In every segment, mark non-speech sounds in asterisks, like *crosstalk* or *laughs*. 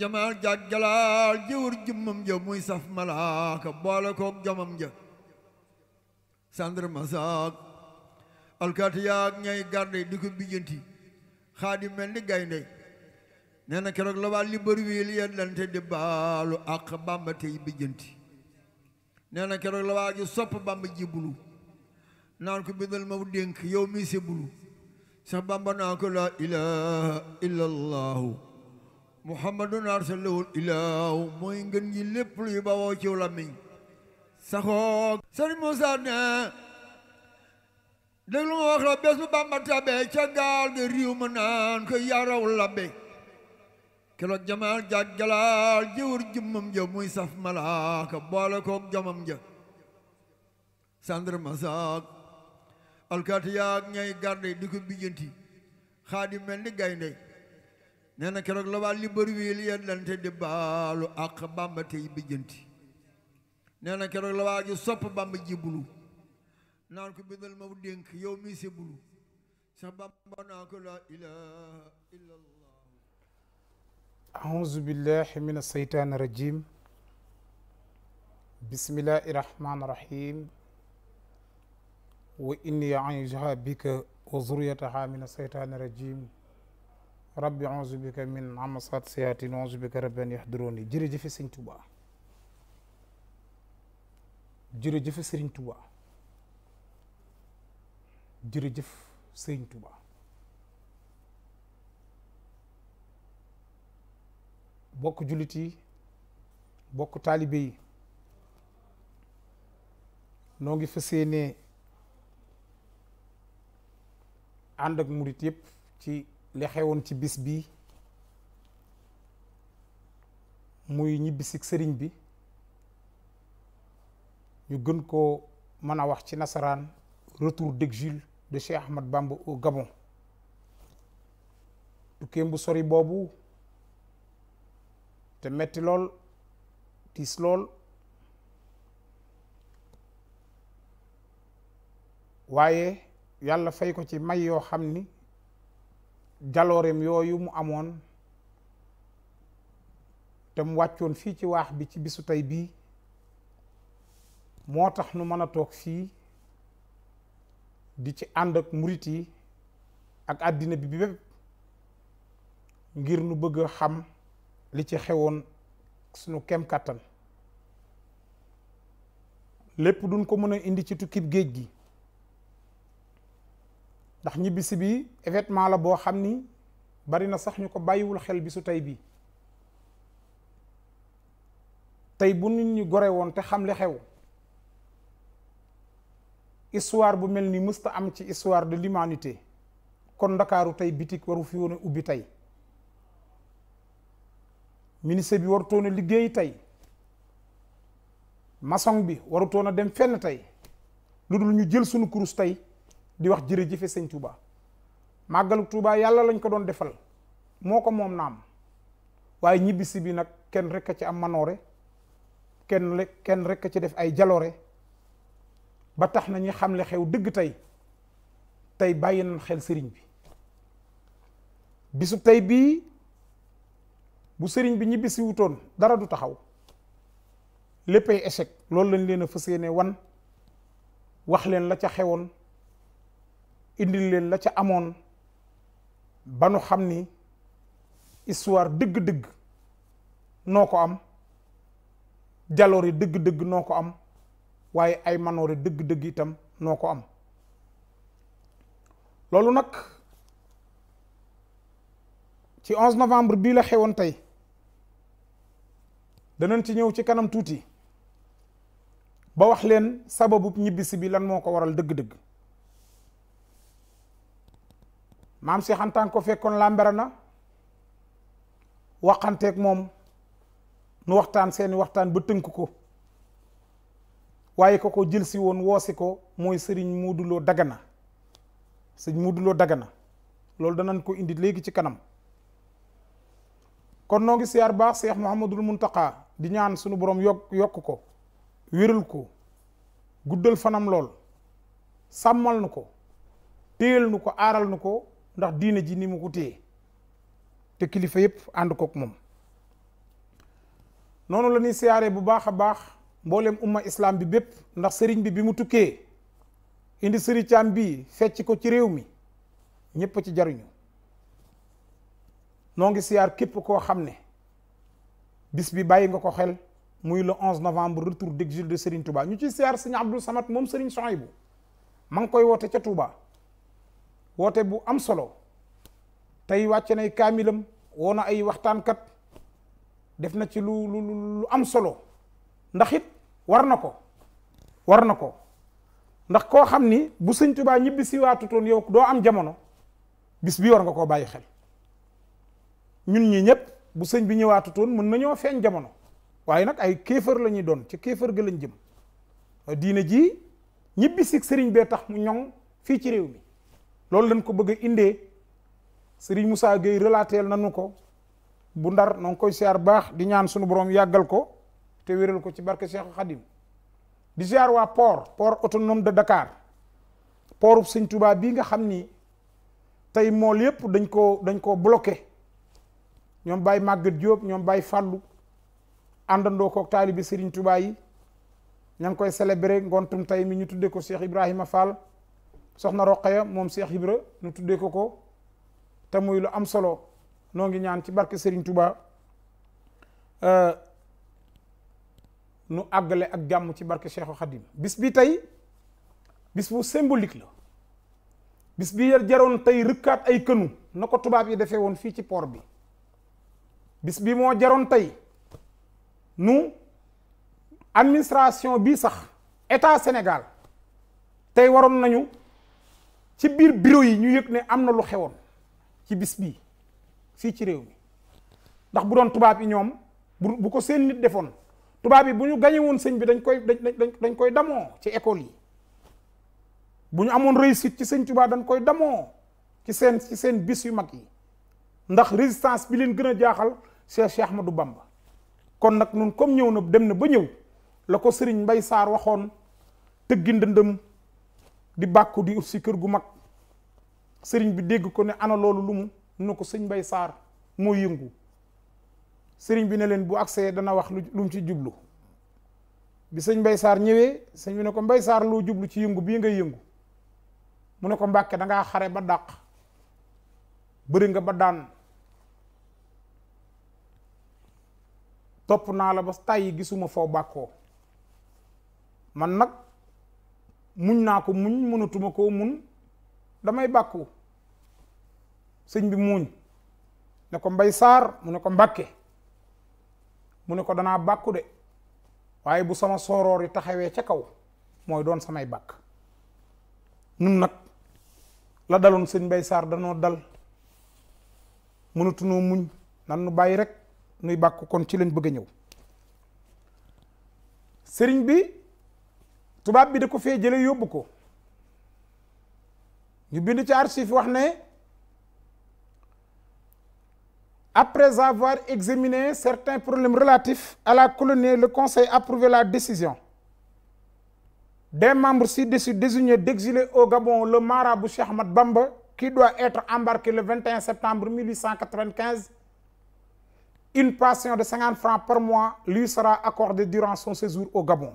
jamaal jàggalaal jëwër jummam ja muy saf malaaka boole koog jomam ja sàndarma saak alkaati ñay garde di ko bijjanti xaadim mel ni gaynde nee na keroog la waa libar di baalu àq bàmba tey bijjanti nee na keroog la waa ji sopp bàmba jibulu naan ko bindal ma yow mi sebulu sax bàmba naa ko laa ilaha illa muhammadun arsalahul ilaahu mooy ngën gi lépp luy bawoo ci làmmiñ saxoo sëriñ Moussa ne déglu ma wax la bés bu Bàmba tabe ca gaal ga riiw ma naan ko yaraw labbe keroog jamaal jaag jalaal jëwër jëmmam ja muy saf malaaka boole koog jomam ja sandarma saak alkaati yaag ñay garde di ko bijjanti xaadi mel ni gaynde nee na keroog la waa Libreville yendante di baalu ak Bàmba tey bijjanti nee na keroog la waa ji sopp Bàmba ji bulu naan ko bindal ma dénk yow mi si bulu sax Bàmba naa ko laa ilaaha illa allah auzu billahi min aseytaan rajim bismillahi rahmaan rahim wa inni aizuha bika wa zuriyataha min aseytaan rajim rabbi auzu bika min amasat sayaatin auzu bika rabbi an yahduruuni jërëjëfe sëñ Tuubaa jërëjëfe sëriñ Tuubaa jërëjëf sëriñ Tuubaa bokk jullit yi bokk taalibe yi noo ngi fas yéene ànd ak murit yëpp ci li xewoon ci bis bi muy ñibbisig sëriñ bi ñu gën ko mën a wax ci nasaraan retour d'exil de Cheikh Ahmad Bamba au Gabon tukkeem bu sori boobu te metti lool tiis lool waaye yàlla fay ko ci may yoo xam ni jalooreem yooyu mu amoon te mu wàccoon fii ci waax bi ci bisu tey bii moo tax nu mën a toog fii di ci ànd ak murit ak àddina bi bépp ngir nu bëgg a xam li ci xewoon sunu kem kàttan lépp duñ ko mën a indi ci tukkib géej gi ndax ñibbisi bi évétement la boo xam ni bari na sax ñu ko bàyyiwul xel bisu tey bi tey bu nu ñu gore woon te xam li xew histoire bu mel ni mësta am ci histoire de l'humanité kon ndakaaru tey bitik waru fi woon a ubbi tey ministre bi warutoon liggéey tey maçon bi warutoon a dem fenn tey lu dul ñu jël sunu kurus tey di wax jërëjëfe sëñ Touba màggalu Touba yàlla lañ ko doon defal moo ko moom naam waaye ñibbisi bi nag kenn rekk a ci am manoore kenn kenn rek a ci def ay jaloore ba tax nañu ñi xam le xew dëgg tey tey bàyyi nañ xel sëriñ bi bisub tey bii bu sëriñ bi ñibbisi wutoon dara du taxaw léppay échec loolu lañ leen a fas yéene wan wax leen la ca xewoon indi leen la ca amoon ba nu xam ni histoire dëgg-dëgg noo ko am jaloore dëgg-dëgg noo ko am waaye ay manoore dëgg-dëgg itam noo ko am loolu nag ci 11 novembre bii la xewoon tey danañ ci ñëw ci kanam tuuti ba wax leen sababu ñibbisi bii lan moo ko waral dëgg-dëgg maam Cheikh Anta ko fekkoon làmbara na waxanteeg moom nu waxtaan seeni waxtaan ba tënk ko waaye ko ko jël si woon woosi ko mooy sëriñ muuduloo dagana sëriñ muuduloo dagana loolu danañ ko indi léegi ci kanam kon noo ngi siyaar baax Cheikh Mouhamadul Mountakha di ñaan sunu boroom yokk yokk ko wéral ko guddal fanam lool sàmmal nu ko téyel nu ko aaral nu ko ndax diine ji ni mu ko te kilifa yëpp ànd kook moom noonu la ñuy siyaaree bu baax a baax mbooleem umma islam bi bépp ndax sëriñ bi bi mu tukkee indi sëriñ Caam bii fecc ko ci réew mi ñépp ci jaruñu noo ngi siyaar képp koo xam ne bis bi bàyyi nga ko xel muy le 11 novembre retour d'exil de Serigne Touba ñu ci siyaar sëñ Abdou Samad moom Serigne Souhaïbou ma ngi koy woote ca Touba wote bu am solo tay wàcce nay kamilam wona ay waxtan kat def na ci lu lu lu am solo ndax it warnako warnako ko ko xamni bu seigne touba ñibbi si yow do am jamono bis bi war nga ko bayyi xel ñun ñi ñep bu seigne bi ñëwaatutoon mën nañu feñ jamono waye nak ay kéfer lañuy don, doon ci kéfer ga lañ jëm diina ji ñibbi si sëriñ tax mu ñong fi ci rew mi loolu lañ ko bëgg indé indee Serigne Moussa Gueye relateel nañu ko bu ndar noo koy siar baax di ñaan suñu borom yagal ko te wéral ko ci barké Cheikh Khadim di siyaar wa port port autonome de Dakar portu Sëñ Touba bi nga xamni tay tey mool yépp dañ ko dañ ko bloqué ñom bay Maguette Diop bay fallu andando ko ak talibi Serigne Touba yi ñang koy célébrer ngontum tay mi ñu tuddé ko Cheikh Ibrahima Fall soxna roqaya mom Cheikh Ibra nu tuddé ko ko te lu am solo no ngi ñaan ci barke Serigne Touba euh, nu àggale ak jàmm ci barké Khadim bis bi tay bis bu symbolique la bis bi yar jaron tay rukkat ay kënu nako touba bi défé won fi ci port bi bis bi mo jaron tay nu administration bi sax état Sénégal tay waron nañu ci biir bureau yi ñu yëg ne am na lu xewoon ci bis bii fii ci réew mi ndax bu doon tubaab yi ñoom bu bu ko seen nit defoon tubaab yi bu ñu gañe sëñ bi dañ koy dañ dañ koy damoo ci école yi bu amoon réussite ci sëñ tubaab dañ koy damoo ci seen ci seen bis yu mag yi ndax résistance bi leen gën a jaaxal Cheikh ma du Bamba kon nag nun comme ñëw na dem na ba ñëw la ko sëriñ Mbay Saar waxoon tëggi ndëndëm di bakku di ut keur sering gu mag serigne bi deg ko ne ana lolou lumu nuko serigne bay sar mo yengu serigne bi ne len bu agsee dana wax lu ci jublu bi serigne bay sar ñewé serigne bi ne ko bay sar loo jublu ci yengu bi nga yengu mu ne ko da nga xare ba dàq beure nga ba daan top na la ba tay gisuma fo man nak muñ na ko muñ mënatuma ko mun damay bakku señ bi muñ ne ko mbay sar mu ne ko mbacke mu ne ko dana bakku de waye bu sama soror yi taxawé ca kaw moy doon samay bak nun nak la dalon señ mbay sar dano dal mënatunoo muñ nan nu bay rek nuy bakku kon ci lañ bëgg ñëw bi après avoir examiné certains problèmes relatifs à la colonie le conseil a approuvé la décision des membres ci désignés d'exiler au Gabon le marabout Cheikh Ahmad Bamba qui doit être embarqué le 21 septembre 1895 une pension de 50 francs par mois lui sera accordée durant son séjour au Gabon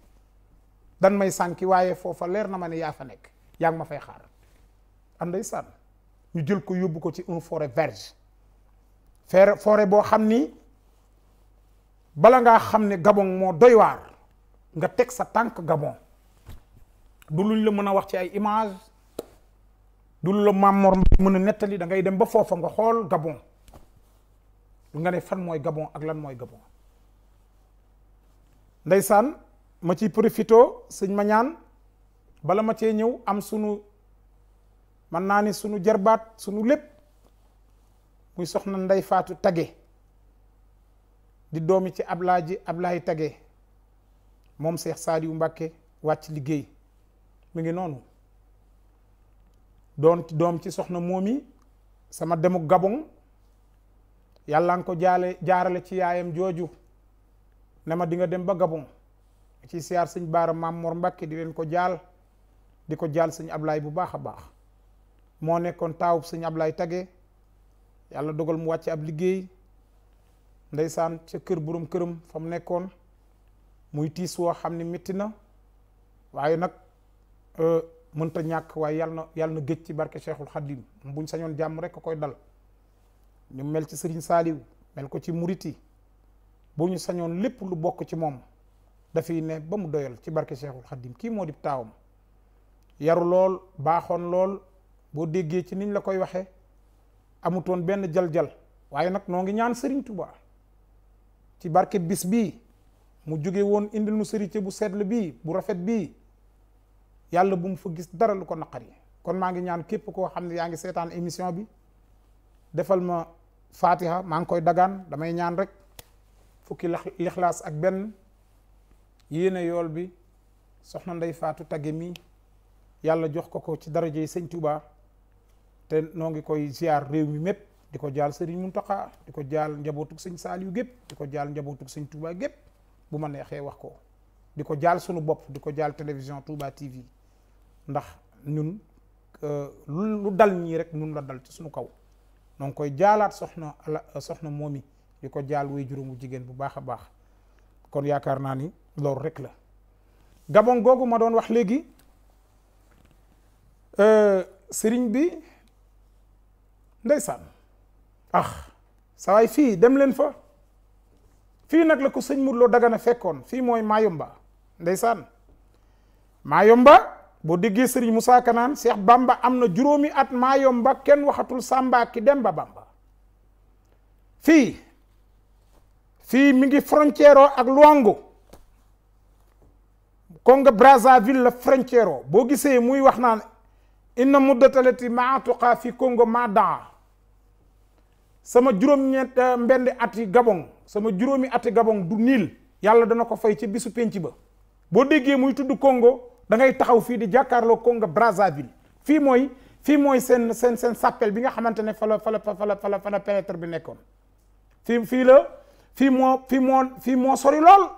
dan may sanki waye fofa leer na mané yang fa nek ya nga ma fay xaar andey san ñu jël ko yobbu ko ci un forêt verge faire forêt bo xamni bala nga xam Gabon mo doy war nga tek sa tank Gabon du luñ la mëna wax ci ay image du lu Mamor mëna netali da ngay dem ba fofa nga xol Gabon nga ne fan moy Gabon ak lan moy Gabon ndaysan ma ci profito sëñ ma ñaan bala ma cee ñëw am sunu man naa ni sunu jarbaat sunu lépp muy soxna nday Faatu Tage di doomi ci Ablaaji Ablaay Tage moom Seex Saaliyu Mbàkke wàcc liggéey mu ngi noonu doon doom ci soxna moomi sama demu Gabon yàlla nga ko jaarale ci yaayam jooju ne ma dinga dem ba Gabon ci siar sëñ baara mam Mor mbacke di len ko jaal di ko jaal sëñ Ablaay bu baakha a baax moo nekkoon taawub sëñ Ablaay tage yàlla dogal mu wacc ab liggey ndaysan ci keur burum këram fam nekkon muy tiss wo xamni ne métti na waaye nag euh, mënta ñàkk waaye yàlla na yàlla na ci barke Cheikhul Khadim buñ sañon rek koy dal ñu mel ci serigne saliw mel ko ci murit buñu sañon lepp lu bok ci mom dafiy ne ba mu doyal ci barke Cheikhul Khadim kii moo di taawam yaru lool baaxoon lool boo déggee ci niñ la koy waxee amutoon benn jal-jal waaye nag noo ngi ñaan Serigne Touba ci barke bis bii mu jóge woon indil nu sëriñ bu seetlu bii bu rafet bii yàlla bu mu fa gis dara lu ko naqari kon maa ngi ñaan képp koo xam ne yaa ngi seetaan émission bi defal ma fatiha maa ngi koy dagaan damay ñaan rek fukki lixlaas ak benn yene yol bi soxna Ndey fatou Tagge mi yàlla jox ko ko ci daraje seigne touba te nongi koy ziar rew mi mep di ko jaal sëriñ Muntaxa di ko jaal njabootug sëñ Saaliyu di ko jaal njabootug sëñ bu ma neexee wax ko di ko jaal sunu bop, di ko jaal television Touba TV ndax ñun euh, lu dal ni rek ñun la dal ci sunu kaw nong koy jaalaat soxna soxna diko di jaal way jurumu bu bu baakha kon ni lor rek la gabon gogu ma don wax euh serigne bi ndaysan ah sawaay fi dem len fa Fi nak la ko serigne mourlo Lo Dagana fekkon fi moy Mayumba ndaysan Mayumba bo digge serigne Moussa kanan Cheikh Bamba am juromi at Mayomba ken waxatul Samba ki Demba Bamba Fi fi mi ngi ak Luango Congo Brazzaville la frontière boo gisee muy wax naa inna muddatalati maatuqa fi Congo madaa sama juróom-ñeent euh, mbendi ati Gabon sama juróomi ati Gabon du niil yàlla dana ko fay ci bisu penc ba boo déggee muy tudd Congo dangay taxaw fii di jàkkaarloo Congo Brazzaville fii mooy fii mooy seen seen seen bi nga xamante ne fa la fa la fa bi nekkoon fii la fii moo fii moo fii moo sori lool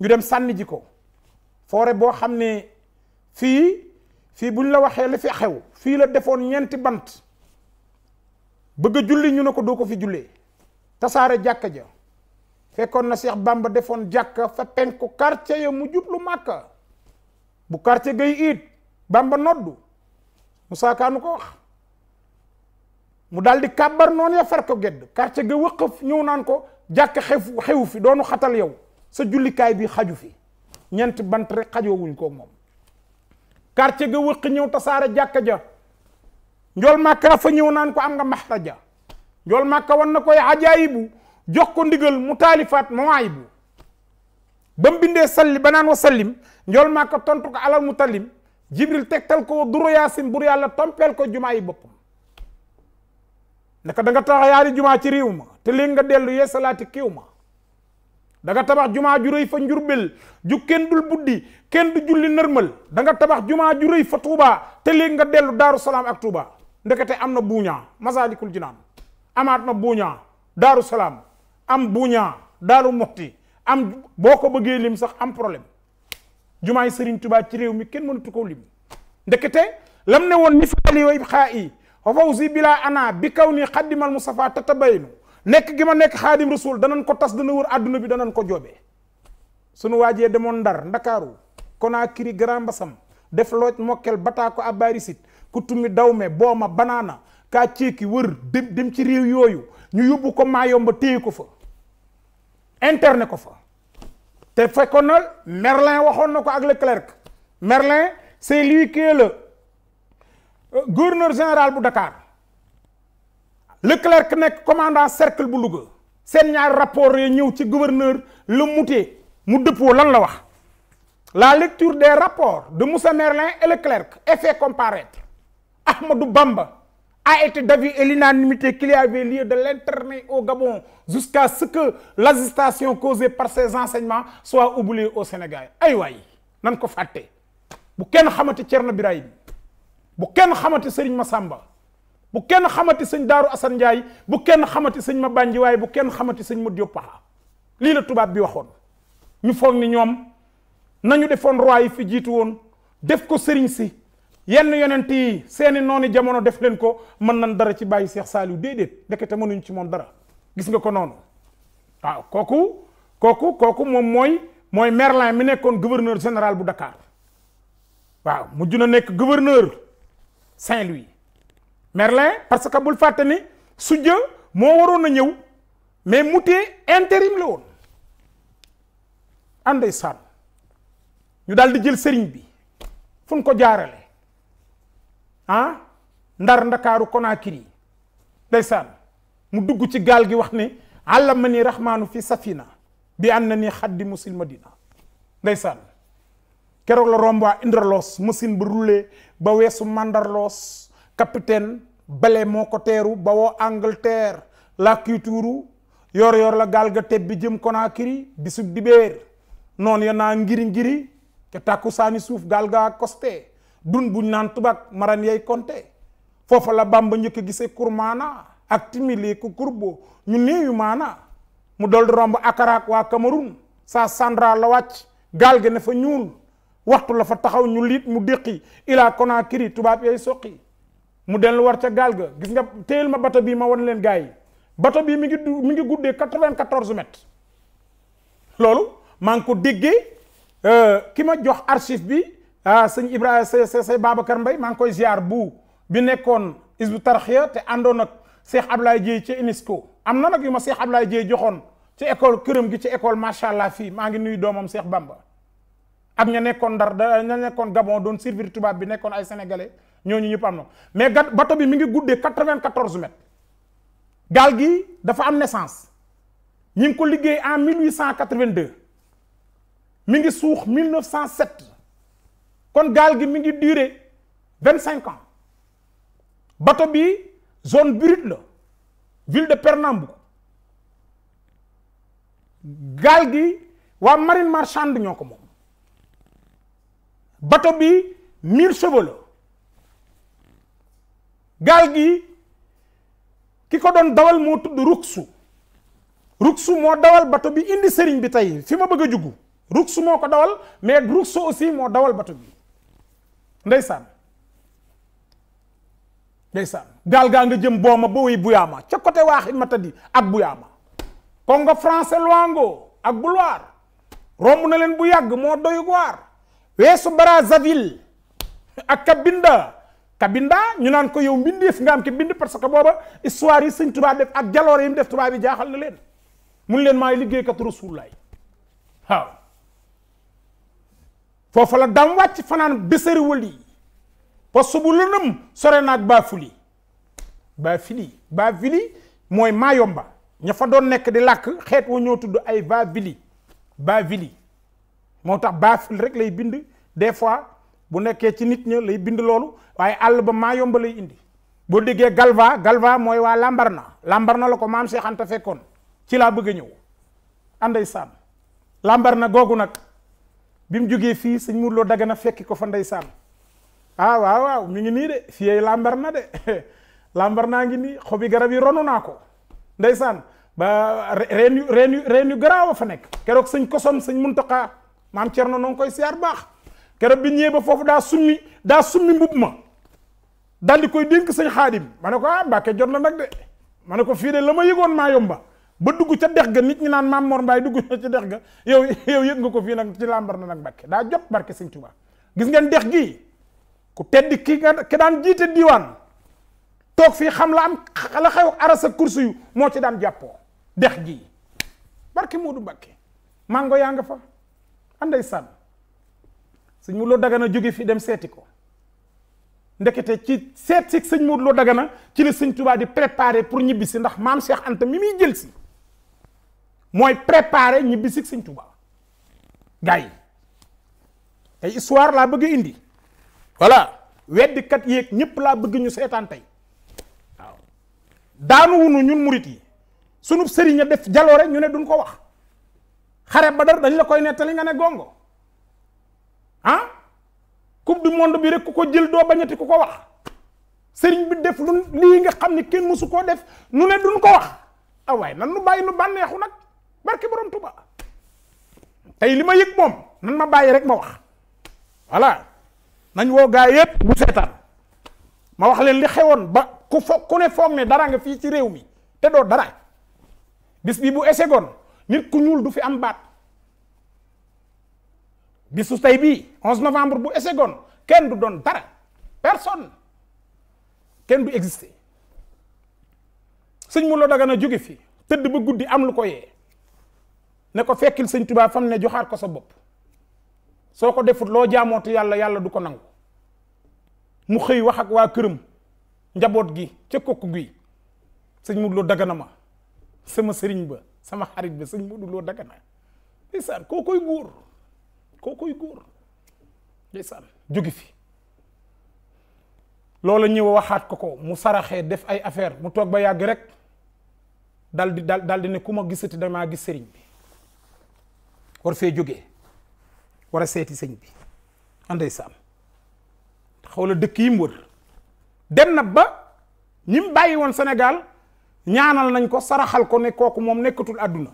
ñu dem sànniji ko forêt bo xam fi fi buñ la waxee la fi xew fi la defoon ñenti bant bëgg julli ñu nako ko ko fi jullee tassara jakka ja fekkon na Cheikh Bamba defoon jakka fa penku quartier ya mu jublu makka bu quartier gay it Bamba noddu musa Ka nu ko wax mu daldi kabar non ya farko gedd quartier ga wëqëf ñëw naan ko jakka xew xew fi doonu xatal yow sa kay bi xaju fi ñeenti bant rek xajoowuñ ko moom quartier ga ñëw tasaare jàkka ja njool màkka ñëw naan ko am nga maxraja njool màkka wan na koy ajaayibu jox ko ndigal mu taalifaat mawaayibu ba mu bindee salli ba naan wa sallim njool màkka tontu ko alal mu jibril tegtal ko duro yaasin bur yàlla tompeel ko jumaa yi boppam naka da nga yaari jumaa ci réew ma te léegi nga dellu yee salaati kiiw ma danga nga tabax jumaa ju rëy fa njurbel ju kenn dul buddi kenn du julli nërmal da tabax jumaa ju rëy fa Touba te léegi nga dellu Daaru Salaam ak Touba ndekete am na buuñaa Masaalikul Jinaan amaat na buuñaa Daaru Salaam am buuñaa Daaru Muxti am boo ko bëggee lim sax am problème jumaa yi Sëriñ Touba ci réew mi kenn mënatu koo lim ndekete lam ne woon ni faali way xaa i fawzi bila ana bi kaw ni xaddimal Mustafa tatabaynu Nek gi ma nek khadim rasul nan ko tas dana wour aduna bi nan ko jobe sunu waajee dar dakaru kona kiri Grand Bassam def mokel mokkel ko abarisit tumi dawme boma banana ka cieki wour dem dem ci rew yoyu ñu yóbbu ko mayom ba ko fa interne ko fa te Merlin waxon nako ko le clerc Merlin c'est lui qui est le euh, gouverneur général bu Dakar Le Leclerc est commandant cercle bu Louga seen rapport yi au gouverneur le Mouté mu lan la la lecture des rapports de Moussa Merlin et Leclerc est fait comparaître Ahmadou Bamba a été d'avis et l'unanimité qu'il y avait lieu de l'interner au Gabon jusqu'à ce que l'agitation causée par ses enseignements soit oubliée au Sénégal ay Si nan ko fàtte bu kenn xamati Thierno Birahim bu kenn xamati Serigne Massamba bu kenn xamati sëñ Daaru Asan Njaay bu kenn xamati sëñ ma bànji waaye bu kenn xamati sañ ma Diop Paxa lii la tubaab bi waxoon ñu foog ni ñoom nañu defoon roi yi fi jiitu woon def ko sëriñ si yenn yonent yi seeni noonu jamono def leen ko mën nañ dara ci bàyyi Seex Saaliw déedéet ndekete mënuñ ci moom dara gis nga ko noonu waaw kooku kooku kooku moom mooy mooy Merlin mi nekkoon gouverneur général bu Dakar waaw mujj na nekk gouverneur Saint-Louis Merlin parce que bul fàtte ni sujja moo waroon a ñëw mais Moutier intérim la woon ànday saan ñu daal di jël sëriñ bi fu ko jaarale ah ndar ndakaaru Conakry ndeysaan mu dugg ci gaal gi wax ne àllama ni rahmaanu fi safina bi an na ni xaddi musil madina ndeysaan keroog la romb waa Indraloos musin ba rulee ba weesu Mandarloos capitaine balé moko téru bawo angleterre la tuuru yor yor la galga ga tebbi jëm Conakry bisub dibeer non ya naa ngiri ngiri ke tàkku sani souf galga costé dun buñ nan tubak maran yey konté fofa la bamba ñëk gisé kurmana ak timili ku kurbo ñu néewi mana mu dol romb akaraak wa cameroun sa sandra la wacc galga na fa ñuul waxtu la fa taxaw ñu lit mu déqi ila konakiri tubab yey soqi mu dellu war ca gaal ga gis nga téyel ma bato bi ma won leen gars yi bato bii mi ngi mi ngi guddee quatre-vingt-quatorze mètres loolu maa ngi ko déggee euh, ki ma jox archive bi ah sëñ Ibrahima say say say maa ngi koy ziar bu bi nekkoon is tarax ya te àndoon ak Cheikh Ablaye Dieye ci UNESCO am na nag yu ma Cheikh Ablaye Dieye joxoon ci école këram gi ci école macha allah fii maa ngi nuy doomam Cheikh Bamba ak ña nekkoon Ndar da ña nekkoon Gabon doon servir tubaab bi nekkoon ay sénégalais. ñoñu mais le bateau bi mi ngi goudé 94 mètres galgi gi dafa am naissance ñi ko liggé en 1882 mi ngi suux 1907 kon galgi gi mi ngi duré 25 ans bateau bi zone brute la ville de Pernambouc galgi gi marine marchande ñoko 1000 bateau bi mille chevaux Galgi, gi ki dawal mo tuddu ruksu ruksu mo dawal bato bi indi sering bi tay fi ma ruksu moko dawal mais ruksu aussi mo dawal bato bi ndaysan ndaysan gaal gaa nga jëm boma bo wi buyama ci côté waaxi matadi ak buyama ko français loango ak bouloir rombu na len bu yag mo doy war brazzaville ak kabinda ta binda ñu nan ko yow mbindef nga am ki bind parce que booba histoire yi seigne tuba def ak jaloore yi def touba bi jaaxal na leen mun may liggey kat rasulullah ha fofu la dam wacc fanaan beser wali poste bu lënëm sore naag baa fuli ba fili ba fili moy mayomba ña fa doon nek di lak xet wo ñoo tuddu ay ba fili ba fili motax ba fil rek lay bind des fois bu nekké ci nit ñi lay bind loolu waye àll ba ma indi bo diggé galva galva moywa wa lambarna lambarna lako mam Cheikh Anta fekkon ci la bëgg ñew lambarna gogunak, nak fi, joggé fi señ Mourlo Dagana fekki ko fa nday ah waaw waaw mi ngi nii de ay lambarna de *laughs* lambarna ngi ni xobi garab yi ronu nday ba reen yu reen grawo fa nek kérok señ kosom señ muntaka mam cierno non koy siar bax keroog bi ñëw ba fofu da summi da summi mbub ma dal di koy denk señ xaadim mané ko ah mbàkke jot la nak de mané ko ko dé lama la ma yomba ba dugg ci dex ga nit ñi naan mam Mor mbay dugg ci dex ga *laughs* yow yow yëg nga ko fi nak ci lambar na nak mbàkke da jot barké señ Tuubaa gis ngeen dex gii ku tedd ki nga ki daan jité diwan tok fi xam la am la xew ak arasa kursu yu mo ci daan jappo dex gii barké modou Mbàkke mango yang nga fa andey sànn sëñ Modou Lo Dagana jóge fi dem setti ko ndekete ci setti si sëñ Lo Dagana ci le Touba di préparer pour ñibbi si ndax mam Cheikh Anta mi mi jël si moy préparer ñibbi si sëñ Touba gay yi ay histoire la bëgg indi voilà kat yek ñepp la bëgg ñu sétan tay waaw daanu wunu ñun mourid yi sunu sëriñ def jaloore ñu ne duñ ko wax xare Badar dañ la koy netali nga ne gongo ah coupe du monde bi rek ku ko jël doo bañati ku ko wax sëriñ bi def lu lii nga xam ni kenn mësu koo def nu ne duñ ko wax ah waaye nan lu bàyyi nu bànneexu nag barke borom Tuba tey li ma yëg moom nan ma bàyyi rek ma wax voilà nañ woo gaa yépp bu seetaan ma wax leen li xewoon ba ku fo ku ne foog ne dara nga fii ci réew mi te doo dara bis bi bu esegoon nit ku ñuul du fi am baat bisu tay bi 11 novembre bu ken kenn du don dara personne kenn du exister seigne mulo dagana joge fi teud ba goudi am lu ko ye ne ko fekkil seigne touba fam ne joxaat ko sa bop soko defut lo jaamoti yalla yalla du ko nangu mu xey wax ak wa keureum njabot gi ci kokku gi seigne mulo dagana ma sama serigne ba sama xarit ba seigne mulo dagana ko koy nguur kookoy góor ndeysaan jóge fi loola ñëw waxaat ko ko mu saraxee def ay affaire mu toog ba yàgg rek dal di dal di ne ku ma gisati damaa gis sëriñ bi war fee jógee seeti sëñ bi anday ah, saam xawla dëkk yi wër dem na ba ñi bàyyi woon senegal ñaanal nañ ko saraxal ko ne kooku moom nekkatul àdduna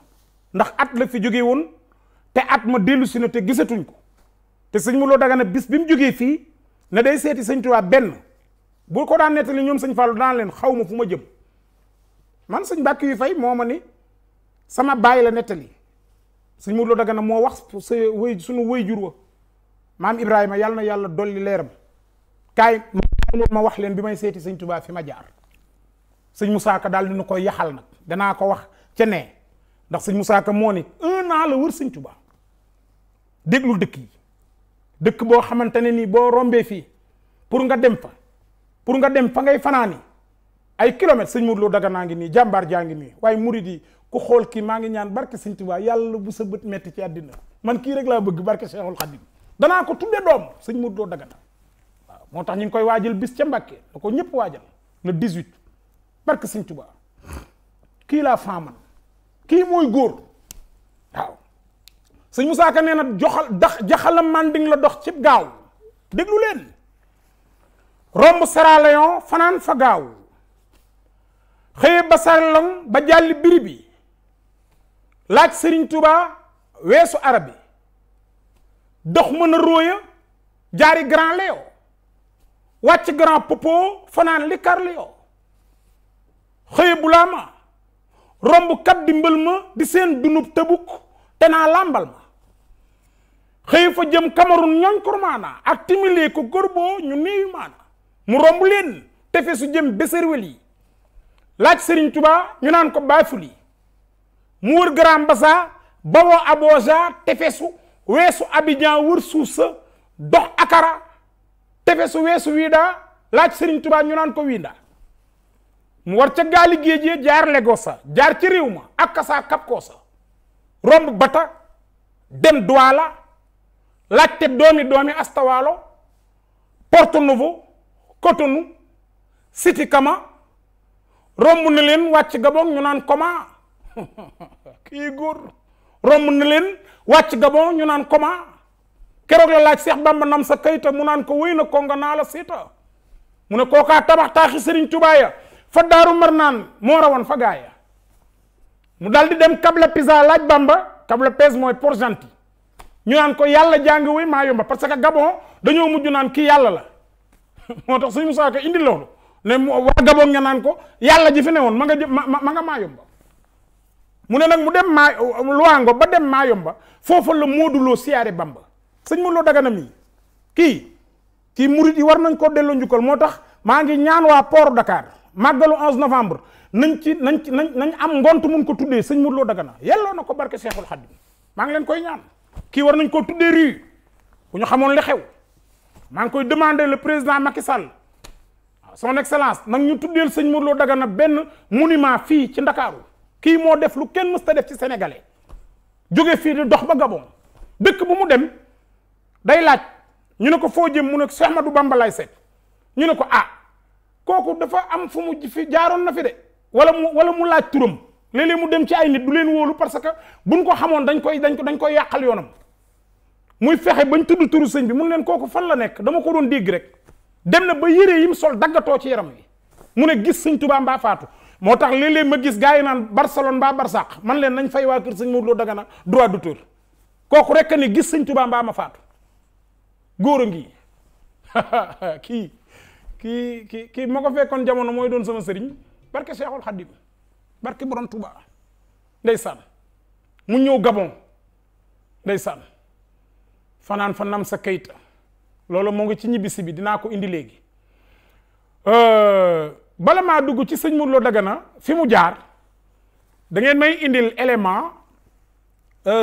ndax at la fi jóge woon te at ma dellusi na te gisatuñ ko te sëñ Modou daga na bis bi mu jógee fii na day seeti sëñ Tuubaa benn bu ko daan nettali ñoom sëñ Fallou daan leen xaw ma fu ma jëm man sëñ bàkk yu fay moo ma ni sama baay la nettali sëñ Modou Lo Dagana moo wax sa wëy sunu wëy jur wa maam Ibrahima yàlla na yàlla dolli leeram kaay ma wax leen bi may seeti sëñ Tuubaa fi ma jaar sëñ Musaa Ka daal dina koy yaxal nag danaa ko wax ca nee ndax seigne Moussa Ka moni ni un an la wër seigne Touba deglu dekk yi dekk bo xamantene ni bo rombé fi pour nga dem fa pour nga dem fa ngay fanani ay kilomètres seigne Mourlo daga nangi ni jambar jangi ni way mouride ku xol ki ma ngi ñaan barke seigne Touba yalla bu sa metti ci adina man ki rek la bëgg barke Cheikhul Khadim dana ko dom doom sëñ Mourlo daga ta motax ñing koy bis ci mbacké ko ñepp waajal le 18 barke seigne Touba ki la ki moy gor waw seigne Moussa Ka neena joxal jaxala manding la dox ci gaaw deglu len rombu sara lion fanaan fa gaaw xey ba sarlong ba jàlli biri bi laaj sëriñ Touba wessu arabi dox meuna a jari grand leo wacc grand Popo fanan li kar Léo xëye romb kat di mbël ma di seen dunub tëbuk te naa làmbal ma xëy fa jëm Cameroun ñooñ kurmaana ak timilee ko górboo ñu néew maana mu romb leen tefe su jëm Besserwel yi laaj Serigne Touba ñu naan ko baafuli mu wër Grand Bassa bawoo Aboja tefesu weesu Abidjan wër suuf sa dox Akara tefesu weesu Wida laaj Serigne Touba ñu naan ko Winda mu war ca gaali géej yee jaar Legosa jaar ci réew ma ak kasaa kap koosa romb bata dem Douala laajte doomi doomi Astawaalo Porto Novo Cotonou Siti Kama romb na leen wàcc Gabon ñu naan comment *laughs* kii góor romb na leen wàcc Gabon ñu naan comment keroog la laaj Seex Bamba nam sa kayita mu naan ko wéy na ko nga naa la siita mu ne kookaa tabax taaxi Sëriñ Tuubaa fa mernan marnan mo rawon fa gaaya mu daldi di dem kable pisa laaj bamba kable pes por porjanti ñu nan ko yalla jang wi ma yomba parce que gabon dañu muju nan ki yalla la *laughs* motax suñu musa ko indi loolu ne wa gabon nga nan ko yalla ji fi newon ma nga ma nga ma yomba mu ne nak mu dem ma luango ba dem ma yomba fofu le modulo siare bamba señ mu lo dagana mi ki ki mouride yi war nañ ko delo njukkal motax ma ñaan wa port Dakar màggalu 11 novembre nañ ci nañ ci nañ nañ am ngont mun ko tuddee sëñ Modou Dagana yelloo na ko barke Seexul Xaddim maa ngi leen koy ñaan kii war nañ koo tuddee rue bu ñu xamoon li xew maa ngi koy demander le président Macky Sall son excellence nag ñu tuddeel sëñ Modou Lo Dagana benn monument fii ci Ndakaaru kii moo def lu kenn mësta def ci sénégalais jóge fii di dox ba Gabon dëkk bu mu dem day laaj ñu ne ko foo jëm mu ne Cheikh Ahmadou Bamba lay seet ñu ne ko ah kooku dafa am fu mu fi jaaroon na fi de wala mu wala mu laaj turam léeg-léeg mu dem ci ay nit du leen wóolu parce que buñ ko xamoon dañ koy dañ ko dañ koy yàqal yoonam muy fexe bañ tudd turu sëñ bi mun leen kooku fan la nekk dama ko doon dégg rek dem na ba yére yim sol daggatoo ci yaram wi mu ne gis sëñ tubaa mbaa faatu moo tax léeg ma gis gaa yi naan Barcelone mbaa Barsaq man leen nañ fay waa kër sëñ Modou Lo Dagana droit d'auteur kooku rek ni gis sëñ Tuubaa mbaa ma faatu a ngi *laughs* kii Ki ki ki mako fekkon jamono moy doon sama serigne barke Cheikhul Khadim barke borom Touba ndeysaan mu ñew Gabon ndeysaan fanan fanam sa kayita lolo mo ngi ci ñibbisi bi dina ko indi euh bala ma dugg ci serigne mourlo Dagana fi mu jaar da ngeen may indil euh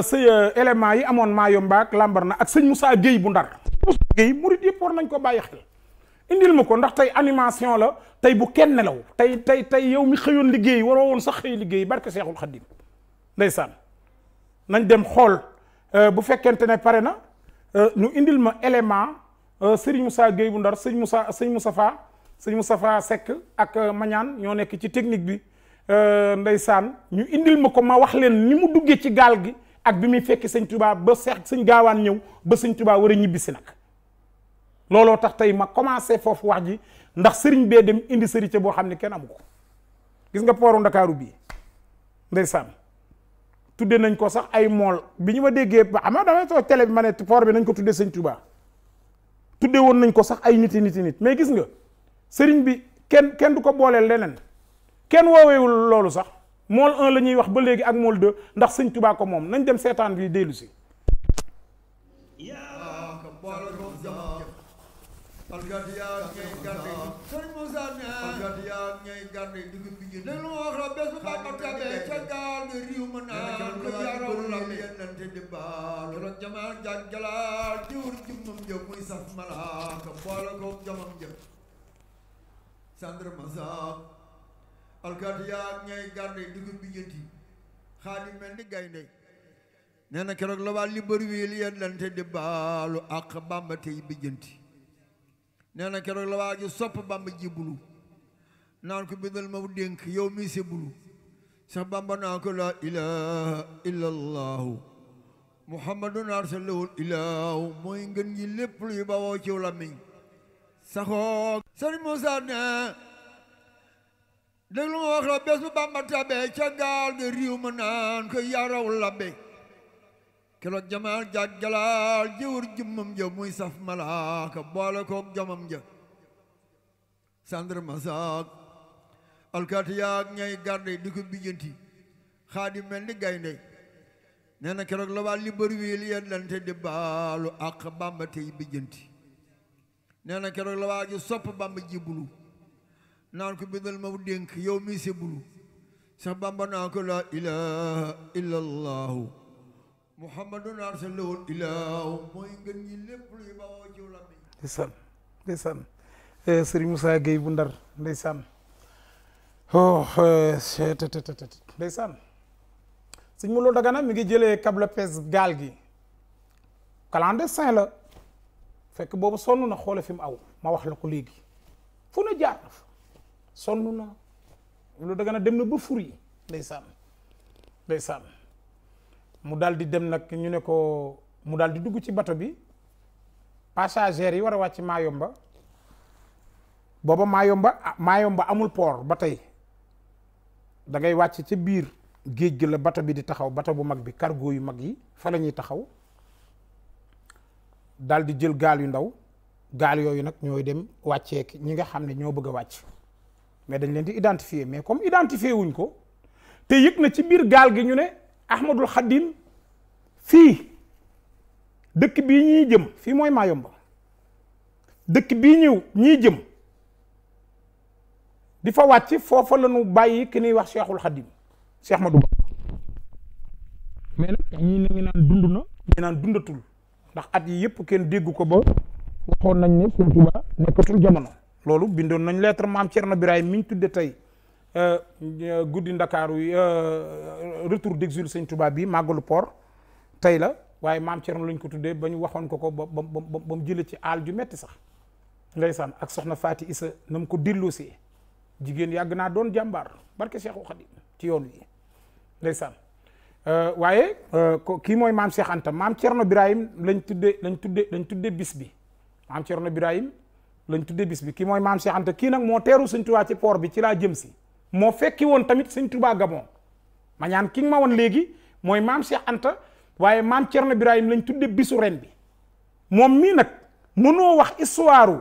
së element euh, yi amone maa lambarna lambar ak serigne Moussa geey bu ndar Moussa war nañ ko baye xel indil mako ndax tay animation la tay bu kenn law tay tay tay yow mi xeyon liggey waro won sax xëy liggey barke cheikhul khadim ndaysan nañ dem xool bu fekkente ne pare na ñu indil ma élément Serigne Moussa Gueye bu Ndar serigne Moussa serigne Moustapha serigne Moustapha sek ak Mañaan ño nek ci technique bi ndaysan ñu indil mako ma wax len ni mu duggé ci gal gi ak bi mi fekk serigne Touba ba seex sëñ gaawaan ñëw ba serigne Touba wara ñibisi nak looloo tax tey ma commencé foofu wax ji ndax sëriñ bee dem indi sëriñ boo xam ne kenn amu ko gis nga pooru ndakaaru bii ndeysaan tudde nañ ko sax ay mool bi ñu ma déggee ba ama damay soo télé bi ma bi nañ ko tudde sëñ Touba tudde woon nañ ko sax ay niti mais gis nga sëriñ bi kenn kenn du ko booleel leneen kenn wooweewul loolu sax mool 1 la ñuy wax ba léegi ak mool 2 ndax sëñ Touba ko moom nañ dem seetaan bii dellu si fal gardiyaan ñay garde sëñ Moussa ne fal gardiyaan ñay garde digg lu wax la bés bu baax ko tabe ca gaal ga riiw ma naan la mi yennante di baal jamaan jaag jalaal diwur jummam jëf muy saf malaaka boole ko jamam jëf sandre masaam algardiyaan ñay garde digg bi jënti xaadi mel ni gaynde nee na keroog la waa li wii li yennante di baalu ak bàmba tey bi nee na keroog la waa ji sopp bàmba jébbalu naan ko bindal ma dénk yow mii sébbalu sax bàmba naan ko laa ilaha illa allahu muhammadun ilaahu mooy ngën gi lépp luy bawoo ciw làmmiñ saxoo sëriñ Moussa ne déglu ma wax la bés bu bàmba tabee ca gaal ga riiw ma naan ko yaraw labbe keroog jamaal jàggalaal jëwër jummam ja muy saf malaaka boole koog jomam ja sandarma saak alkaati ñay garde di ko bijjanti xaadi mel ni gaynde nee na keroog la waa Libreville yeddante di baalu ak Bàmba tey bijjanti nee na keroog la waa ji sopp Bàmba jibulu naan ma dénk yow mi sebulu sax Bàmba naa ko laa ilaha illa muhammadun arsalahu ilaahu mooy gën ñi lépp luy bawoo ci làmmiñ ndeysaan ndeysaan eh, sëriñ Moussa Gueye bu Ndar ndeysaan oh eh, tt ndeysaan sëñ mu dagana mi ngi jëlee kable pes gaal gi clandestin la fekk boobu sonn na xoole fi mu aw ma wax la ko léegi fu na jaar na fa sonn na loolu dagana dem na ba fur yi ndeysaan mu daal di dem nag ñu ne ko mu daal di dugg ci bato bi passagers yi war a wàcc Mayomba booba Mayomba ah, Mayomba amul port ba tey da ngay wàcc ca biir géej gi la bato bi di taxaw bato bu mag bi cargo yu mag yi fa la ñuy taxaw daal di jël gaal yu ndaw gaal yooyu nag ñooy dem wàcceek ñi nga xam ne ñoo bëgg a wàcc mais dañ leen di identifier mais comme identifier wuñ ko te yëg na ci biir gaal gi ñu ne. ahmadul xaddim fii dëkk bii ñuy jëm fii mooy Mayumba dëkk bii ñëw ñiy jëm di fa wàcc foofa la ñu bàyyi ki ñuy wax Cheikhul Xaddim Cheikh Ahmadou Ba mais nag ñii na ngi dund na ñi dundatul ndax at yi yëpp kenn déggu ko ba waxoon nañ ne Sëñ Tuubaa nekkatul jamono loolu bindoon nañ lettre maam Cerno Birahim miñ tudde tey Euh, euh, guddi ndakaaru yi euh, retour d'exil Sëñ Tuubaa bi màggalu port tey la waaye maam Cerno lañ ko tuddee ba ñu waxoon ko ko ba ba ba mu jëlee ci aal ju metti sax ndeysaan ak soxna Faati Isa na ko ko si jigéen yàgg naa doon jàmbaar barke Seexu Xaadim ci yoon wi ndeysaan waaye kii mooy maam Cheikh Anta maam Cerno Birahim lañ tuddee lañ tuddee lañ tuddee bis bi maam Cerno Birahim lañ tuddee bis bi kii mooy maam Cheikh kii nag moo teeru Sëñ Tuubaa ci port bi ci laa jëm si moo fekki woon tamit sëñ Touba Gabon ma ñaan ki nga ma woon léegi mooy maam Cheikh Anta waaye maam Thierno Ibrahim lañ tudde bisu ren bi moom mii nag mënoo wax histoire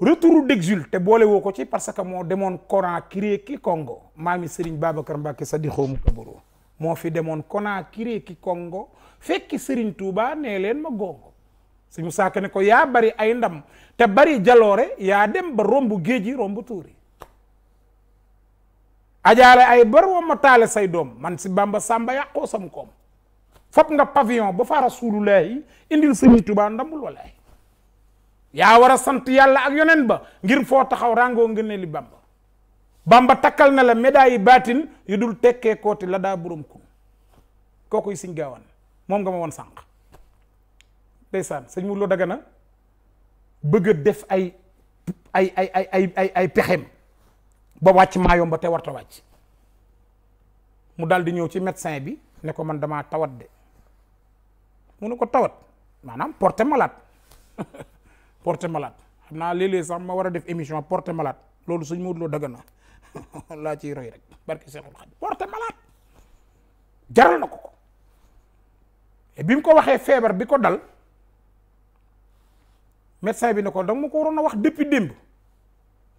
retour d'exil te boole woo ko ci parce que moo demoon Conakry ki Congo maami Serigne Babacar Mbacke Sadikho Moukabaro moo fi demoon Conakry ki kongo fekki Serigne Touba nee leen ma gongo suñu saaka ne ko yaa bari ay ndam te bari jaloore yaa dem ba romb géej gi romb tuuri ajaare ay borom wa ma say dom man si bamba samba yàqoo sam koom fop nga pavillon ba fa rasulullah indil sëriñ Tuubaa ndambul walay ya wara a sant ak yonen ba ngir fo taxaw rango bamba bamba takal na la médaille batine yudul tekke koti la da borom kun kokuy seigne gawan mom nga ma won sank ndeysaan seigne mou lo dagana def ay ay ay ay ay ay ay pexem ba wàcc maa yomb te warta wàcc mu daal di ñëw ci médecin bi ne ko man damaa tawat de mu ne ko tawat maanaam porté malaat *laughs* porte malaat xam naa léeg-léeg sax ma war a def émission porté malaat loolu suñ Modou Lo dëgg naa *laughs* laa ciy roy rek barke Seexul Xadiim porté malade jaral na ko ko bi mu ko waxee feebar bi ko dal médecin bi ne ko danga ma ko waroon a wax depuis démb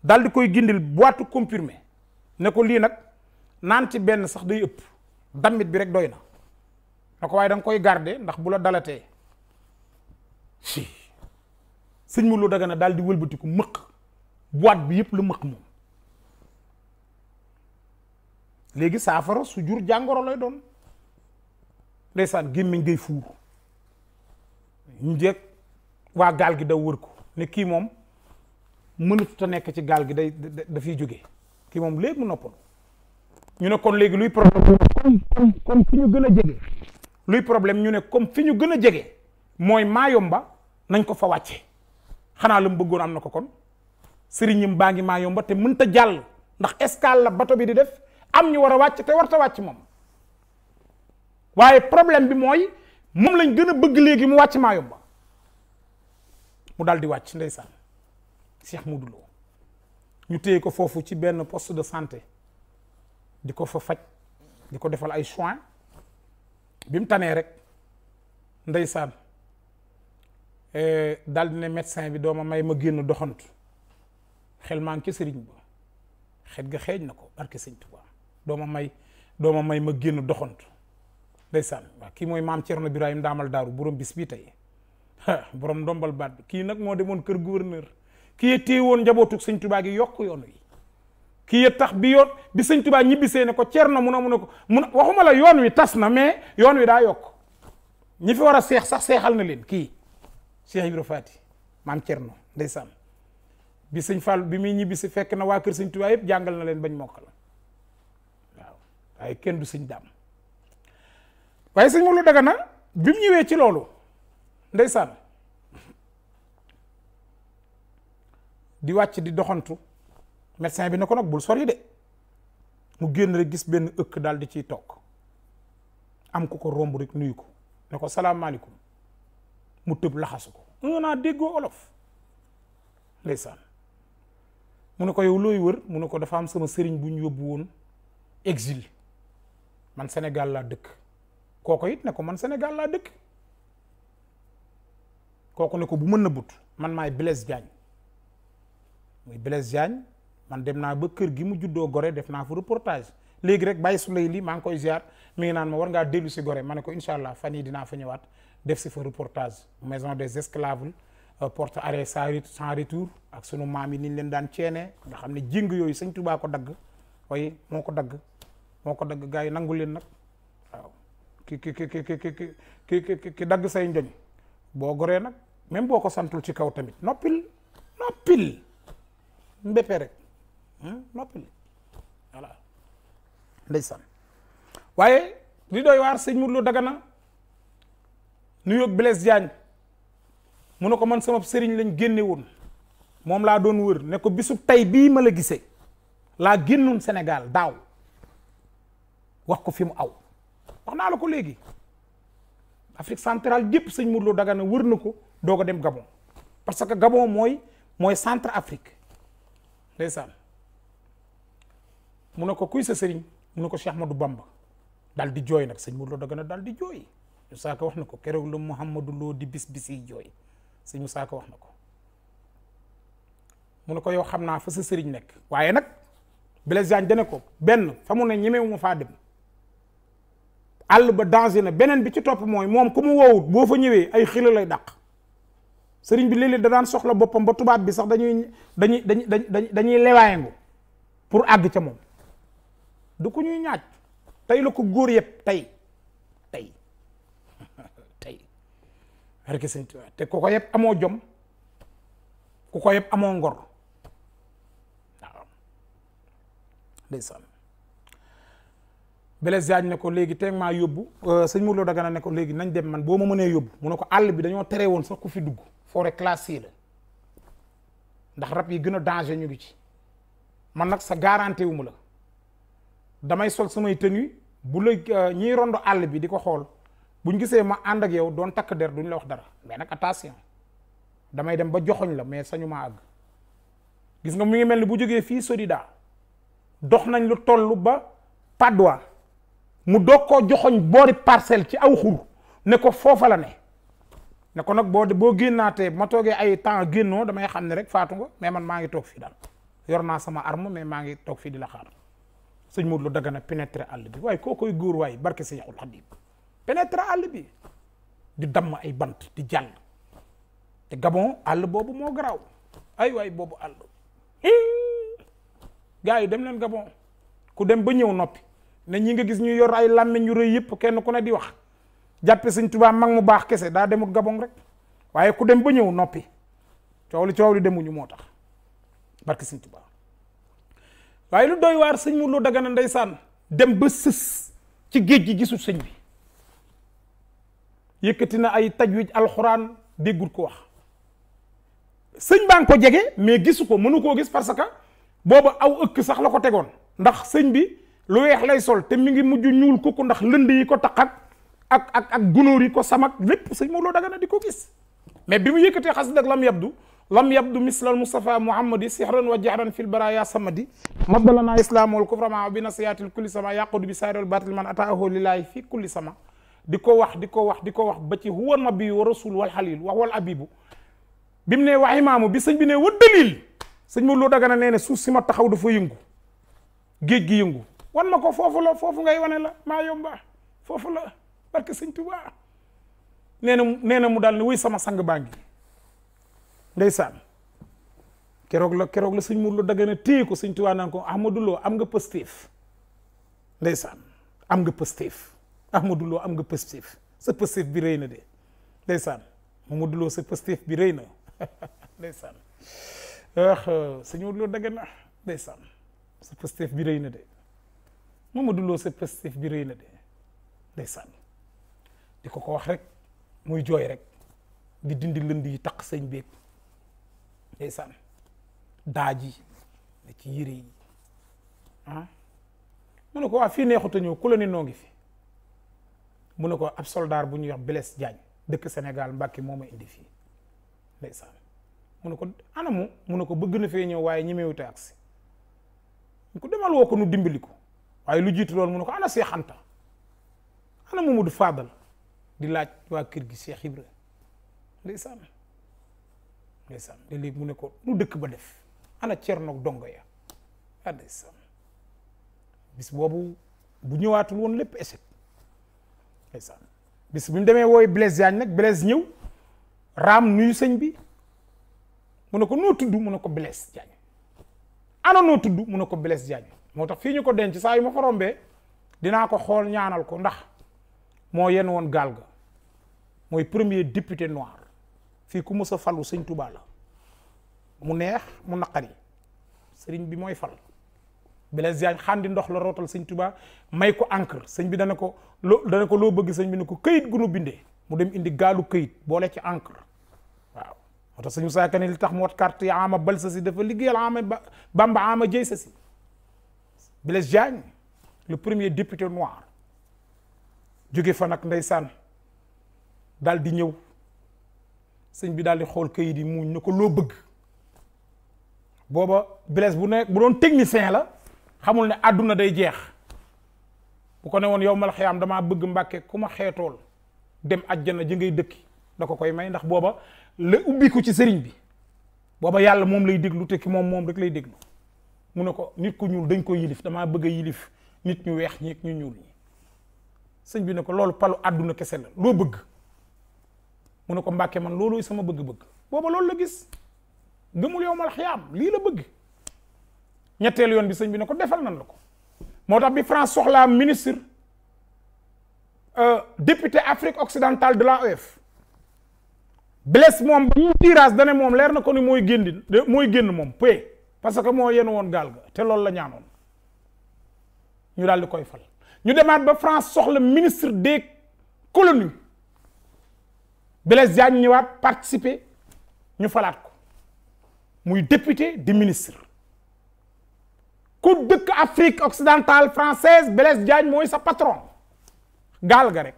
daal di koy gindil boîte comprimé ne ko lii nag naan ci benn sax day ëpp damit bi rek doy na na ko waaye danga koy garder ndax bu la dalatee si sëñ mu lu daga na daal di wëlbatiku mëq boîte bi yëpp la mëq moom léegi saafara su jur jàngoro lay doon ndeysaan gémmiñ ngay fuur ñu waa gaal gi daw wër ko ne kii moom mënut a nekk ci gaal gi day dafiy jóge kii moom léegi mu noppal ñu ne kon léegi luy problème comme comme ñu gën a jege luy problème ñu ne comme fi ñu gën a jege mooy maayomba nañ ko fa wàcce xanaa lu mu bëggoon am na ko kon sëriñam baa ngi maayomba te mënta jàll ndax escale la bato bi di def am ñu war a wàcc te warta wàcc moom waaye problème bi mooy moom lañ gën a bëgg léegi mu wàcc maayomba mu daal di wàcc ndeysaan Cheikh Modou Lo ñu téy ko fofu ci ben poste de santé diko fa fajj diko defal ay soins bi tané rek ndeysaan euh dal dina médecin bi doma may ma génn doxantu xel man ngi ci sëriñ ba xet ga xej nako barke serigne touba doma may doma may ma génn doxantu ndeysaan waaw ki moy mam cierno Birahim damal daru borom bis bi tay borom ndombal bad ki nak mo demone keur gouverneur kii téye woon njabootu sëñ tubaa gi yokk yoon wi kii ya tax bi yoon bi sëñ tubaa ñibbisee ne ko cer na mun a mun a ko mun waxuma la yoon wi tas na mais yoon wi daa yokk ñi fi war a seex sax seexal na leen kii Cheikh Ibra Faati maam cerno ndeysaan bi sëñ Fall bi muy ñibbisi fekk na waa kër sëñ tubaa yëpp jàngal na leen bañ mokkal waaw waaye kenn du siñ daam waaye sëñ Modou na bi mu ñëwee ci loolu ndeysaan di wàcc di doxantu médecin bi ne ko nag bul sori de mu génn rek gis benn ëkk daal di ciy toog am ku ko romb rek nuyu ko ne ko salaamaaleykum mu tëb laxasu ko naa déggoo olof ndeysaan ne ko yow looy wër mu ne ko dafa am sama sëriñ bu ñu yóbbu woon exil man Sénégal laa dëkk kooku it ne man senegal laa dëkk kooku ne ko bu mën na but man maay Blaise Diagne muy Blaise Diagne man dem naa ba kër gi mu juddoo Gorée def naa fa reportage léegi rek bay su lay lii maa ngi koy ziar mi ngi naan ma war ngaa dellu si mane ko incha allah fan yii dinaa fa ñëwaat def si fa reportage maison des esclaves euh, porte arrêt sans retour ak sunu maam yi ni ñu leen daan ceenee nga xam ne jéng yooyu sëñ Tuubaa dagg waaye moo ko dagg moo ko dagg gars yi nangu leen nag waaw ki ki ki ki ki ki ki dagg say njoñ boo goree nag même boo ko santul ci kaw tamit noppil noppil mbéppee rek hmm? noppali voilà ndeysaan waaye li doy waar sëñ Modou Lo Dagana nuyoo Blaise Diagne mu ne ko man sama sëriñ lañ génne moom laa doon wër ne ko bisub tey bii ma la gisee laa génnoon Sénégal daaw wax ko fi mu aw wax naa la ko léegi Afrique centrale yëpp sëñ Modou Lo Dagana wër na ko doo ko dem Gabon parce que Gabon mooy mooy centre Afrique ndeysaan mu ne ko kuy sa sëriñ mu ne ko Cheikh du Bamba daal di jooy nag sëñ Modou Lo Dagana daal di jooy Moussa Ka wax na ko keroog la Mouhamadou Lo di bis bis yi jooy sëñ Moussa Ka wax na ko mun ne ko yow xam naa fa sa sëriñ nekk waaye nag Blaise Diagne dana ko benn fa mu ne ñemewu ma faa dem àll ba danger na beneen bi ci topp mooy moom ku mu woowut boo fa ñëwee ay xila lay daq sëriñ bi léeg-léeg da daan soxla boppam ba tubaab bi sax dañuy dañuy dañuy dañuy lewaayangu pour àgg ca moom du ko ñuy ñaaj tay la ko góor yëpp tey tey *laughs* tey barke sëñ Tuubaa te ku ko yëpp amoo jom ku ko yëpp amoo ngor waaw ndeysaan Blaise Diagne ne ko léegi teg maa yóbbu euh, sëñ Mourlo Dagana ne ko léegi nañ dem man boo ma mënee yóbbu mu ne ko àll bi dañoo tere woon sax ku fi dugg forêt classée la ndax rap yi gëna a danger ñu ngi ci man nak sa garantie wu ma damay sol sama tenue bu lay euh, ñi rondo all bi di ko buñu gisé ma and ak yow doon tak der duñ la wax dara mais nak attention damay dem ba joxoñ la mais sañu ma àgg gis nga mu ngi melni bu joggé fi Sodida dox nañ lu tollu ba padwa mu doko joxoñ boori ci aw xur ne ko foofa la ne ne ko nag boo boo génnaatee ma toogee ay temps génnoo damay xam ne rek faatu nga mais man maa ngi toog fii daal yor naa sama arme mais maa ngi toog fii di la xaar sëñ Modou Lo daga na pénétrer àll bi waaye koo koy góor waaye barke sa yàqul Xadim pénétrer àll bi di damm ay bant di jàll te Gabon àll boobu moo garaaw ay waay boobu àll gars yi dem leen Gabon ku dem ba ñëw noppi na ñi nga gis ñu yor ay làmmiñ ñu rëy yëpp kenn ku ne di wax jappé seigne tuba mag mu bax kessé da demut gabon rek waye ku dem ba ñew nopi ciowli ciowli demu ñu motax moo tax barke sëñ Tuubaa waaye lu doy war seigne mu lu dagana ndaysan dem ba sës ci géej gi gisul seigne bi yekati na ay tajwid alxuraan degul ko wax seigne bang ko jégué mais gisu ko mënu ko gis parce que bobu aw ëkk sax la ko ndax seigne bi lu wéx lay sol té mi ngi muju ñuul kukku ndax lënd yi ko takkat ak ak ak gunóor yi ko samak lépp sëñ Modou Lo Dagana di ko gis mais bi mu yëkkatee xas nag lam yabdu lam yabdu mislal Mustafa Muhammadi sihran wa jahran fil baraya samadi maddalana islaam wal kufra ma bi nasiyatil kulli sama yaqudu bi sayril batil man ataahu lillahi fi kulli sama di ko wax di ko wax di ko wax ba ci huwa nabi wa rasul wal xalil wax wal abibu bi mu ne wa imaamu bi sëñ bi ne wa dalil sëñ Modou Lo Dagana nee ne suuf si ma taxaw dafa yëngu gi yëngu wan ma ko foofu la foofu ngay wane la maa yomba foofu la parce que sëñ Tuubaa nee na nee na mu daal ne wuy sama sang baa ngi keroog la keroog la sëñ Mour lu dagana téye ko sëñ Tuubaa naan ko Ahmadou Lo am nga pëstéef ndeysaan am nga pëstéef Ahmadou Lo am nga pëstéef sa pëstéef bi rëy na de ndeysaan Mamadou Lo sa pëstéef bi rëy na *laughs* ndeysaan wax ah, sëñ Mour lu dagana ndeysaan sa bi rëy na de Mamadou Lo sa pëstéef bi rëy na de ndeysaan di ko ko wax rek muy rek di dindi lënd yi taq sëñ beeg ndeysaan daaj yi ne ci yiri yi ah mu ne ko waa fii neexut a ñëw ku la ne noo ngi fi mu ne ko ab soldaar bu ñuy wax Blaise Diagne dëkk Sénégal Mbàkke moo ma indi fii ndeysaan mu ne ko anamu mu ne ko bëgg na fee ñëw waaye ñemewute agsi ñu ko demal woo ko nu dimbali ko waaye lu jiitu loolu mu ne ko ana Seex Anta ana Faadal di laaj wa kër gi Cheikh Ibra ndeysaan ndeysaan de léegi mu ne ko lu dëkk ba def ana nok dongo ya ah bis wabu, bu ñëwaatul woon lepp échec ndeysaan bis bu mu demee woy Blaise yañ nak Blaise ñëw ram nuyu señ bi mu ne ko no tuddu mu ne ko Blaise yañ ana nu tuddu mu ne ko Blaise yañ motax fi ñu ko denc saa yu ma fa rombee dinaa ko xol ñaanal ko ndax mo yen won galga mooy premier député noir fii ku mës a falu sëñ Touba mu neex mu naqari sëriñ bi mooy fal Blaise Diagne xandi ndox la rootal sëñ Touba may ko encre sëñ bi dana ko loo dana ko loo bëgg sëñ bi ne ko këyit gu bindee mu dem indi gaalu këyit boole ci encre waaw moo tax sëñ Moussa Kane li tax mu wat carte yi ama bal sa si dafa liggéeyal ama Bamba ama jëy sa si Blaise Diagne le premier député noir jóge fa nag ndeysaan daal di ñëw sëñ bi daal di xool kayit yi muuñ ko loo bëgg booba Blaise bu nekk bu doon technicien la xamul ne àdduna day jeex bu ko ne woon yow mal xiyaam damaa bëgg mbàkke ku ma xeetool dem ajjana ji ngay dëkki da ko koy may ndax booba la ubbiku ci sëriñ bi booba yàlla moom lay déglu te moom moom rek lay déglu mu ne ko nit ku ñuul dañ ko yilif damaa bëgg a nit ñu weex ñi ñu ñuul ñi sëñ bi ne ko loolu palu àdduna kese la loo bëgg Je ne ko man sama bëgg la gis la bi bi ne la bi France ministre euh, député Afrique occidentale de la moom suis tirage dane moom leer ko ni mooy génn mooy génn parce que moo yenu woon gaal te la ñaanoon ñu daal di koy fal ministre des colonies Blaise Diagne ñëwaat participer ñu falaat ko muy député di ministre ku dëkk Afrique occidentale française Blaise Diagne mooy sa patron gaal ga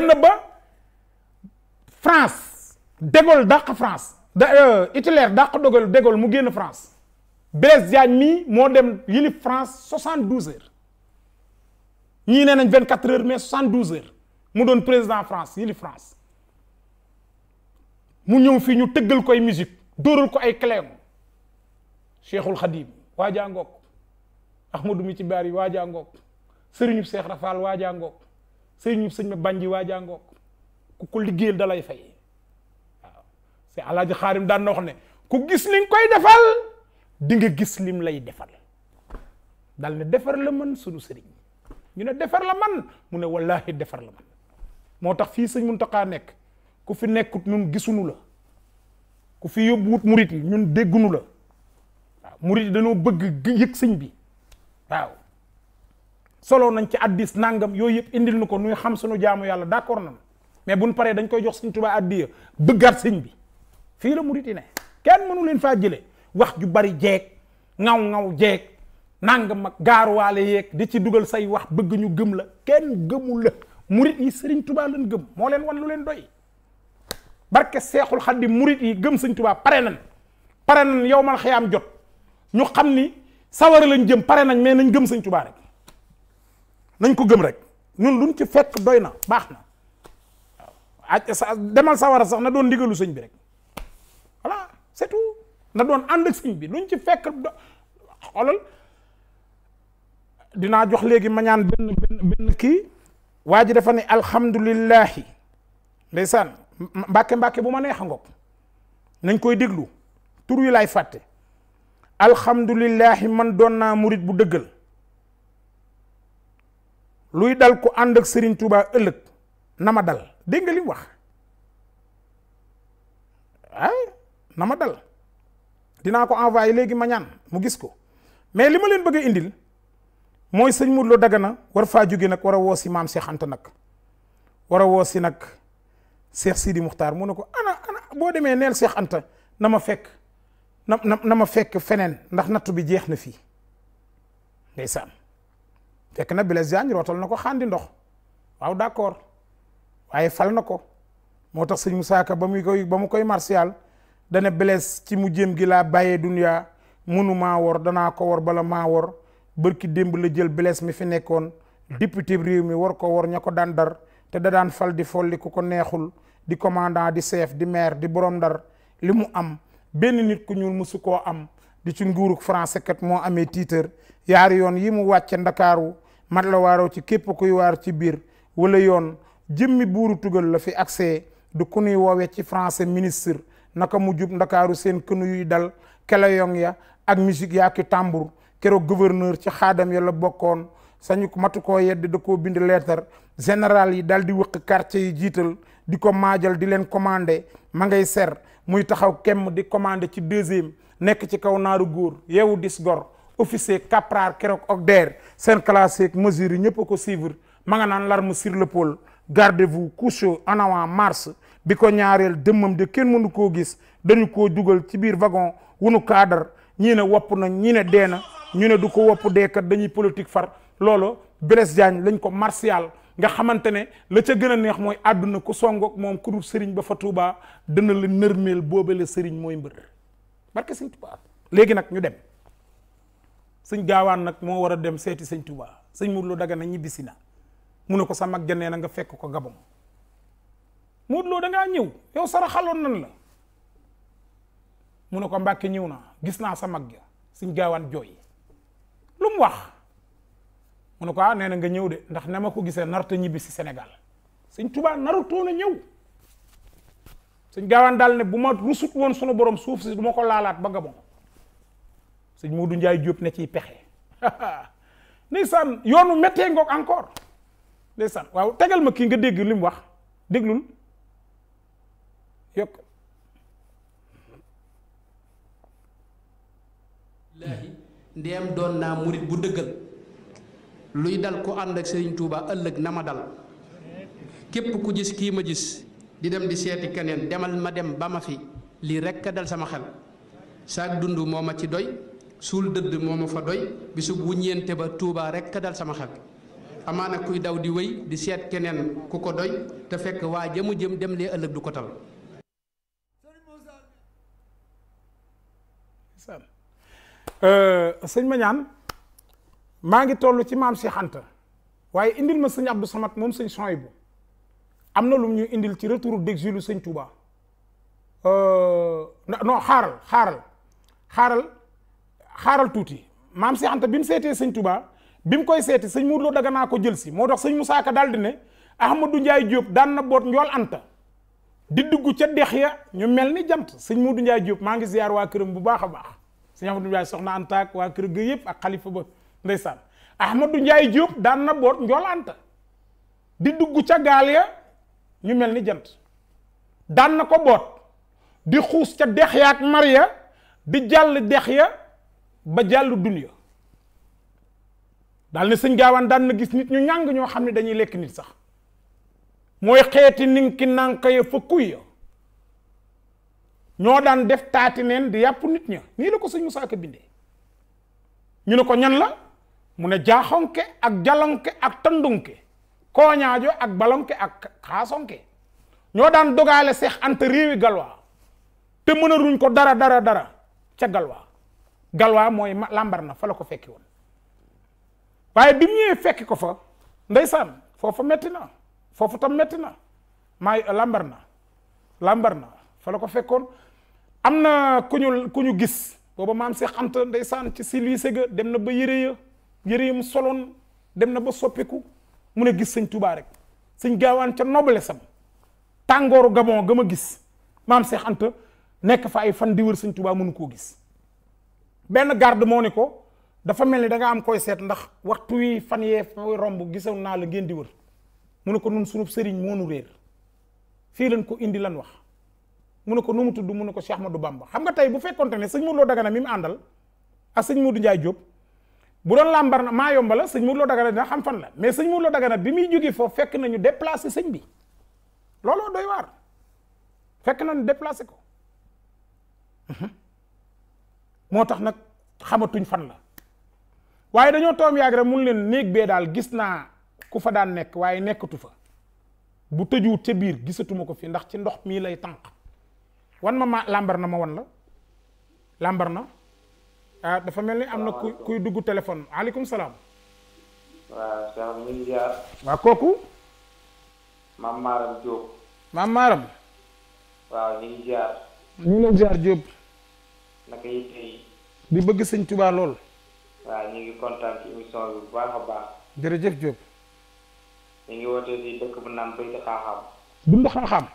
na ba France de Gaulle dàq France da euh, Hitler dàq de Gaulle mu génn France Blaise Diagne mii dem France soixante douze heures Il nee nañ vingt heures mais 72 heures mu doon président France yili France mu ñëw fii ñu tëggal ko ay musique dóoral ko ay cléon cheikhul Khadim, waajaa ngoog ahmadou mi ci bari yi waajaa serigne cheikh rafal rafaal waajaa serigne serigne sëñ ma bànji ku ko liggéeyal da fay c'est si kharim daan na wax ne ku gis liñ koy defal di nga gis lim lay defal dal ne defar la man suñu serigne ñu ne defar la man mu ne wallahi defar la man motax fi seigne muntaka nek ku fi nekut ñun gisunu la ku fi yobut murit yi ñun deggunu la murid murit yi dañoo bëgg yek seigne bi waaw solo nañ ci nanggam nangam yoy yep indil nu ko nuy xam suñu jaamu yalla d'accord nañ mais buñu paré dañ koy jox seigne touba adiya seigne bi fi la murit yi ne kenn mënu leen fa jëlé wax ju bari jéek ngaw ngaw jéek nangam ak gaaruwaale di ci dugal say wax bëgg ñu gëm la kenn gëmul la Murid yi sering touba lañ gëm mo leen wan lu leen doy barke cheikhul khadi murid yi gëm serigne touba paré nañ paré nañ yowmal mal jot ñu xamni sawara lañ jëm paré nañ mais nañ gëm serigne touba rek nañ ko gëm rek ñun luñ ci fekk doy na demal sawara sax na doon digelu serigne bi rek voilà c'est tout na doon and ak serigne bi luñ ci fekk xolal dina jox léegi ma ñaan ben ben ben ki waji dafa ne alhamdulillahi ndaysan mbake mbake buma neex ngok ngoog nañ koy deglu tur wi lay fatte alhamdulillahi man donna naa bu deugal luy dal ku and ak Serigne Touba euleuk nama dal de nga li wax ay ah, nama dal dina ko envoyer ma ñaan mu gis ko mais lima leen indil mooy sëñ Modou Lo Dagana war faa jóge nag war a woo si maam Cheikh Anta nag war a woo si nag Cheikh Sidi Muxtaar mu ne ko ana ana boo demee neel Cheikh Anta na ma fekk na na ma fekk feneen ndax nattu bi jeex na fii ndeysaan fekk na Blaise Diagne rootal na ko xandi ndox waaw d'accord waaye fal na ko moo tax sëñ mu saaka ba muy koy ba mu koy martial dana Blaise ci mu jéem gi laa bàyyee dunya munu maa wor danaa ko wor bala maa wor bërki démb la jël Blaise mi fi nekkoon député réew mi war ko war ña ko daan dar te da daan fal di folli ku ko neexul di commandant di chef di maire di borom ndar li mu am benn nit ku ñuul mësu koo am di ci nguurug français kat moo amee tiitër yaari yoon yi mu wàcce ndakaaru mat la waaroo ci képp kuy waar ci biir wala yoon jëmmi buuru tugal la fi accès du ku nuy woowee ci français ministre naka mu jub ndakaaru seen kënu yuy dal kele ya ak musique yaa ki tambour keroog gouverneur ci xaadam ya la bokkoon sañu matu koo yedd da koo bind leetar général yi daal di wëq quartier yi jiital di ko maajal di leen commandé ma ngay ser muy taxaw kemm di commandé ci deuxième nekk ci kaw naaru góor yeewu dis gor officier caporal keroog OCDER seen classé ak mesure yi ñëpp ko suivre ma nga naan l'arme sur l'épaule gardez-vous couché en avant marche bi ko ñaareel dëmmam de kenn mënu koo gis dañu ko dugal ci biir wagon wunu kaadar ñii ne wopp na ñii ne dee ñu ne du ko wopp kat dañuy politique far lolo Blaise Diagne lañ ko martial nga xamantene ne la ca gëna neex mooy àdduna ku ak moom ku dul sëriñ ba fa Touba dana la nërmeel boobe la sëriñ mooy mbër barke sëñ Touba léegi nag ñu dem sëñ gaawaan nag moo war a dem seeti sëñ Touba sëñ Mourlo daga na ñibbisi na mu ne ko sa mag jënee na nga fekk ko gabam Mourlo da ngaa ñëw yow sara xaloon nan la mu ne ko mbàkke ñëw gisna gis naa sa mag ja sëñ gaawaan lu mu wax mu ne ko ah nee na nga ñëw de ndax na ma ko gisee narta ñibbi si senegal sëñ Tuubaa narutoon a ñëw sëñ gaawaan daal ne bu ma rusut woon sunu borom suuf si du ma ko laalaat ba Gabon sëñ Moodu Njaay Jóob ne ciy pexe *laughs* ndeysaan yoonu méttee ngoog encore ndeysaan waaw tegal ma kii nga dégg li mu wax déglul ndeem doon naa murit bu dëggal luy dal ku ànd ak Serigne Touba ëllëg na ma dal képp ku gis kii ma gis di dem di seeti keneen demal ma dem ba ma fi lii rekk a dal sama xel saak dund moo ma ci doy suul dëdd moo fa doy bisu wuññeente ba Touba rekk a dal sama xel amaana kuy daw di wéy di seet keneen ku ko doy te fekk waa jëmu jëm dem lee ëllëg du ko tal sëñ Mañaan maa ngi toll ci maam si xanta waaye indil ma sëñ Abdou Samad moom sëñ Soyibu am na lum ñu indil ci retour d'exil sëñ Touba non xaaral xaaral xaaral xaaral tuuti maam si xanta bi mu seetee sëñ Touba bi mu koy seeti sëñ Modou Lo Dagana ko jël si moo tax sëñ Moussa Ka daal di ne Ahmadou Ndiaye Diop daan na boot njool Anta di dugg ca dex ya ñu mel ni jant sëñ Modou Ndiaye Diop maa ngi ziar waa këram bu baax a baax. sëñ Ahmadou Ndiaye soxna Anta waa kër ga yëpp ak xalifa ba ndeysaan Ahmadou Ndiaye Diop daan na boot njool Anta di dugg ca gaal ya ñu mel ni jant daan na ko boot di xuus ca dex ya ak mar ya di jàll dex ya ba jàll dunya daal ne sëñ gaawaan daan na gis nit ñu ñàng ñoo xam ne dañuy lekk nit sax mooy xeeti ninki nànka ya fa kuy ya ñoo daan def taati neen di yap nit ñi ke la ko sëñ Moussa Ka bindee ñu ne ko ñan la mu ne jaaxonke ak jalonke ak tandunke koñaajo ak balonke ak xaasonke ñoo daan dogalé seex anta rewi galwa te ko dara dara dara ca galwa galwa moy lambar na fa la ko fekki won waye bi ñewé fekki ko fa ndaysan fofu metti na fofu tam metti na may lambar na fa la ko fekkon kunyul kuñu kuñu gis bobu mam cheikh amta ndaysan ci si sega dem na ba yere ya yére ya dem na ba soppiku mu gis seigne touba rek seigne gawan ci noblesse sam gabon gama gis mam Cheikh amta nek fa ay fan di wër seigne touba mënu ko gis ben garde moniko dafa melni da nga am koy set ndax waxtu wi fan yee rombu gisoon na la ngeen di wër mu ne ko nun serigne monu reer fi ko indi lan wax muné ko numu tuddu muné ko Cheikh amadou Bamba xam nga tay bu fekkonté né seigne Modou Dagana mim andal a seigne sëñ Modou job bu don làmbar na maa yomba la seigne Modou Dagana na xam fan la mais seigne Modou Dagana bi mi jóge fo fekk nañu déplacer seigne bi lolo doy war fekk nañu déplacer ko mhm. motax nak xamatuñ fan la waye dañu tom yag rek mun len neeg be dal gis na ku fa daan nek waye nekatu fa bu teju te bir gisatuma fi ndax ci ndox mi lay tank wan ma ma làmbar na ma wan la làmbar na ah dafa mel ni am na kuy dugg téléphone maaleykum salaam. waaw Cheikh mi ngi ziar. waaw kooku. maam Maram Diop. maam Maram. waaw ñu ngi ziar. ñu ngi lay ziar Diop. yitte yi. di bëgg sëñ Tuubaa lool. waaw ñu ngi kontaan ci bi baax a baax. jërëjëf Diop. ñu ngi woote si dëkk bu naan Bayti Xaaxaam. dund Xaaxaam.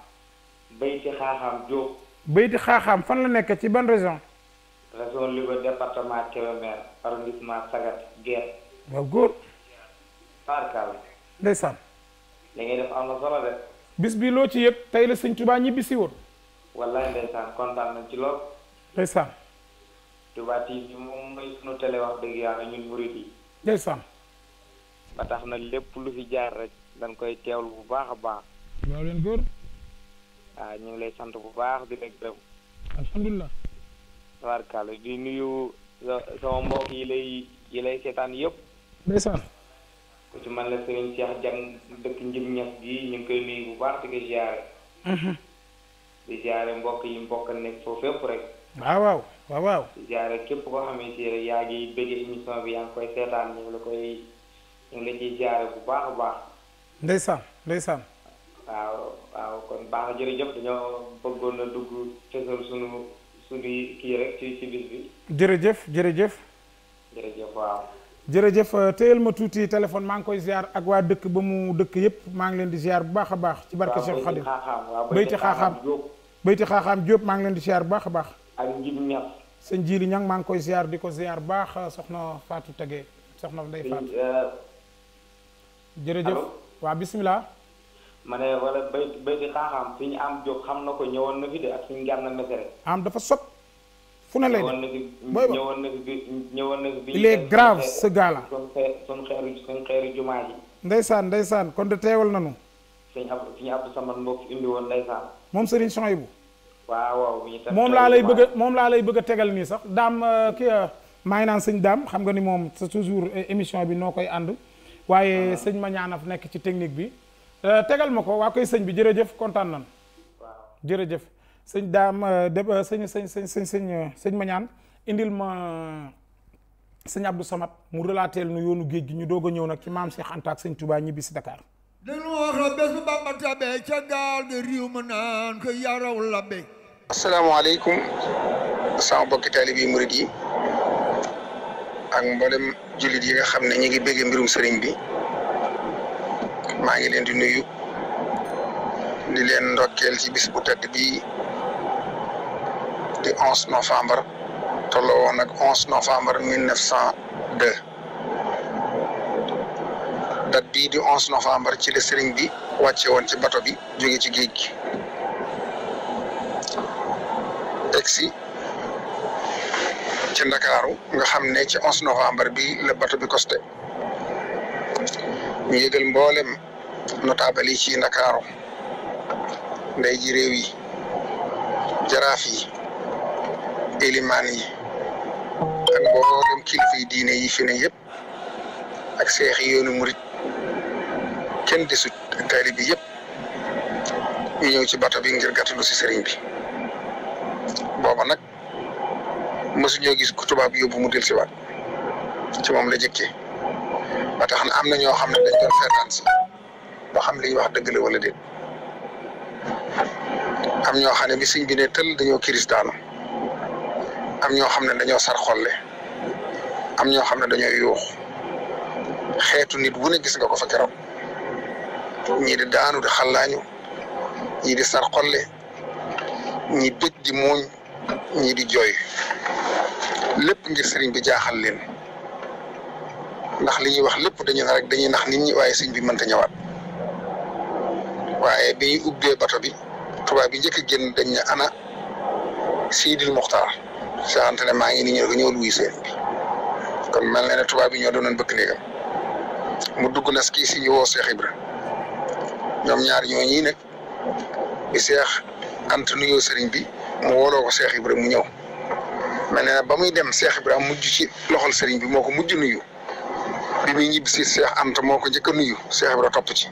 Bayti Xaaxaam Diop. bayti xaaxaam fan la nekk ci ban région. région Louga département Kébémer arrondissement Sagat Guère. waaw góor. Sarkal. ndeysaan. li ngay def am na solo de. bis bi loo ci yëpp tey la sëñ Tuubaa ñibbi si woon. wallaay ndeysaan kontaan nañ ci lool. ndeysaan. Touba TV moom mooy yàlla ñun murid yi. ndeysaan. ba tax na lépp lu fi jaar rek dañ koy teewlu bu baax a baax. leen góor. waaw ah, ñu ngi lay sant bu baax di la gërëm. alhamdulilah. tabarkàlla di nuyu sama mbokk yi lay yi lay seetaan yëpp. ndeysaan. ku ci man la Serigne Cheikh Diagne ñu koy nuyu bu baax di ko ziare. Mhm. di ziare mbokk yi mbokk nekk foofu yëpp rek. waaw waaw waaw waaw. di ziare képp koo xamante ne yaa ngi bëgg émission bi yaa ngi koy seetaan ñu la koy ñu ngi la ciy ziare bu baax a baax. ndeysaan ndeysaan. waaw waaw kon baax jërëjëf dañoo bëggoon eh, a dugg tësal sunu sunu kii rek ci ci bis bi. jërëjëf jërëjëf. jërëjëf waaw. jërëjëf téyel ma tuuti téléphone maa ngi koy ziar ak waa dëkk ba mu dëkk yépp maa ngi leen di ziar bu baax a baax. ci barke Cheikh Khadim bayti xaaxaam bayti xaaxaam Diop maa ngi ma ne wala bay bay di xaaxaam fi ñu am jóg xam na ko ñëwoon na fi de ak suñu gànna mesere am dafa sot fu ne lay def ñëwoon na fi ñëwoon na fi bi il est grave ce gars là suñ xeeru suñ xeeru jumaa yi ndeysaan ndeysaan kon de teewal nanu suñu ab suñu abdu samat moo fi indi woon ndeysaan moom sëriñ sony bu waaw waaw moom laa lay bëgg a moom laa lay bëgg a tegal nii sax daam euh, kii euh, maa ngi naan sëñ daam xam nga ni moom c'est toujours euh, émission bi noo koy ànd waaye sëñ ma ñaanaf nekk ci technique bi Euh, tegal mako wa koy sëñ bi jërëjëf contane nan jërëjëf sëñ dam euh, deb euh, sëñ sëñ sëñ sëñ sëñ sëñ ma ñaan indil ma sëñ Abdou Samad mu relateel nu yoonu geej gi ñu doog ñew nak ci mam Cheikh Anta ak sëñ Touba ñibbi ci Dakar dañu wax la bés bu Bamba tabee ca gaal ga riiw ma naan ko yaraw labbe alaykum sama bokk talibi mouride yi ak mbolem julit yi nga xamne ñi ngi bëgge mbirum sëriñ bi maa ngi leen di nuyu di leen ndokkeel ci bis bu bi di onze novembre tolloo woon ak onze novembre mille neuf di onze novembre ci le sëriñ bi wàcce woon ci bato bi jóge ci géej gi egsi ci Ndakaaru nga xam ne ci onze novembre bi la bato bi costé ñu yëgal mboolem notable ci dakaro nday ji réew yi jaraaf yi élimaan yi an boolem kilifa yi diine yi fi ne yépp ak seex yoonu murit kenn desut taali bi yépp ñu ñëw ci bato bi ngir gàttalu si sëriñ bi booba nag mësuñoo gis ku tubaab yóbbu mu dél si waat ci moom la jëkkee ba tax na am na ñoo xam ne dañ doon fernance ba xam li ñuy wax dëgg la walla de am ñoo xam ne bi sëñ bi ne tël dañoo kiris am ñoo xam ne dañoo sar xolle am ñoo xam ne dañoo yuux xeetu nit wu ne gis nga ko fa keroog ñii di daanu di xallaañu ñii di sar le ñii bëj di muuñ ñii di jooy lépp ngir sëriñ bi jaaxal leen ndax li ñuy wax lépp dañoo ne rek dañuy nax nit ñi waaye sëñ bi mënta ñawaat waye bi ubbe bato bi tuba bi njëkk a dañ na ana Sidil muxtar saxante ne maa ngi nii ñëw ñëwal wuy seen kon mel na tuba bi ñoo doon bëkk néegam mu dugg na ski ci ñu Cheikh Ibra ñom ñaar ñoo ñi nak bi Cheikh ant nuyo serigne bi mu wolo ko Cheikh Ibra mu ñëw mel na ba muy dem Cheikh Ibra mujj ci loxol serigne bi moko mujj nuyu bi mi ñib ci Cheikh ant moko ko nuyu Cheikh Ibra top ci.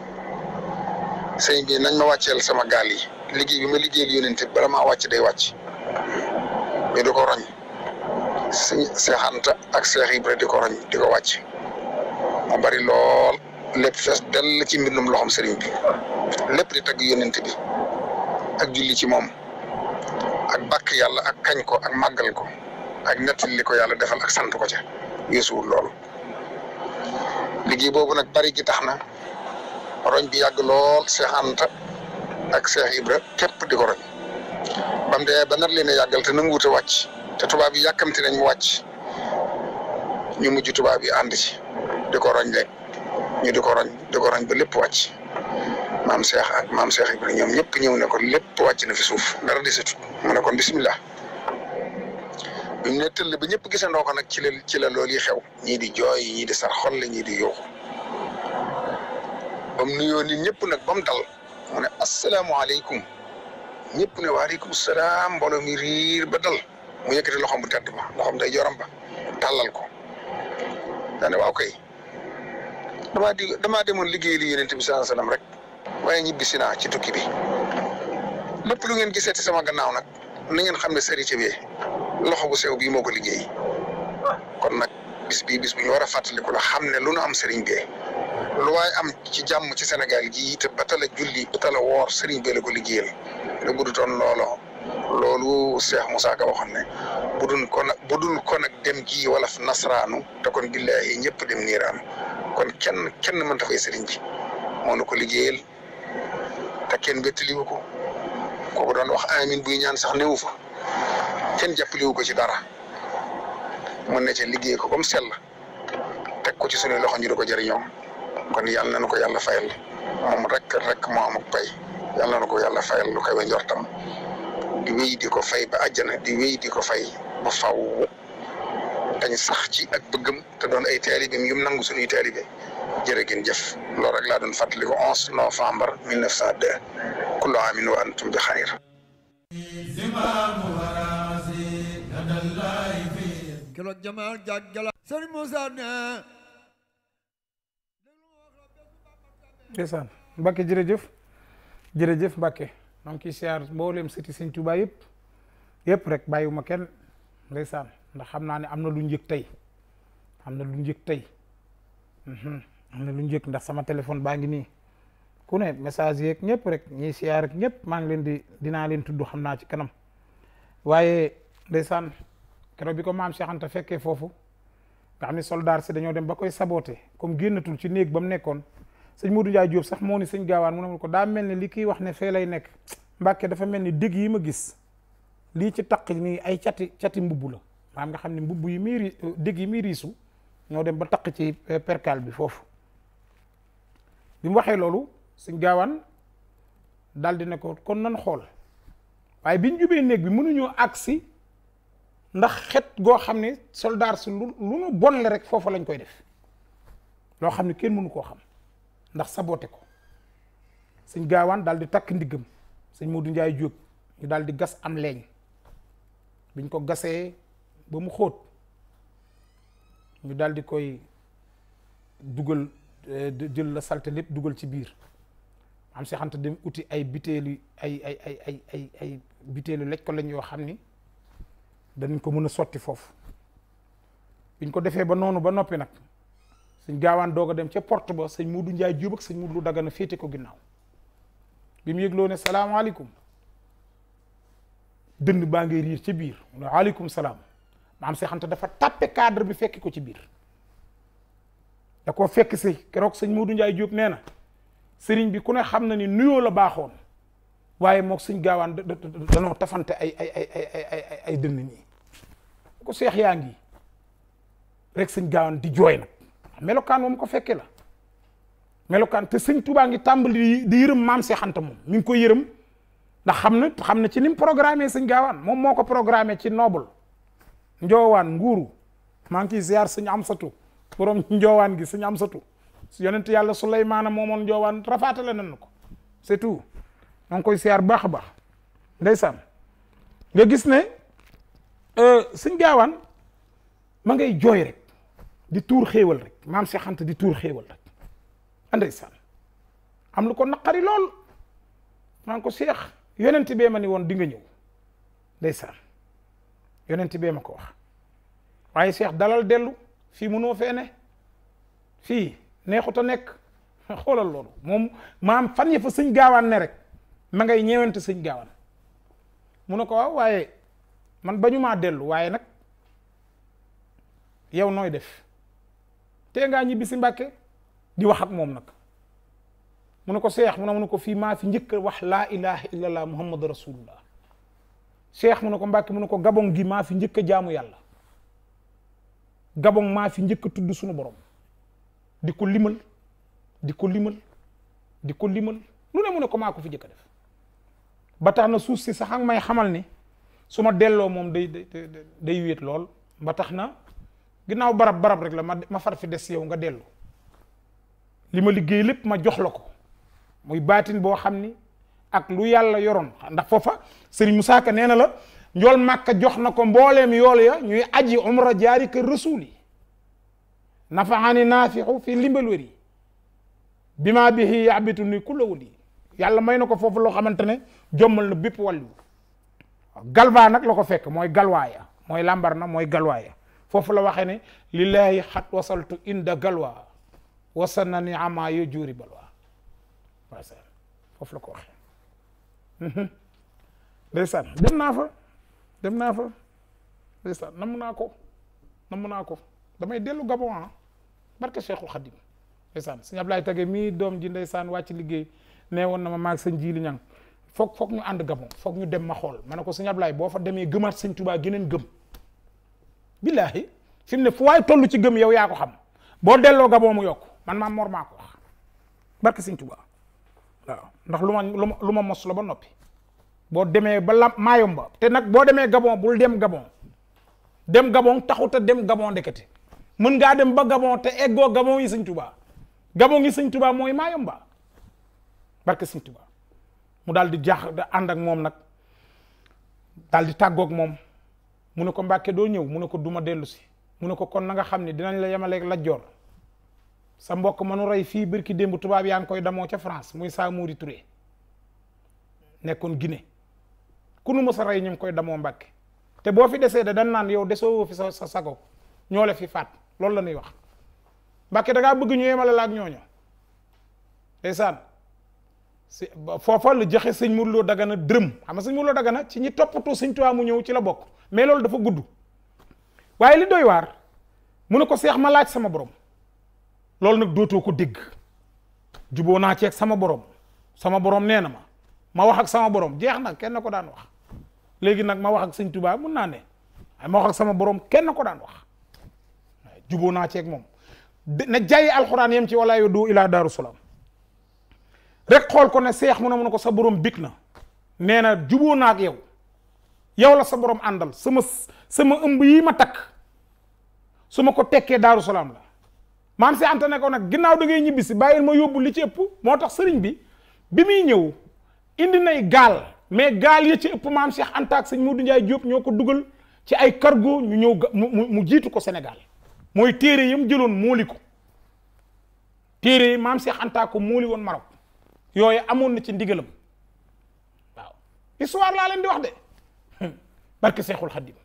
sëñ bi nañ ma wàcceel sama gaal yi liggéey bi ma liggéeyal yónent bi bala maa wàcc day wàcc ñu di roñ sëñ seexanta ak seex Ibra di ko roñ di ko wàcc ma bari lool lépp fees dell ci mbindum loxoom sëriñ bi lépp di tagg yónent ak julli ci moom ak bak yàlla ak kañ ko ak màggal ko ak nettali ko yàlla defal ak sant ko ca yéesuwul lool liggéey boobu nag bari gi tax na. roñ bi yag lool Cheikh Anta ak Cheikh Ibra kep di ko roñ bam de dee ba nar leen a te nanguwut a wàcc te tuba bi yakamti nañ wacc ñu mujj tuba bi and ci di ko roñ rek ñu di ko roñ di ko roñ ba lepp wacc mam Cheikh ak mam Cheikh Ibra ñom ñëpp ñew ne ko lepp wacc na fi suuf dara setu mu ne kon bismillah bi mu ba ñepp gisse ndoko nak ci la ci la loolu yi xew ñi di joy ñi di sar xol ñi di yoxu ba mu nuyoo ñëpp nag ba mu dal mu ne asalaamaaleykum ñëpp ne waaleykum salaam mbooloo mi riir ba dal mu yëkkati loxoom bu tedd ba loxoom day joram ba tàllal ko daane waaw kay damaa di damaa demoon liggéey li yonent bi sallallahu rek waaye ñibbisi naa ci tukki bi lépp lu ngeen gisee ci sama gannaaw nag na ngeen xam ne sarice bi loxo bu sew bi moo ko liggéey kon nag bis bii bis bu ñu war a fàttaliku la xam ne lu nu am sëriñ bee lu am ci jàmm ci senegal ji te batal a julli batal a woor sëriñ bi ko liggéeyal te budutoon looloo loolu Cheikh Moussa Ka waxoon ne budul kon budul kon ak dem gii wala nasraanu te kon billaahi ñëpp dem niiraan kon kenn kenn mënta fay sëriñ bi moo nu ko liggéeyal te kenn bettaliwu ko kooku doon wax amin bu ñaan sax newu fa kenn jàppaliwu ko ci dara mën na ca liggéey ko comme sell teg ko ci suñuy loxo ñu di ko jëriñoo kon yalla nañu ko yàlla fayal mom rek rek mo am ak pay yalla nañu ko yàlla fayal lu kay wëjortam di wëy di ko fay ba aljana di wëy di ko fay ba faww dañ sax ci ak bëggum te doon ay taalibeem yum nangu suñu talibé jërë gën jëf lo rek la doon fatali ko 11 novembre 1902 kullu amin wa antum bi khair keroog jamaa jàggala Sëriñ Moussa ne ndeysaan Mbacke jërëjëf jërëjëf Mbacke maa ngi ciy siyaar mboolem sëti sëñ Tuubaa yëpp yëpp rek bàyyiwuma kenn ndeysaan ndax xam naa ne am na lu njëkk tey am na lu njëkk tey mhm. am na lu njëkk ndax sama téléphone baa ngi nii ku ne message yeeg ñëpp rek ñiy siyaar rek ñëpp maa ngi leen di dinaa leen tudd xam naa ci kanam waaye ndeysaan keroog bi ko maam Cheikh Anta fekkee foofu nga xam ne soldaar si dañoo dem ba koy saboté comme génnatul ci néeg ba mu nekkoon sëñ Modou Ndiaye Diop sax moo ni sëñ gaawaan mu ne ko daa mel ni li kiy wax ne fee lay nekk Mbàkke dafa mel ni dégg yi ma gis lii ci taq nii ay cati cati mbubb la maanaam nga xam ne mbubb yi muy dégg yi muy riisu ñoo dem ba taq ci eh, perkaal bi foofu bi mu waxee loolu sëñ gaawaan daal di ne ko kon nan xool waaye biñ jubee néeg bi mënuñoo si ndax xet goo xam ne soldaar si lu lu nu bonle rek foofu lañ koy def loo xam ne kenn mënu koo xam ndax saboté ko sëñ gawan dal di tak ndiggam sëñ Modou ndjay Diop ñu dal di gas am leñ biñ ko gasee ba mu xoot ñu dal di koy duggal eh, jël la salté lepp duggal ci biir am si dem uti ay biteelu ay ay ay ay ay ay biteelu lecc ko lañ yo xamni ni ko mëna soti fofu biñ ko défé ba nonu ba nopi nak sëñ gaawaan doog a dem ca port ba sëñ Muudu Njaay Jóob ak sëñ Dagana féete ko ginnaaw bi mu yëgloo ne salaamaaleykum baa ngay riir ca biir mu salaam maam Seex dafa tàppe cadre bi fekki ko ci biir da koo fekk si keroog sëñ Muudu Njaay nee na sëriñ bi ku ne xam na ni nuyoo la baaxoon waaye moog sëñ gaawaan danoo tafante ay ay ay ay yaa ngi rek sëñ gaawaan di jooy nag melokan mom ko fekke la melokan te seigne touba ngi tàmbali di yeureum mam cheikh Anta moom mi ngi koy yeureum da xamna na ci nim programmer seigne gawan mom moko programmer ko ci noble njoowaan nguru man ki ziar sëñ amsatu borom njoowaan gi sëñ amsatu yonent yalla sulaymana momon njoowaan rafatale nañ ko c'est tout ngi koy ziar bax bax baax nga gis ne euh, sëñ gaawaan ma ngay joy rek di tour xewal rek maam Cheikh di tuur xéewal rek ndeysaan am lu ko naqari lool maa ngi ko Cheikh yonent bee ma ni woon di nga ñëw ndeysaan yonent bee ma ko wax waaye Cheikh dalal dellu fii mënoo fee ne fii neexut nekk *laughs* xoolal loolu moom maam fan ya fa sëñ gaawaan ne rek ma ngay ñeewante sëñ gaawaan mu ne ko waaw waaye man bañu maa dellu waaye nag yow nooy def tee ñibbi si Mbàkke di wax ak moom nag mun ne ko seex mu ne mu ne ko fii maa fi njëkk wax laa ilaha illallah muhammadu rasulullah seex mu ne ko Mbàkke mu ne ko gabon gi maa fi njëkk jaamu yàlla gabon maa fi njëkk tudd sunu borom di ko limal di ko limal di ko limal lu ne mu ne ko maa ko fi njëkk def ba tax na suuf si sax may xamal ni suma delloo moom day day day wéet lool ba tax na ginnaaw barab barab rek la ma ma far fi des yow nga dellu li ma liggéey lépp ma jox la ko muy baatin boo xam ni ak lu yàlla yoroon ndax foofa Serigne Moussa Ka nee na la njool Màkka jox na ko mbooleem yool ya ñuy aji umra jaari kër rasuul yi nafaani naafixu fi limbal wér yi bi maa bihi yabitu ni kulawul yi yàlla may na ko foofu loo xamante ne jommal na bépp wàllu galbaa nag la ko fekk mooy galwaaya mooy lambar na mooy galwaaya foofu la waxee ne lillahi xat wasaltu inda galwa wasanani ama yo juri balwa foofu la ko waxee mhm. ndeysaan dem naa fa dem naa fa ndeysaan namm naa ko namm naa ko damay dellu Gabon ah barke Cheikhul Khadim ndeysaan sëñ Ablaye Tage mii doom ji ndeysaan wàcc liggéey nee woon na ma maag sëñ Jili Ñang foog foog ñu ànd Gabon foog ñu dem ma xool ma ne ko sëñ boo fa demee gëmaat sëñ geneen gëm billahi fi mu ne fu waay ci gem yow ya ko xam boo delloo gaboo mu yok man ma mor mako wax barke seigne touba waaw ndax luma luma mos la ba nopi bo ba mayum ba te nak bo gabon bul dem gabon dem gabon taxuta dem gabon dekete mën nga dem ba gabon te eggo gabon yi seigne touba gabon yi seigne touba moy mayum ba barke seigne touba mu daal di and ak mom nak di mu ne ko mbàkke doo ñëw mu ko duma dellu si mu ko kon na nga xamni dinañ la la jor sa mbokk manu ray fi birki dembu tubab yaan koy damo ci France muy mouri Touré nekkon guiné ku nu mësa ray ñing koy damo mbacke té bo fi déssé da dan yow desoo fi sa sago ñoo fi fat lool la ñuy wax mbacke da nga bëgg ñu yemale la ak ñoño ndaysan Dagana dërëm xam nga seigne mourlo Dagana ci ñi topatu seigne Tuubaa mu ñew ci la bokk mais loolu dafa gudd waaye li doy waar mu ne ko seex ma laaj sama borom loolu nag dootoo ko dégg jubo naa ceeg sama borom sama borom nee na ma ma wax ak sama borom jeex na kenn ko daan wax léegi nag ma wax ak sëñ Tuubaa mun naa ne ma wax ak sama borom kenn ko daan wax juboo naa ceeg moom na jaay alxuraan yem ci wala yoddu ilaa daaru salaam rek xool ko ne seex mu ne mun ne ko sa borom bik na nee na juboo naa yow yow la sa borom àndal sama sama ëmb yii ma takk su ma ko tekkee daaru salaam la maam si anta ne ko nag ginnaaw da ngay ñibbi si bàyyil ma yóbbu li ci ëpp moo tax sëriñ bi bi muy ñëw indi nay gaal mais gaal ya ci ëpp maam Cheikh Anta ak sëñ Modou Ndiaye ñoo ko dugal ci ay cargo ñu ñëw mu mu jiitu ko senegal mooy téere yam jëloon mooli ko téere yi maam Cheikh Anta ko mooli woon Maroc yooyu amoon na ci ndigalam waaw histoire laa leen di wax de barke Seexul Xaddim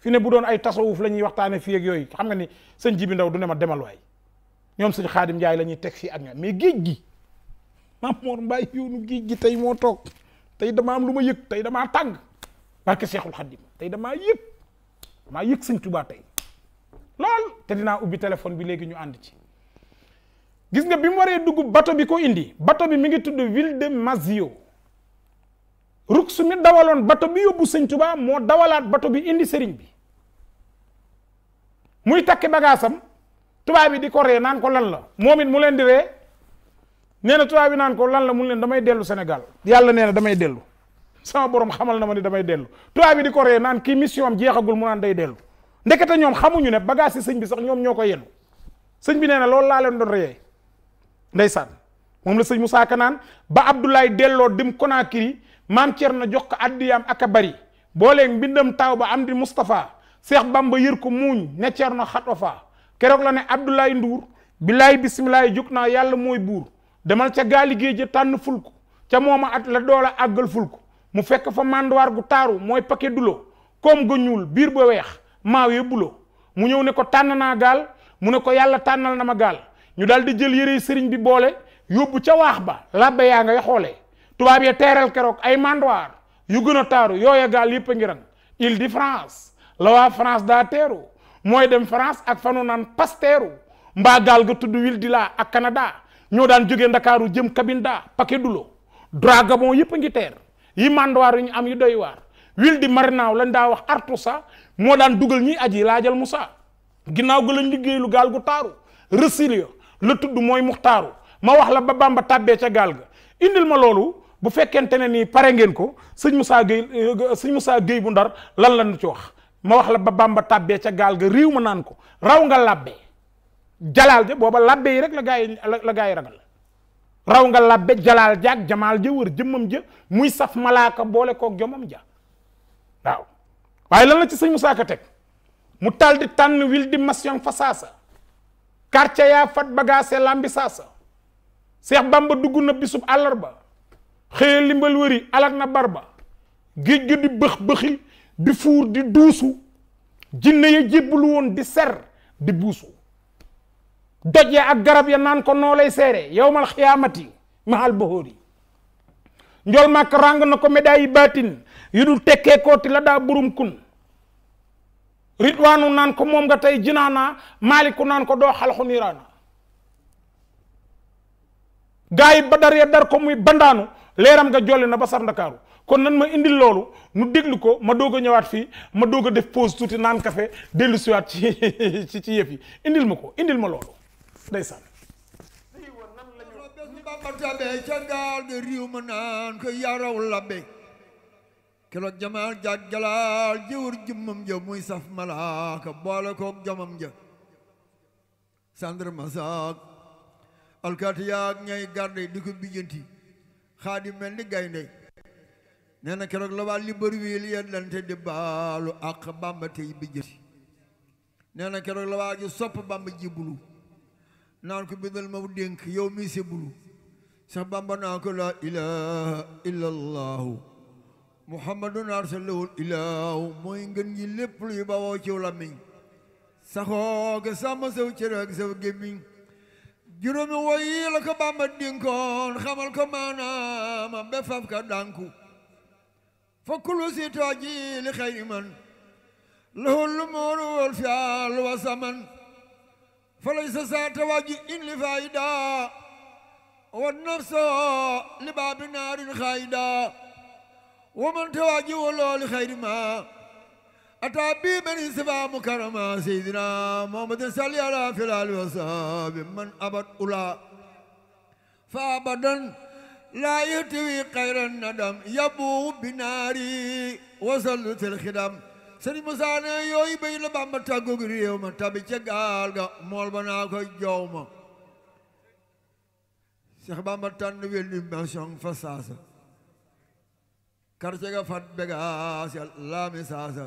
fi ne bu doon ay tasawuf la ñuy waxtaane fii ak yooyu xam nga ni sëñ Jibi Ndaw du ne ma demal waay ñoom sëñ Xaadim Njaay la ñuy teg fii ak ñoom mais géej gi maam Mor Mbaay yoonu géej gi tey moo toog tey dama am lu ma yëg tey damaa tàng barke Seexul Xaddim tey damaa yëg damaa yëg sëñ Tuubaa tey lool te dinaa ubbi téléphone bi léegi ñu ànd ci gis nga bi mu waree dugg bato bi ko indi bato bi mu ngi tudd ville de Mazio ruksu mi dawalon bato bi yóbbu seigne touba mo dawalat bato bi indi sëriñ bi muy takki bagasam touba bi di ko re nan ko lan la momit mu len di re neena touba bi nan ko lan la mu len damay delu senegal yalla neena damay delu sama borom xamal na ma ni damay delu touba bi di ko re nan ki mission am jeexagul mu nan day dellu ndekete ñoom xamuñu ne bagage yi sëñ bi sax ñom ñoko yenu bi neena lol la len don ndaysan mom la seigne Moussa ba Abdoulaye delo dim konakiri. maam Cerno jox ko addiyaam ak a bari booleeg mbindam taaw ba am di Moustapha Seex Bamba yër ko muuñ ne Cerno xatwa fa keroog la ne Abdoulaye Ndour billaay bisimilaay jóg naa yàlla mooy buur demal ca gaali géej ja tànn ful ko ca mooma at la doola àggal ful ko mu fekk fa manduwaar gu taaru mooy paquet dulo koom ga ñuul biir ba weex maaw ya bulo mu ñëw ne ko tànn naa gaal mu ne ko yàlla tànnal na ma gaal ñu daal di jël yére sëriñ bi boole yóbbu ca waax ba labba yaa ngay xoolee tubaab ya e terel kerok, ay mandoir yu taru, yo ya yooya gaal yëpp France la wa France da teru moy dem France ak fanu nan pasteru mba gal ga tuddu wil di ak Canada ño daan jógee dakaru jëm Cabinda paquet dulo dragabon yëpp a ngi teer yi mandoir yu ñu am yu doy war wil di marinaaw lañ da wax artusa mo daan duggal ñi aji lajal musa ginau ga lañ liggéey lu gal gu taru resilio le tuddu moy muxtaru ma wax la ba bamba tàbbee ca gal ga indil ma lolou bu fekente ne nii ngeen ko seigne Moussa Gueye euh, seigne Moussa Gueye bu ndar lan lan ci wax ma wax la ba bamba tàbbee ca gal ga réew ma nan ko raw nga làbbe jalal ja boba làbbe rek la gaa la gaa ragal raw nga làbbe jalal ja ak jamaal je wër jëmum je muy saf malaka bolé ko jomam ja waw lan la ci seigne Moussa Ka tek mu tal di tan wil di mas yang fasasa, quartier ya fat bagaase lambi saasa seex bamba duguna bisub alarba xëye limbal wëri alak na barba géej gi di bëx bëxi di fuur di duusu jinne ya jébbalu woon di ser di buusu doj ya ak garab ya naan ko noo seere yowmal xiyaamati mahal bohoori njol màkk na ko médaille yi baatin yu dul tekkee kooti burum kun ritwaanu naan ko moom nga tey jinaana maaliku naan ko doo xalxu niiraana badar ya dar ko muy bandaanu leeram nga jolli na ba sar ndakaaru kon nan ma indil loolu nu déglu ko ma doog a ñëwaat fii ma doog a def poos tuuti naan café dellu siwaat ci ci ci indil ma ko indil ma loolu ndeysaan bambartaɓe caggalɓe riwma nan ko yaraw labbe kelo jamal jaggalal jewor jummam ja muy saf malaka boole koog jomam ja sandre masak alkati yaag ñay garde di ko bijanti xaadim mel ni gaynde nee na keroog la waa Libreville yendante di baalu ak bàmba tey bi jëti nee na keroog la waa ji sopp bàmba ji bulu naan ko bindal ma dénk yow mi si bulu sax bàmba naa ko laa ilaha illa allahu muhammadun arsalahul ilahu mooy ngën ñi lépp luy bawoo ciw la miñ saxoo ga sàmm saw cër ak saw gémmiñ juróomi woy yi la ko Bàmba dinkoon xamal ko maanaama be faf ka dànku fa kulu si tooji li xayri man lahul lumuuru wal fi'aal wa zaman fa laysa saata waji in li faayida wa nafso li baabi naarin xaayida wa man tawaaji wa looli xayri ma أتى بمن سبا مكرما سيدنا محمد صلى الله عليه وسلم من أبد أولا فأبدا لا يتوي خير الندم يبو بناري وصلت الخدم sëriñ Moussa ne yooyu bay la Bàmba tàggoog réew ma tabi ca gaal mool ba naa koy joow ma Cheikh Bàmba tànn welli mention fa saasa quartier ga fat bega laami saasa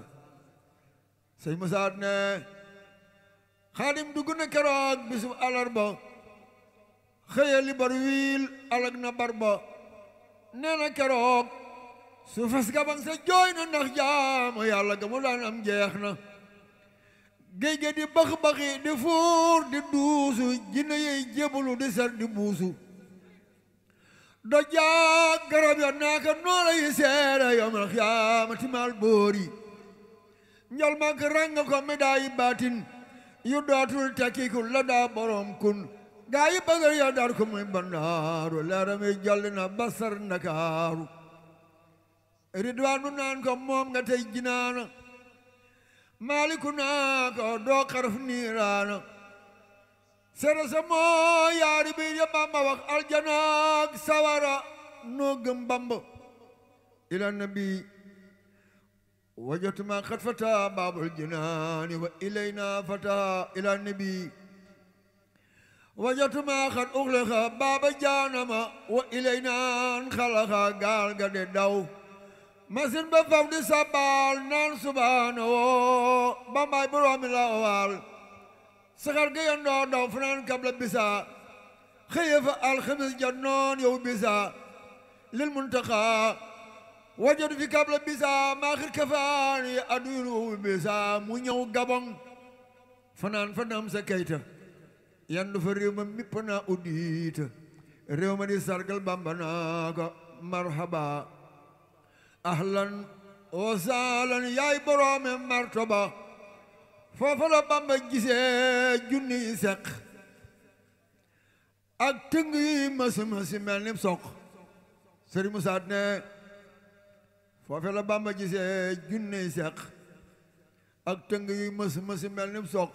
sëñ Moussa ne xaadim dugg na keroog bisu alarba xëye li bar wiil alag na bar ba nee na keroog su fas gabang sa joy na ndax jaamu yàlla ga mu daan am jeex na di bax baki di fur, di dusu, jinne ye jebulu di ser di busu do jaag garab ya naaka noora yi ya seere yom boori njal ma rang ko mi daayi baatin yu dootul tekkiku la daa borom kun gaayi badar ya daar ko muy bandaaru leerami jolli na basar nakaaru ridwaanu naan ko moom tey jinaana maaliku naa ko doo xaraf niiraana moo yaari bi ya bamba wax aljanaak sawara noo gëm bamba ila nabi وجدت ما قد فتى باب الجنان وإلينا فتى إلى النبي وجدت ما قد أغلق باب جانما وإلينا خلق قال قد الدو مسن بفهم دي سبال نان سبحانه بما برام الأول سخر قيان دو دو فنان قبل بسا خيف الخبز جنون يوم بسا للمنتقى wajadu fi kabla bisa maaxir kafaan yi aduyulu bisa mu ñëw gabon fanaan fa naam sa kayta yandu fa réew mippa naa uddiita réew di sargal bamba naa ko marhaba ahlan wa sahlan yaay boroome martaba foofa la bamba gisee junniy seq ak tëng yi mësi mësi mel ni soq sëriñ Musaa ne foofe la bàmba gisee junney seq ak tëng yu mës mësi mel ni soq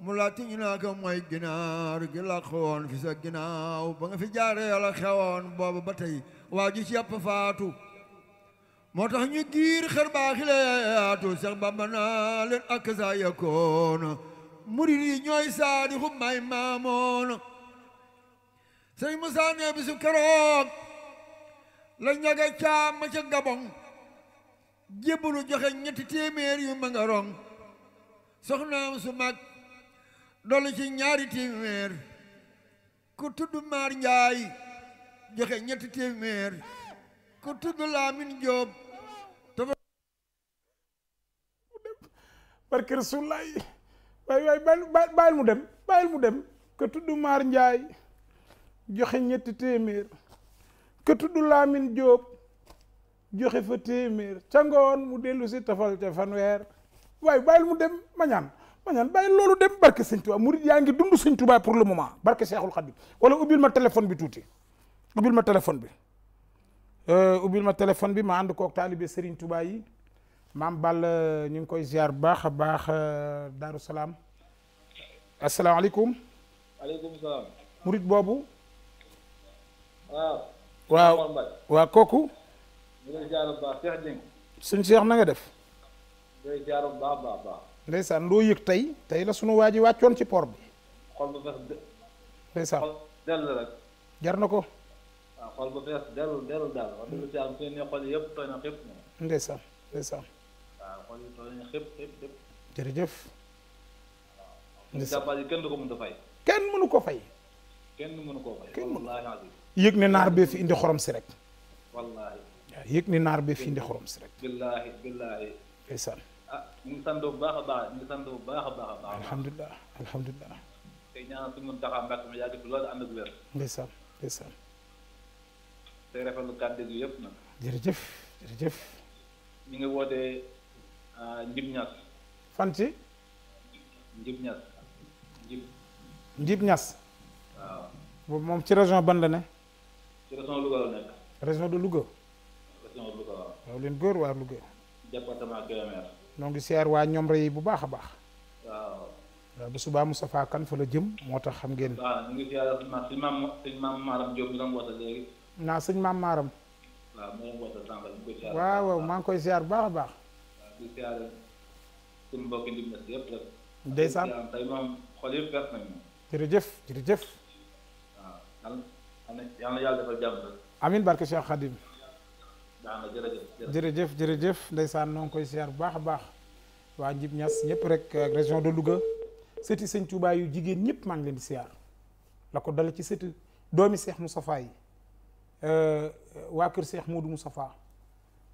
mu laajte ñu naa ko mooy ginaar gi làq fi sa ginaaw ba nga fi jaaree yàlla xewoon boobu ba tey waa ju ci yàpp faatu moo tax ñu giir xër baaxile yaatu seex bàmba naa leen ak saa yekkoon murid yi ñooy saadi xub may maamoon sëñ Musaa ne bisu la ñaga caam ma ca Gabon jébbalu joxe ñetti téeméer yu ma soxnaam su mag dolli ci ñaari téeméer ku tudd maar njaay joxe ñetti téeméer ku tudd laamin jóob tafa barke rasulaay waay waay bàyyil mu dem bàyyil mu dem ku tudd maar njaay joxe ñetti téeméer ku tudd laamin jóob joxe fa téeméer ca mu dellu si tafal ca fanweer waaye bàyyil mu dem ma ñaan ma ñaan bàyyil loolu dem barke sëñ Tuubaa murid yaa ngi dund sëñ Tuubaa pour le moment barke Seexul Xadiim wala ubbil ma téléphone bi tuuti ubil ma téléphone bi euh, ubbil ma téléphone bi ma ànd koog taalibe Serigne Touba yi maam Balla ñu ngi koy ziar baax baax euh, Daaru Salaam asalaamaaleykum. waaleykum murit boobu. waaw. waaw waaw kooku. suñ seex na def def ndeysaan ndoo yëg tey tey la sunu waa ji wàccoon ci port bi xol ba fees ndeysaan dell jar na ko waaw xol ba fees dellu dellu daal wax dëgg si am seen xol yëpp tooy ko mën a fay kenn mënu ko fay kenn mënu ko fay yëg ne naar bee indi xorom si rek yëg ni naar bi fii ndi xorom si rek. billahi billahi ndeysaan. ah ñu ngi bu baax baax ñu ngi sant bu baax a baax a baax. alhamdulilah alhamdulilah. tey ñaanal suñu Muntaxa Mbàkke ma yàgg fi loolu ànd ak wér. ndeysaan ndeysaan. tey rafetlu kàddu gi yëpp nag. jërëjëf jërëjëf. ñi nga wote ah, Njib Ñas. fan ci. ndib ñass ndib ndib ñass waaw. mom ci région ban la ne. ci région Louga la nekk. région de Louga section Louga waaw leen góor waa Louga département Kébémer noo ngi siyaar waa ñomre yi bu baax a baax waaw waaw bu subaa Moustapha Kane fa la jëm moo tax xam ngeen waaw ñu ngi siyaar sëñ maam sëñ maam Maram Diop mi doon woote léegi naa sëñ maam Maram waaw waaw waaw ngi koy baax rek xol nañu waaw defal amin barke Cheikh Khadim jërëjëf jërëjëf ndeysaan noo ngi koy siyaar bu baax a baax waa Njib Ñas ñëpp rek ak région de Louga sëti sëñ Tuubaa yu jigéen ñëpp maa ngi leen di siyaar la ko dala ci sëti doomi Seex Mustafaa yi euh, waa kër Seex Moodu Mustafaa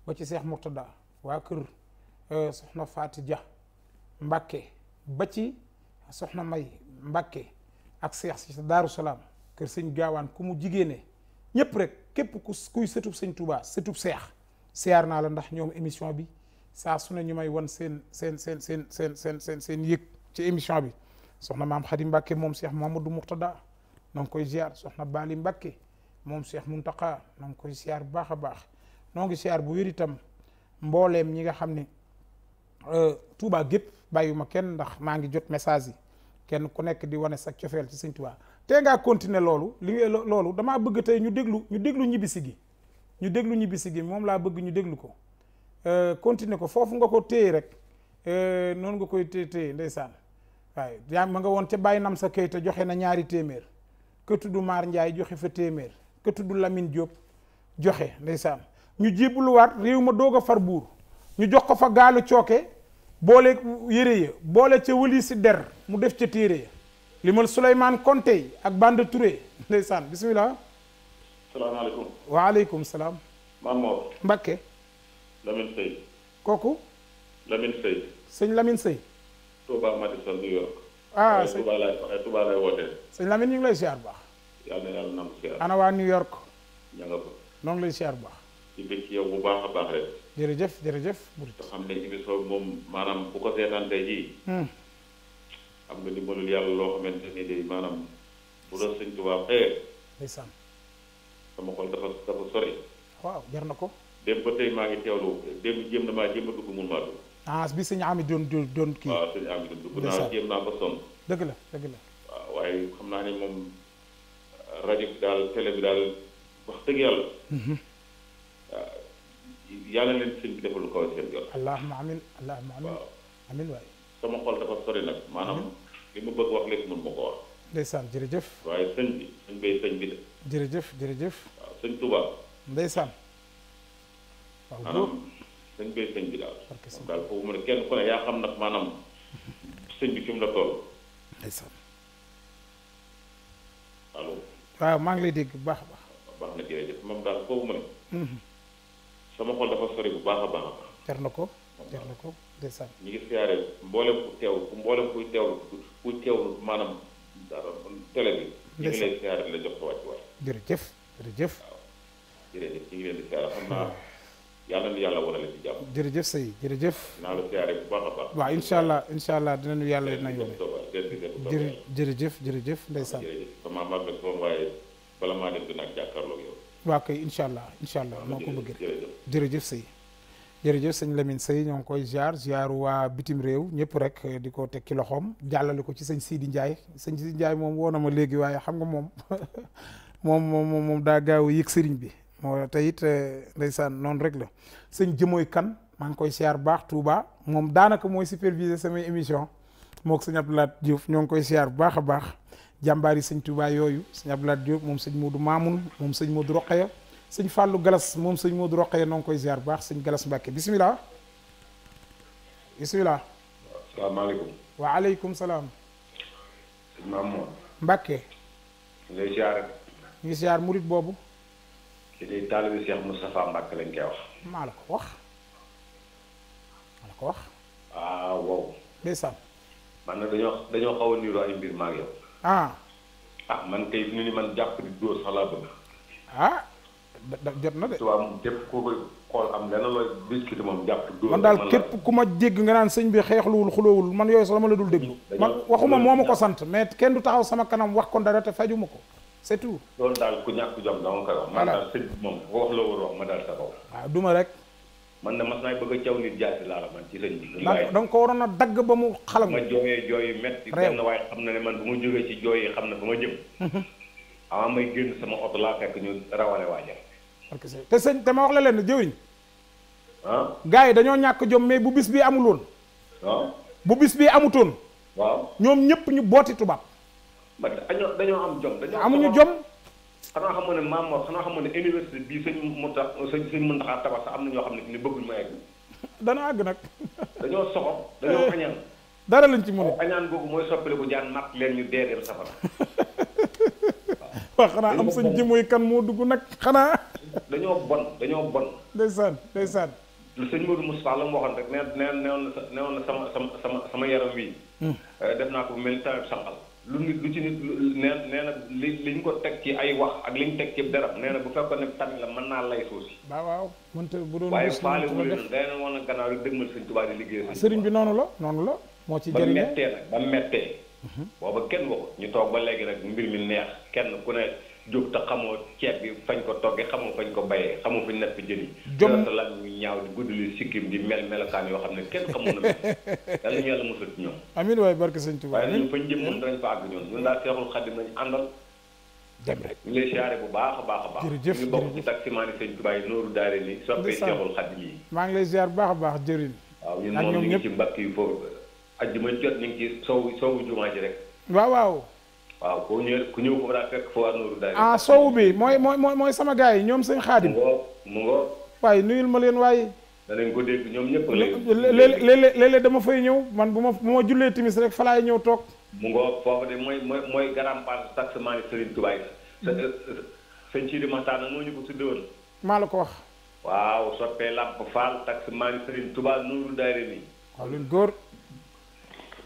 ba ci Seex Murtada waa kër euh, soxna Faati Ja Mbàkke ba ci soxna May Mbàkke ak Seex si Daaru Salaam kër sëñ Gaawaan ku mu jigéene ñëpp rek képp ku kuy sëtub sëñ Touba sëtub Cheikh seer na la ndax ñoom émission bi saa su ne ñu may won seen seen seen seen seen seen seen seen yëg ci émission bi soxna maam Xadim Mbàkke moom Cheikh Mouhamadou Mourtada na nga koy ziar soxna Bali Mbàkke moom Cheikh Muntaqa na nga koy ziar bu baax a baax noo ngi ziar bu wér itam mbooleem ñi nga xam ne euh, Touba gépp ma kenn ndax maa ngi jot message yi kenn ku nekk di wane sa cofeel ci sëñ Touba tey ngaa continuer loolu li nga loolu damaa bëgg tey ñu déglu ñu déglu ñibbisi gi ñu déglu ñibbisi gi moom laa bëgg ñu déglu ko euh, continuer ko foofu nga ko téye rek euh, noonu nga koy téye téye ndeysaan waaye yaa ma nga woon ca bàyyi nam sa kay te joxe na ñaari téeméer ka du Maar Njaay joxe fa téeméer ka du Lamine Diop joxe ndeysaan ñu jébbaluwaat réew ma doog a far buur ñu jox ko fa gaalu cooke boole yére ya boole ca wëli si der mu def ca téere ya limal Souleymane Konté ak Bande Touré Bismillah. bisimilah. salaamaaleykum. Wa alaikum salam. salam mbacké Lamine Sey. kooku. Lamine Sey. Seigne Lamine Seye. Touba Madison New York. ah eh, Touba laay waxee eh, Touba laay Seigne Lamine ñu lay ziar bax yalla na yàlla de New York. ñanga les ko. lay ziar bax yow bu baax a baax rek. jërëjëf jërëjëf. xam ci bi mom bu ko tay am nga dimbalul yàlla loo xamante ni day maanaam bu la sëñ Tuubaa xëyee. ndeysaan. sama xol dafa dafa sori. waaw jar na ko. dem ba tey maa ngi teewlu dem jéem na maa jéem a dugg mun maa dugg. bi sëñ Ami doon doon kii. sëñ Ami doon dugg naa jéem naa ba sonn. dëgg la dëgg la. waaw waaye xam naa ne moom rajo bi daal télé bi daal wax dëgg yàlla. waaw mhm. yàlla leen sëñ bi defal ko seen yoon. allahumma amin allahumma amin amin sama xol dafa sori nag maanaam mhm. li ma bëgg wax lépp mun ma ko wax ndeysaan jërëjëf waaye sëñ bi sëñ bi de jërëjëf jërëjëf waaw sëñ tubaab ndeysaan waaw maanaam sëñ bay sëñ bi daal daal foofu mu ne kenn ku ne yaa xam nag maanaam mhm. sëñ bi fi mu la toll ndeysaan allo waaw maa ngi lay dégg bu baax a baax baax na jërëjëf moom daal foofu mu ne mhm. sama xol dafa sori bu baax a baax a baax jar na ko def na ko ndeysaan ñu ngi siyaare mboolem ku teew mboolem kuy teewlu ah. yàlla na yàlla wala leen ci jàmm jërëjëf sëy jërëjëf naa la siyaare incha allah incha allah yàlla na jërëjëf jërëjëf ndeysaan sama màggal moom waaye bala maa dem dinaa jàkkaarloo yow waaw kay incha allah incha allah moo ko bëgg rek jërëjëf sëy jërëjëf sëñ Lamine Seye ñoo ngi koy ziar ziar waa bitim réew ñëpp rek eh, di ko teg ci loxoom jàllale ko ci sëñ Sidi Ndiaye sëñ Sidi Ndiaye moom woo na ma léegi waaye xam nga moom *laughs* moom moom moom daa gaaw a yëg bi moo te it eh, ndeysaan noonu rek la sëñ jëmooy kan maa ngi koy ziar baax Touba moom daanaka mooy superviser samay émission moog sëñ Abdoulaye Diouf ñoo ngi koy ziar bu baax a baax jàmbaari sëñ Touba yooyu sëñ laat Diouf moom sëñ du Mamoun moom sëñ Modou Rokhaya sëñ fàllu Galas moom sëñ Modou Roqee noo ngi koy ziar bu baax sëñ Galas Mbàkke bisimilah bisimilah. asalaamaaleykum. waaleykum salaam. sëñ Mamour. Mbàkke. boobu. ci lay taalibi lañ koy wax. maa la ko wax maa la ko wax. ah wow. ndeysaan. man nag dañoo dañoo xaw a ay mbir maa yow. Ah. ah. man kay fi mu man jàpp di dóor sax laa bëgg. Ah. jot na de tubaab képp ku ko xool am lenn looy discuter moom jàpp do man daal képp ku ma dégg nga naan sëñ bi xeexluwul xuloowul man yooyu sama la dul déglu man waxuma moo ma mais kenn du taxaw sama kanam wax ko dara te fajuma ko c'est tout loolu daal ku ñàkk jom dama koy wax man daal sëñ bi moom ko wax la war wax ma daal sa kaw waaw ah, duma rek man na mas naay bëgg a caw nit jaasi laa la man ci sëñ bi da nga ko waroon a ba mu xalam ma jooyee jooyi metti benn waaye xam ne man bu ma jógee ci jooyi xam na ma jëm ama *laughs* may génn sama oto laa fekk ñu rawale waajal te señ te ma wax la len jeewriñ ah. gaay dañu ñak jom mais bu bis bi amul won woon. bu bis bi amutoon. waaw ñom ñepp ñu boti booti ba dañu dañu am jom dañoo amuñu jom. xanaa xamoon ne maam Mor xanaa xamoon ne université bii señ señ sëñ taxa tabax sax am na ñoo xam ne bëgguñ ma yegg dana ag nak dañu soxo dañu xañal eh, dara lañ ci mën a. gogu moy mooy soppali ko jaan mat leen ñu dédé safara. *laughs* xanaa am sañ ji mooy kan moo dugg nag xanaa. dañoo bon dañoo bon. ndeysaan ndeysaan. lu sëñ Modou Moustapha la mu waxoon rek nee na neewoon na neewoon na sama sama sama sama yaram wi hmm. eh, def naa ko bu mel ni taweb lu nit lu ci nit nee nee na li li ko teg ci ay wax ak li ñu teg ci dara nee na bu fekkoon ne tamit la mën naa lay suusi waaw waaw mënta bu doon waaye faale wu leen day na woon a gannaaw rek dëgmal sëñ Tuubaa di liggéey sëriñ bi noonu la noonu la moo ci jëriñee ba mettee nag ba mettee booba kenn waxut ñu toog ba léegi nag mbir mi neex kenn ku ne jóg te xamoo ceeb bi fañ ko toggee xamoo fañ ko bayee xamoo fi nepp jën yi. jom te lan ñu ñaaw di gudd li sikkim di mel melokaan yoo xam ne kenn xamoon *laughs* na yàlla ñu yàlla musal ci ñoom. amiin waay barke sëñ Tuba waaye ñun fañ jëm moom danañ fa àgg ñoom ñun daal seexul xadim nañu àndal. dem rek ñu lay siyaare bu baax a baax a baax. jërëjëf ñu bokk ci taximaani sëñ Tuba yi nooru daare ni soppee seexul xadim yi. maa ngi lay siyaar bu baax a baax jëriñ. waaw ñun moom ñu ngi ci mbakk yu foofu ajjuma jot ñu ngi ci sow sowu jumaa ji rek. waaw waaw. waaw ku ñëw ku ñëw ko daa fekk foo Nourou Daara. ah mooy sama gars yi ñoom sëñ Xaadim. mu ngoo waaye nuyul ma leen waaye. danañ ko dégg ñoom ñëpp dama fay ñëw man bu ma bu ma jullee timis rek ñëw toog. mu ngoo foofu de mooy mooy mooy garam paas taxmaani hmm. moo ñu ko tuddee woon. la ko wax. waaw soppee Lamp Fall taxmaani Serigne góor.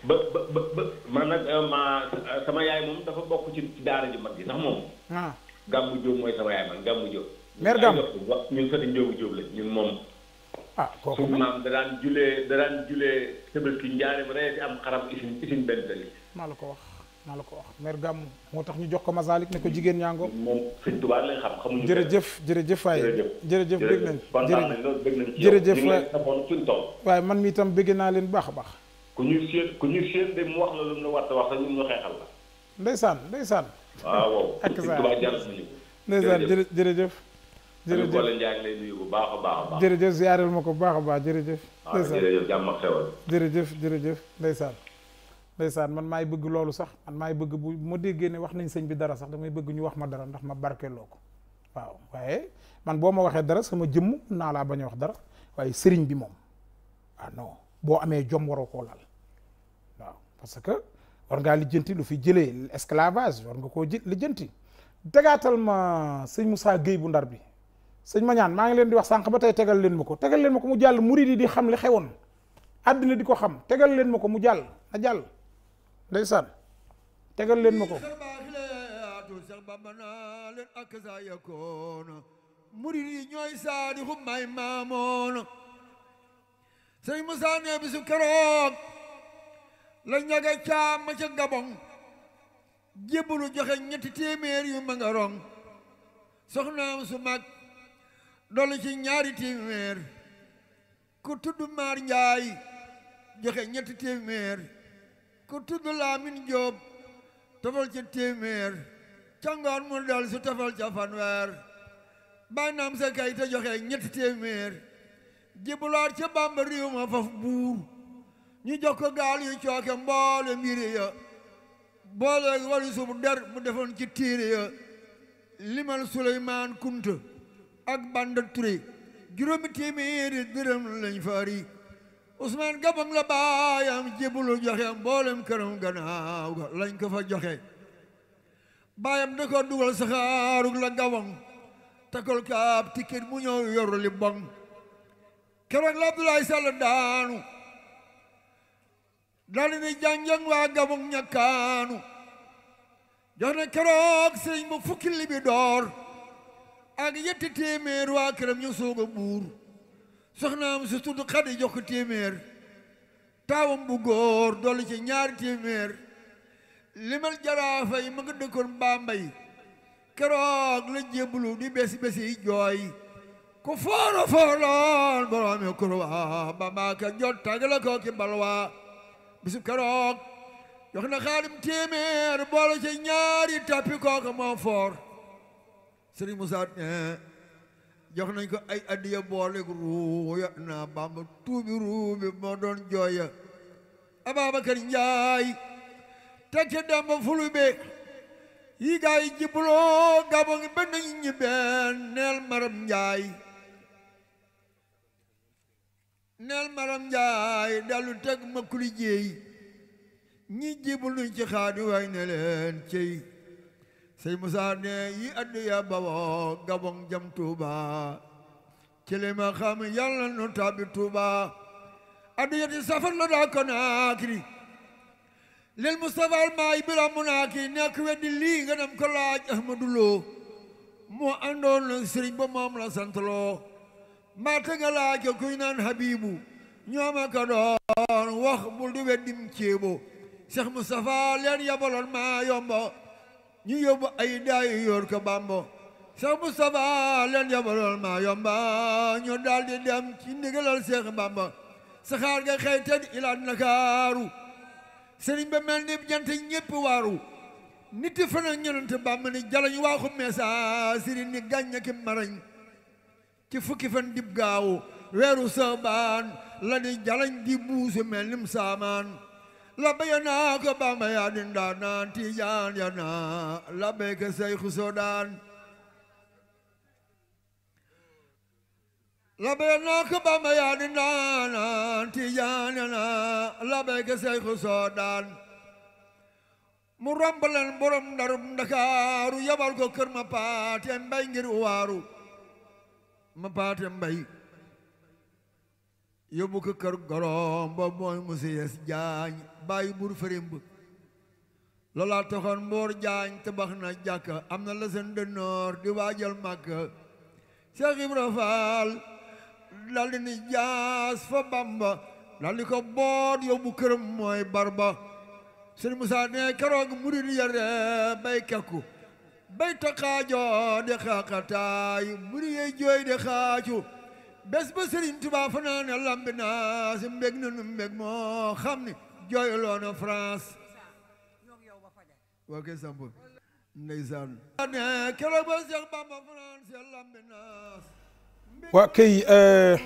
ba ba ba man nag euh, ma euh, sama yaay moom dafa bokk ci daara ju mag ji ndax moom. Ah. gàmmu jóob mooy sama yaay man gàmmu jóob. mère gàmm ñun sëriñ njóobu jóob la ñun moom. ah kooku moom maam da daan julee da daan julee tëbaski njaareem ree di am xaram isin isin benn tali. maa la ko wax maa la ko wax mère gàmm moo tax ñu jox ko Masalik ne ko jigéen ñaango. moom sëñ Tuubaa lañ xam xamuñu. jërëjëf jërëjëf waay jërëjëf jërëjëf bëgg nañ. kontaan nañ loolu bëgg nañ ci yow ñu ngi lay safoon suñu tool. waaye man mi itam bëgg naa leen baax a baax ku ñu séen ku ñu séen de mu wax la lu mu la wax rek ma ko bu baax a jërëjëf. Ah, jërëjëf jërëjëf jërëjëf ndeysaan. ndeysaan man maay bëgg loolu sax man maay bëgg bu ma déggee ne wax nañ sëñ bi dara sax damay bëgg wax ma dara ndax ma barkeeloo ko waaw waaye man boo ma waxee dara sama jëmm naa laa bañ wax dara waaye sëriñ bi moom ah non boo amee jom waroo koo parce que war nga lijeenti lu fi jëlee esclavage war nga ko lijeenti lijjanti ma seigne Moussa geey bu ndar bi seigne sëñ ma ngi leen di wax sank ba tay tegal leen mako ko tegal leen mako mu jall mouride di xam li xewon adina di ko xam tegal leen mako mu jall na jall ndeysaan tegal leen mako ko murid yi ñooy saadi may maamoon sëñ Moussa nee bisu keroog la ñaga caam ma ca gabon jébbalu joxe ñetti téeméer yu ma nga rong soxnaam su mag dolli ci ñaari téeméer ku tudd maar njaay joxe ñetti téeméer ku tudd laamin jóob tofal ca téeméer ca mu del su tofal ca fanweer bàynaam sa kay te joxe ñetti téeméer jébbalaat ca bàmba réew ma faf buur ñi jox ko gaal yi cooke mboole mbiri ya boole wali suuf der mu defoon ci tiire ya limal Souleymane Kunta ak bande Touré juróomi téeméeri dërëm lañ fari Ousmane gabam la baayam jébulu joxe mboolem këram gannaaw ga lañ ko fa joxe baayam da ko dugal saxaarug la Gabang takol kaab tikir mu ñëw yor li bon keroog la Abdoulaye Sall daanu daldi ni janjang waa Gabon ñakkaanu jox na keroog sëñ ba fukki libi door ak yetti téeméer waa këram ñu soog buur soxnaam si tudd xadi jox ko téeméer taawam bu góor ci ñaari téeméer limal jaraafa ma nga dëkkoon Bambey keroog la jébbalu di besi besi jooy ko fooro fooroon boroome kurwa Bamba ka jot tagla ko ki balwa bisub keroog jox na xaadim téeméer boole ci ñaari tappi kooka moom foor sëriñ Moussa jox nañ ko ay addiya booleeg ruuya naa bamba tuubi ruubi moo doon jooya Ababacar Njaay tekki demba fulu be yi gaay yi jibloo gaboo ngi benn neel maram Njaay neel maram njaay dellu teg makkuli jéey ñi jibluñ ci xaadi waay ne cey sëñ Musaa ne yi adduya bawoo gabon jam tuuba ci ma xam yàlla nu tàbbi tuuba adduyati safar la daa konaakiri lil Mustafa al maay bila munaaki nekk weddi lii nga dem ko laaj Ahmadu Lo moo àndoon sëriñ ba moom la santloo Mata tegal aajo habibu ñooma ko doon wax bul di weddim ceebo cheikh moustapha leen ya aida ma yombo ñu yóbbu ay daayi yor ko bambo cheikh moustapha leen yabaloon ma yomba ñu dal di dem ci ndigalal cheikh bamba saxaar ga xëy te di nakaaru sëriñ ba jant waaru niti fan ak bamba ni jalañ waaxu message siri ni marañ ci fukki fan dib gaaw wéru saabaan la di jalañ di buusu mel nim saamaan labaya naa ko bamba yaa di ndaanaan yaan ya naa labay ka sayxu soodaan la naa ko bamba yaa di ndaanaan yaan ya naa labay ka sayxu soodaan mu romb borom ndarum ndakaaru yabal ko kër ma paate mbay ngir waaru ma paate mbay yóbbu ko kër gorom ba mooy monsieur yes jaañ bàyyi buur fërimb loolaa taxoon mboor jaañ tabax na jàkka am na la seen dënnoor di waajal màkka Cheikh Ibra Faal dal ni jaas fa bamba dal ko boot yóbbu këram mooy barba sëñ Musaa ne keroog murid yare bay kakku bay taxaajoo de xaqataay buriyee jooy de xaacu bés ba Sëriñ Tuubaa fanaane lambi naas mbég na nu mbég moo xam ni jooyuloona France keroog ba Seex Bamba France lambi naas euh,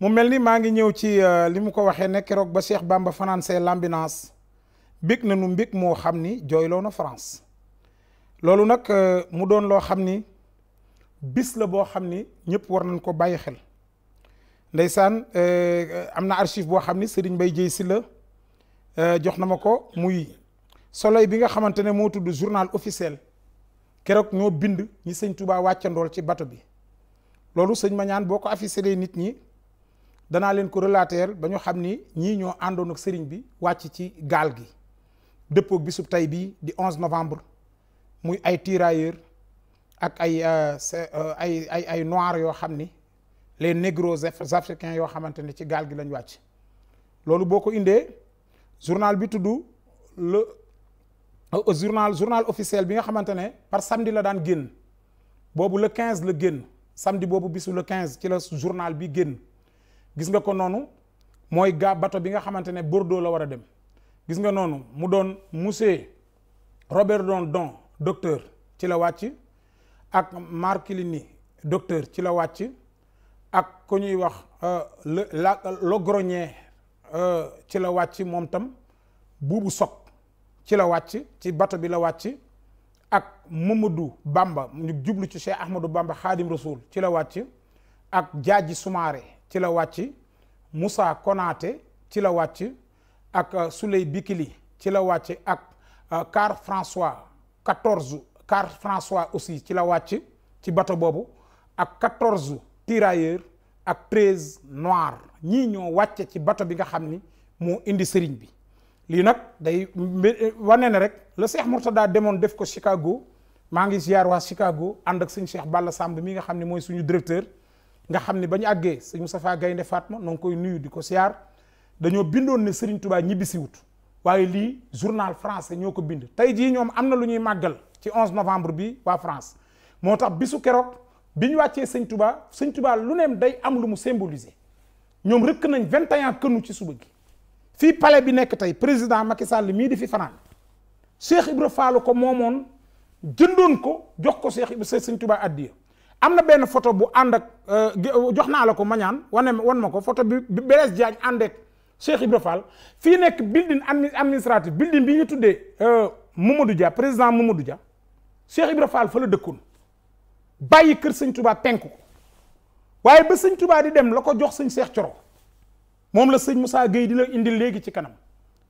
mu mel ni maa ngi ñëw ci euh, li mu ko waxee ne keroog ba Seex Bamba France bég na nu mbég moo xam ni jooyloo France loolu nag euh, mu doon loo xam ni bis la boo xam ni ñëpp war nañ ko bàyyi xel ndeysaan euh, euh, am na archive boo xam ni Serigne Mbaye Dièye Sylla jox na ma ko muy soleil bi nga xamante ne moo tudd journal officiel keroog ñoo bind ñi sëñ Touba wàccandool ci bato bi loolu sëñ ma ñaan boo ko affiché nit ñi danaa leen ko relater ba ñu xam ni ñii ñoo àndoon ak sëriñ bi wàcc ci gaal gi dëppook bisub tey bii di 11 novembre muy ay tirailleur ak ay euh, euh, ay ay ay noirs yoo xam ni les négros africains yoo xamante ne ci gaal gi lañ wàcc loolu boo ko indee journal bi tudd le euh, journal journal officiel bi nga xamante ne par samedi la daan génn boobu le 15 la génn samedi boobu bisu le 15 ci la journal bi génn gis nga ko noonu mooy gaa bato bi nga xamante ne Bordeaux la war a dem gis nga noonu mu doon monsieur Robert don docteur ci la wàcc ak Marcilini docteur ci la wàcc ak ku ñuy wax euh, le la Logronnier euh, ci la wàcc moom tam buubu Sock ci la wàcc ci bato bi la wàcc ak Mamadou Bamba ñu jublu ci Cheikh Ahmadou Bamba Khadim Rasoul ci la wàcc ak Jaaji Soumaré ci la wàcc Moussa konaate ci la wàcc ak euh, Souley Bikili ci la wàcc ak Car François 14 car François aussi ci la wàcc ci bateau boobu ak 14 tirailleurs ak 13 noirs ñii ñoo wàcce ci bateau bi nga xam ni moo indi serigne bi lii nag day wane ne rek la Cheikh Mourtada demoon def ko Chicago maa ngi ziar waa Chicago ànd ak sëñ Cheikh Balla Samb mi nga xam ne mooy suñu directeur nga xam ne aggé ñu àggee sëñ Moustapha Gaynde Fatma noo ngi koy nuyu di ko ziar dañoo bindoon ne Serigne Touba wut waaye lii journal francais ñoo ko bind tey jii ñoom am na lu ñuy màggal ci 11 novembre bi waa France moo tax bisu keroog bi ñu wàccee sëñ tubaa sëñ Touba lu neem day am lu mu symboliser ñoom rëkk nañ 21 kënu ci suba gi fii pale bi nekk tey président Macky Sall mii di fi fanaan Cheikh Ibra Fall ko moomoon jëndoon ko jox ko Cheikh Ibra tubaa Touba addiya am na benn photo bu ànd ak euh, jox naa la ko mañaan wane wan ma ko photo bi Blaise Diagne ànd ak Cheikh Ibra Fall fii nekk building administratif building bi ñu tuddee euh, Mamadou Dia président Mamadou Dia Cheikh Ibra Fall fa la dëkkoon bàyyi kër sëñ Touba penku ko waaye ba sëñ tubaa di dem la ko jox sëñ Cheikh Coro moom la sëñ Moussa Gueye dina indi léegi ci kanam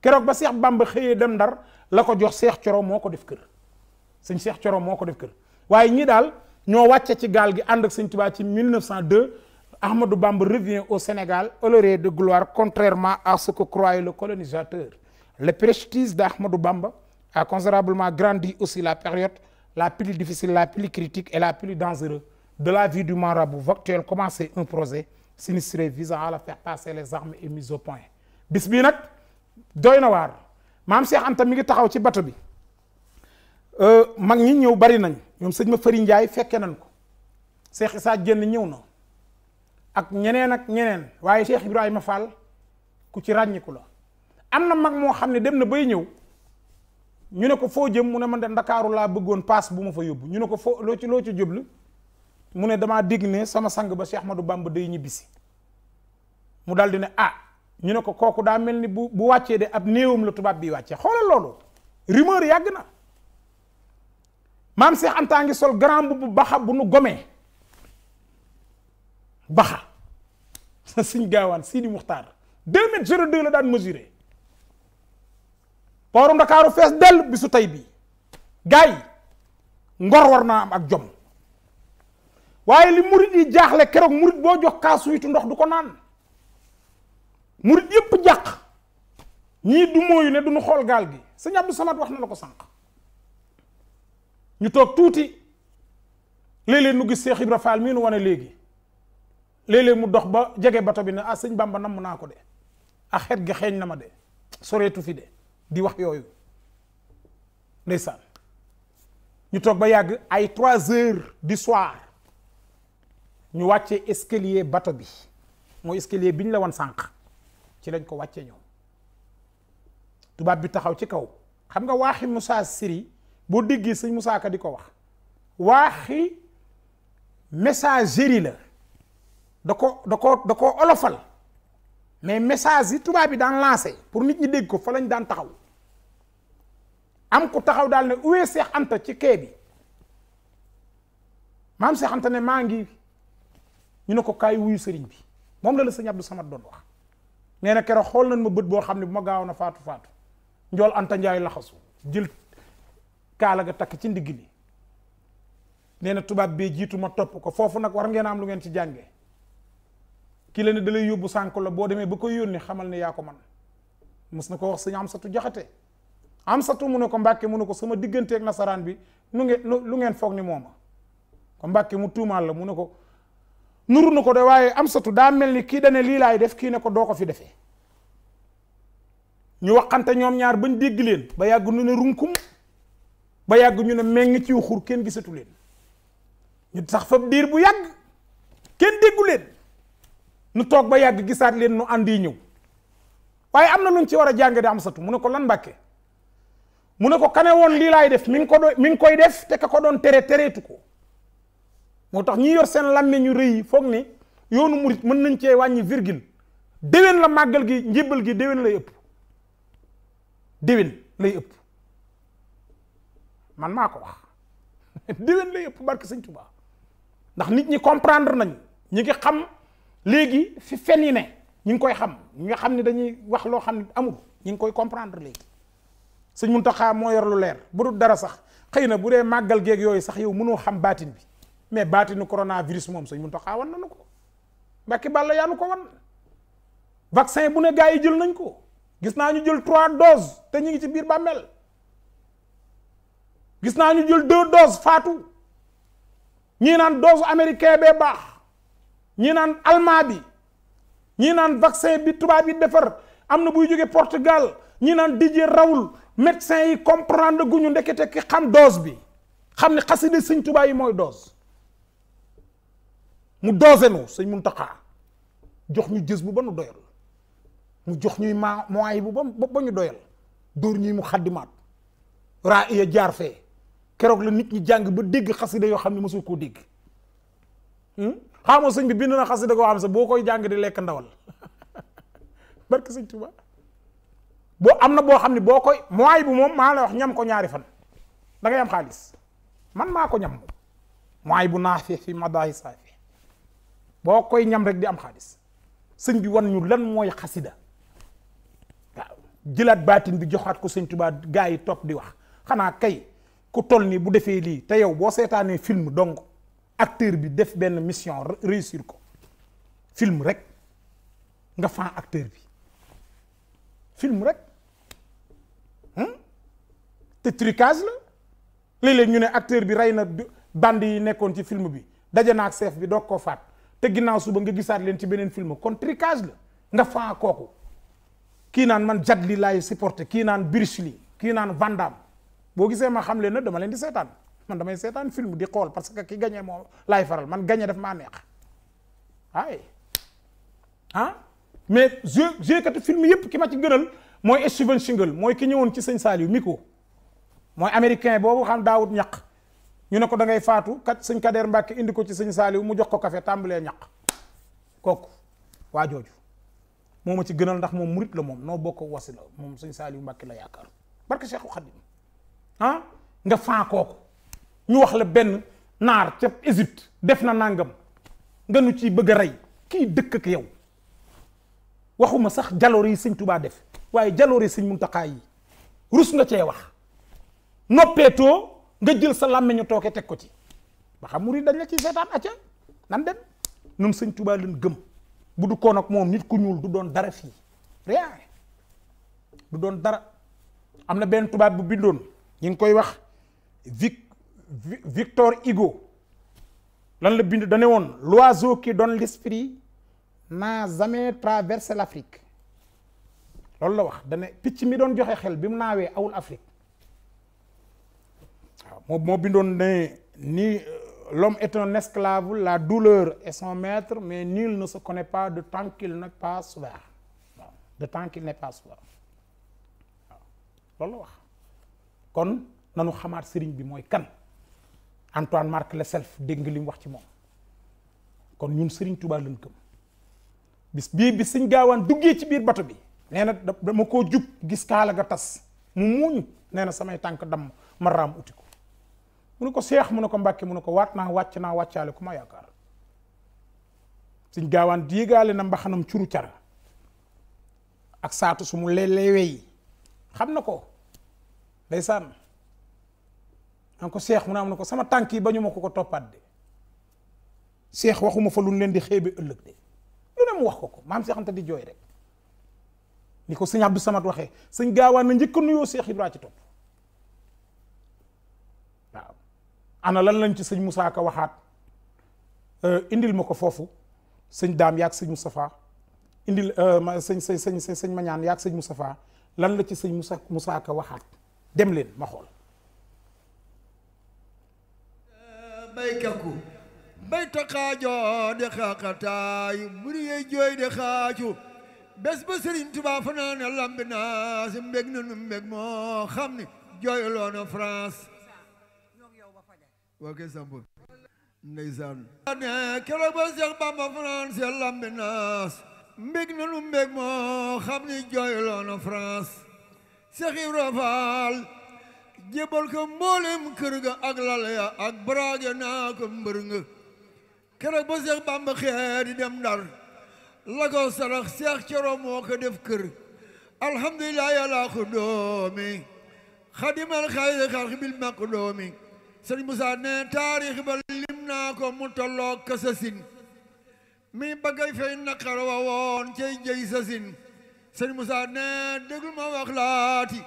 keroog ba Cheikh Bamba xëyee dem Ndar la ko jox seex Coro moo ko def kër sëñ Cheikh Coro moo ko def kër waaye ñii daal ñoo wàcce ci gaal gi ànd ak sëñ Touba ci 1902 Ahmadou Bamba revient au Sénégal honoré de gloire contrairement à ce que croyait le colonisateur. Le prestige d'Ahmadou Bamba a considérablement grandi aussi la période la plus difficile, la plus critique et la plus dangereuse de la vie du marabout. Vactuel commencé un projet sinistré visant à la faire passer les armes et mise au point. bis bii nag doy na Cheikh Anta mi ngi taxaw ci bato bi euh, mag ñi ñëw bari nañ ma Fari nañ ko Cheikh Issa Diène ñëw ak ñeneen ak ñeneen waaye Cheikh Ibrahima Fall ku ci ràññiku la am na mag moo xam ne dem na bay ñëw ñu ne ko foo jëm mu ne man de ndakaaru laa bëggoon paas bu ma fa yóbbu ñu ne ko foo loo ci loo ci jublu mu ne damaa dégg sama sang ba Cheikh Ahmadou Bamba day ñibbisi mu daal di ne ah ñu ne ko kooku daa mel ni bu bu wàccee de ab néewam la tubaab bii wàccee xoolal loolu rumeur yàgg na maam Cheikh Anta ngi sol grand bu baxa bu nu gomee baxa sa suñ gaawaan Sidi Muxtaar deux mètres zéro deux la daan mesuré Ndakaaru fees dell bi su tey bi gars yi ngor war naa am ak jom waaye li murit yi jaaxle keroog murit boo jox kaasu witu ndox du ko naan murit yépp jàq ñii du mooyu ne duñu xool gaal gi sëñ Abdou Samad wax na la ko sànq ñu toog tuuti léeg-léeg nu gis Seex Ibra Faal mii nu wane léegi léeg mu dox ba jege bato bi ne ah sëñ Bamba namm naa ko de ah xet gi xeeñ na ma de soreetu fi de di wax yooyu ndeysaan ñu toog ba yàgg ay trois heures di soir ñu wàcce escalier bato bi moo escalier bi ñu la wan sànq ci lañ ko wàccee ñoom tubaab bi taxaw ci kaw xam nga waaxi Moussa Siri boo déggee sëñ Moussa ka di ko wax waaxi messagerie la da ko da ko da koo olofal mais message yi tubaab bi daan lancé pour nit ñi dégg ko fa lañ daan taxaw am ku taxaw daal ne uwee Seex Anta ci kee bi maam Seex Anta ne maa ngi ñu ne ko kaay wuyu sëriñ bi moom la la sëñ Abdou Samad doon wax nee na kero xool nañ ma bët boo xam ne bu ma gaawoon a faatu faatu njool Anta Njaay laxasu jël kaala ga takk ci ndigg li nee na tubaab bee jiitu ma topp ko foofu nag war ngeen am lu ngeen ci jàngee. kii la ne dalay yóbbu sànk la boo demee ba koy yónnee xamal ne yaa ko man mos na ko wax sëñ Amsatu Jaxate Amsatu mu ne ko Mbàkke mu ne ko sama digganteek nasaraan bi nu ngeen lu ngeen foog ni mooma ko Mbàkke mu tuumaal la mu ne ko nuru na ko de waaye Amsatu daa mel ni kii dane lii laay def kii ne ko doo ko fi defee ñu waxante ñoom ñaar bañ dégg leen ba yàgg ñu ne runkum ba yàgg ñu ne meng ci xur kenn gisatu leen ñu sax fa diir bu yàgg kenn déggu nu toog ba yàgg gisaat leen nu ànd ñëw waaye am na luñ ci war a jàng di am satu mu ne ko lan mbàkke mu ne ko kane woon lii laay def mi ngi ko do mi ngi koy def te ko doon tere tereetu ko moo tax ñi yor seen làmme ñu rëy foog ni yoonu murit mën nañ cee wàññi virgule déwén la màggal gi njébbal gi déwén lay ëpp déwén lay ëpp man maa ko wax *laughs* déwén lay ëpp barke sëñ Tuubaa ndax nit ñi comprendre nañ ñi ngi xam léegi fi fen yi ne ñi ngi koy xam ñi nga xam ne dañuy wax loo xam ne amul ñi ngi koy comprendre léegi sëñ Muntaxa moo yor lu leer bu dul dara sax xëy na bu dee màggal géeg yooyu sax yow mënoo xam baatin bi mais baatinu coronavirus moom sëñ Muntaxa wan nañu ko mbàkki bàlla yaanu ko wan vaccin bu ne gars yi jël nañ ko gis naa ñu jël trois dose te ñu ngi ci biir bàmmeel gis naa ñu jël deux doses faatu ñii naan dose américain bee baax ñi naan almaa bi ñi naan vaccin bi tubaab yi defar am na buy jóge Portugal ñi naan Didier rawul médecin yi comprendre gu ñu ndekete ki xam doos bi xam ne xasida sëñ Tuubaa yi mooy doos mu dose nu sëñ Muntaxa jox ñu jës bu ba nu doyal mu jox ñuy ma moyen bu ba ba ñu doyal dóor ñuy mu xaddimaat raa iya jaar fee keroog la nit ñi jàng ba dégg xasida yoo xam ne mësul koo dégg hmm? xamoo sëñ bi bind na xasida koo xam sax boo koy jàng di lekk ndawal *laughs* barke sëñ Tuuba boo am na boo xam ne boo koy mooy bu moom maa la wax ñam ko ñaari fan da am xaalis man maa ko ñam moom mooy bu naafi fi madaay saafi boo koy ñam rek di am xaalis sëñ bi wan ñu lan mooy xasida waaw jëlaat baatin bi joxaat ko sëñ Tuuba gaa yi topp di wax xanaa kay ku toll nii bu defee lii te yow boo seetaanee film dong acteur bi def une mission réussir ko film rek nga acteur bi film rek hein? te trucage la li le ñu acteur bi rayna na un ci film bi dajé nak chef bi doog koo il te ginnaaw suba nga gissat len ci benen film kon trucage la nga fa koku ki fait man supporté ma xam na dama leen di man damay un film di xol parce que ki gagné mo lay faral man gagné daf ma neex ay hein ah? mais je suis un film yëpp ki ma ci gënal suis Steven single moy ki ñëwon ci Seigne Saliou moy américain un xam Je ñak ñu ko da ngay faatu kat suis Kader indi ko ci Seigne je mu jox ko café tambalé ñak wa suis ci gënal ndax bokk ah? nga ñu wax la benn naar ca Égypte def na nàngam nga nu ci bëgg a rey kii dëkk ak yow waxuma sax jaloor yi sëñ tubaa def waaye jaloor yi sëñ Muntaxaa yi rus nga cee wax noppeetoo nga jël sa làmmiñu tooke teg ko ci ba xam murid dañ la ci seetaan acca nan dem nun sëñ tubaa leen gëm bu du koon moom nit ku ñuul du doon dara fii rien du doon dara am na benn tubaab bu bindoon ñu ngi koy wax Vic Victor Hugo l'oiseau qui donne l'esprit n'a jamais traversé l'Afrique Lolo, ce wax dane picc mi doon joxe xel bi mu awul Afrique euh, l'homme est un esclave la douleur est son maître mais nul ne se connaît pas de tant qu'il n'est pas souverain de tant qu'il n'est pas souverain Lolo, loolu la wax kon nanu xamaat sëriñ bi mooy kan Antoine Marc le Self dégg nga li wax ci moom kon ñun Serigne Touba lañ bis bi bi sëñ gaawaan duggee ci biir bato bi nee na dama koo jub gis kaala ga tas mu muuñ nee na samay tànk dam ma raam uti ko mu ne ko seex mu ne ko mbàkke mu ne ko waat naa wàcc naa wàccaale ku ma yaakaar na mbaxanam curu car ak saatu su mu leeleewee yi xam ko ndeysaan am ko seex mu ne am na ko sama tànk yi ba ñu ma ko ko toppaat de seex waxuma fa lu ñu leen di xeebe ëllëg de lu ne mu wax ko ko maam seexante di jooy rek ni ko sëñ Abdou Samad waxee sëñ gaawaan na njëkk a nuyoo seex Ibra ci topp waaw ana lan lañ ci sëñ Moussa Ka waxaat indil ma ko foofu sëñ daam yaag sëñ Moustapha indil sëñ sëñ sëñ sëñ Mañaan yaag sëñ Moustapha lan la ci sëñ Moussa Moussa Ka waxaat dem leen ma xool baykaku bay taxaajoo de xaqataay bu nu yey jooy de xaacu bés ba sëriñ Tuubaa fanaan a lambi naa nu mbég moo xam ni jooyuloo na France waa kay samp ndeysaan ne keroog ba Seex Bamba fanaan si lambi naas mbég nu mbég moo xam ni jooyuloo na France Seex Ibra Faal jébal ko mboolem kër ga ak lal ya ak braage naa ko mbër nga keroog ba Seex Bàmba xee dem Ndar la sarax Seex Coro moo ko def kër alhamdulilah yàllaa ko doomi xadimal xayri xalq bil maqdoomi sëñ Moussa ne taarix ba lim naa ko mu tolloo kasasin mi bagay fay naqar wa woon cay jëy sasin sëñ Moussa ne déglu ma wax laati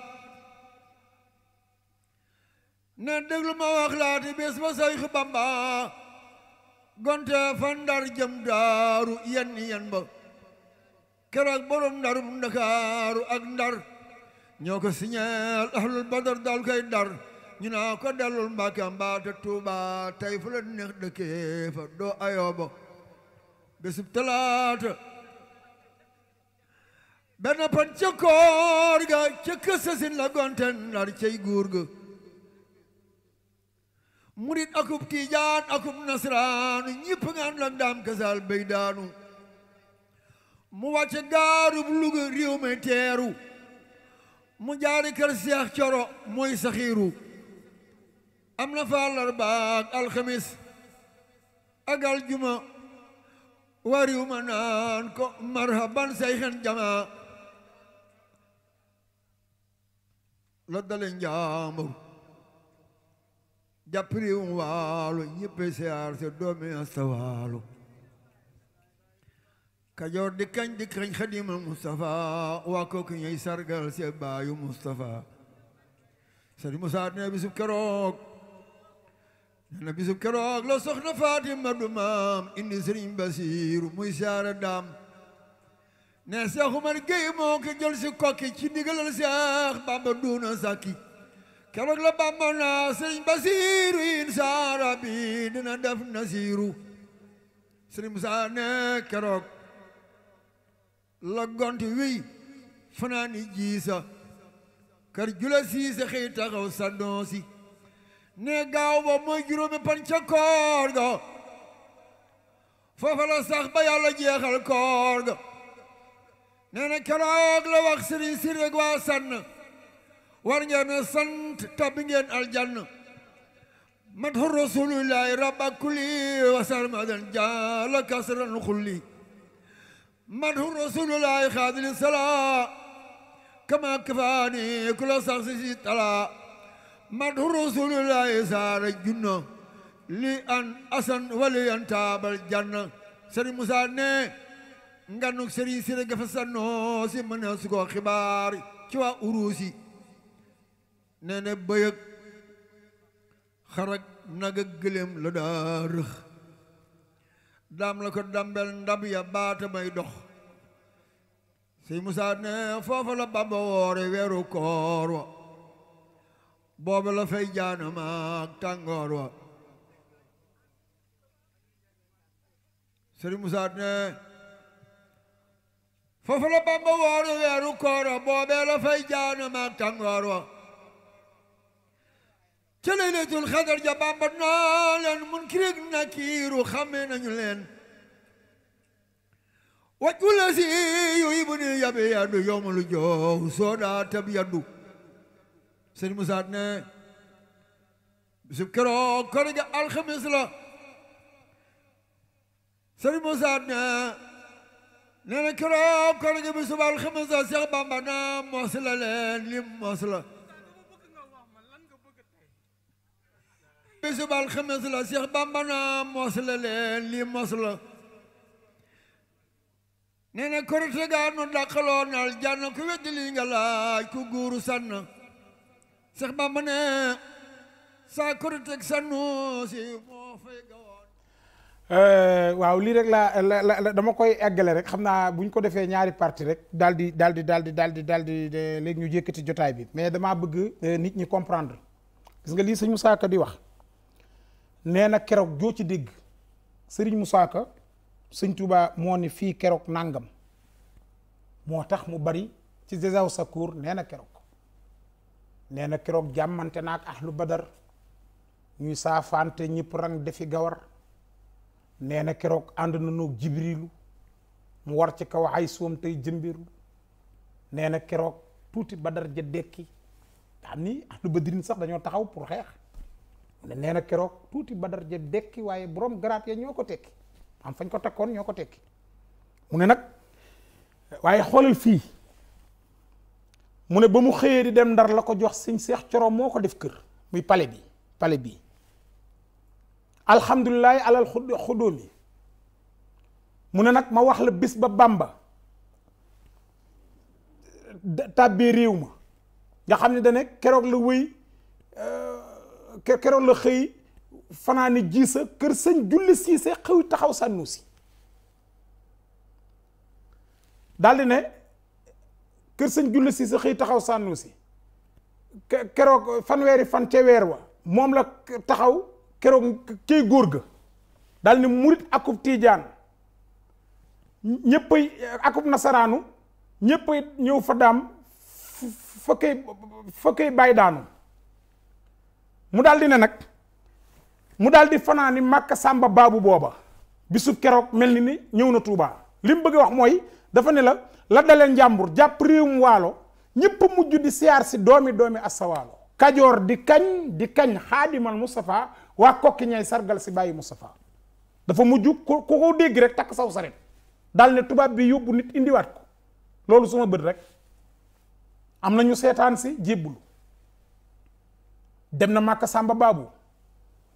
ne déglu ma wax bés ba Seex Bamba gonte fa ndar jëm daaru yenn yen ba keroog borom ndarum ndakaaru ak ndar ñoo ko siñeel ahlul badar daal koy dar ñu naa ko dellul Mbàkke mbaate Tuuba tey fu la neex dëkkee fa doo ayooba bésub talaata benn pan ca ga ca la gonte ndar cay guur ga murit akub tiijaan akub nasraanu ñëpp nga ànd daam kasaal bay daanu mu wàcc gaarub Luga réew mi teeru mu jaari kër seex coro mooy saxiiru am na fa àllarba ak alxamis ak aljuma wariw ma naan ko marhaban say xen jamaa la dale njaambur jàppiriwum waalo ñippe siyaar si doomi asta waalo kajoor di kañ di Mustafa waa kooku ñuy sargal baayu Mustafa sëriñ Musaa nee bisub keroog la soxna Faatima du indi sëriñ Basiiru muy siyaare daam ne Seex Umar Géy moo ko jël si kokki ci Seex Bamba duuna sàkki keroog la bamba naa sëriñ basiiru insa rabbi dina def nasiiru sëriñ musaa ne keroog la gont wiy fanaani jiisa kër jula siise xëy taxaw sa donsi ne gaaw ba mooy juróomi pan koor ga foofa la sax ba yàlla jeexal koor ga nee na keroog la wax sëriñ si rek waa sann war ngeen a sant tabbi ngeen aljanna madhu rasulillahi rabba kulli wasarmadan jala kasran xulli madhu rasulillahi xaadili sala kama kafaani kula sarsi si tala madhu rasulillahi saara junna li an asan wali an taabal janna Serigne Moussa ne nganuk Serigne si gafa si mën a sukoo xibaar ci waa uruusi nee na bëy nag ak gëléem la daa rëx daam la ko dambel ndab ya baata may dox si Musaa ne foofa la Bàmba woore weeru koor wa booba la fay jaanama ak tàngoor wa Sëriñ Musaa ne foofa la Bàmba woore weeru koor wa boobee la fay jaanama ak tàngoor wa تلينة الخضر جبان برنالن منكرك نكير وخمين نجلين وكل سي يبني يبيان يوم الجو صدا تبيان سيد مساعدنا بسكرو كرجة الخميس لا سيد مساعدنا نكرو كرجة بسبع الخميس سيغبان برنام وصل لين لم وصل bisu bal xames la Seex Bamba naa mos la leen lii mos la nee na korite gaa nu nal janna ku weddi lii nga laaj ku guuru sann Seex Bamba saa korite ak sannu si moo fay gawoon eh, waaw lii rek la la dama koy eggale rek xam naa bu ñu ko defee ñaari parti rek daal di daal di daal di daal di daal di léegi ñu jékkati jotaay bi mais damaa bëgg eh, nit ñi comprendre gis nga lii sëñ Moussa Ka di wax nee na keroog joo ci dégg sëriñ Moussa Ka sëñ Touba moo ni fii keroog nangam moo tax mu bari ci Désau Sakour nee na keroog nee na keroog jàmmante na ak ahlu badar ñuy saafante ñëpp rang defi gawar nee na keroog ànd na noog jibrilu mu war ci kaw ay soom tey jëmbiru nee na keroog tuuti badar ja dekki nga allu ni ahlu sax dañoo taxaw pour xeex nee na keroog tuuti badar ja dekki waaye borom garaat ya ñoo ko tekki am fañ ko takkoon ñoo tekki mu ne nag mu ne ba mu di dem ndar la ko jox sëñ seex coro moo def kër muy bi pale bii alhamdulilahi alal xudóomi mu ne nag ma wax la bis ba bàmba tàbbee ne keroon la xëy fanaani jiisa kër sëñ julli siise xëw taxaw sànnu si daldi ne kër sëñ julli siise xëy taxaw sànnu si keroog fanweeri fan ca weer wa moom la taxaw keroog kay góor ga daal ni murit akub tiijaan ñëppay akub nasaraanu ñëppay ñëw fa daam fa koy fa koy bàyyi mu daal di ne nag mu daal di fanaani màkk sàmba baabu booba bisu keroog mel ni ni ñëw na tuubaa li mu bëgg wax mooy dafa ne la la daleen njàmbur jàpp réewum waalo ñëpp mujj di siyaar si doomi doomi assa waalo kajoor di kañ di kañ xaadimal Moustapha waa kokki ñay sargal si bàyyi Moustapha dafa mujj ku ko dégg rek takk saw saret daal ne tubaab bi yóbbu nit indiwaat ko loolu suma bët rek am na ñu seetaan si jébbulu dem na Màkka Samba Baabu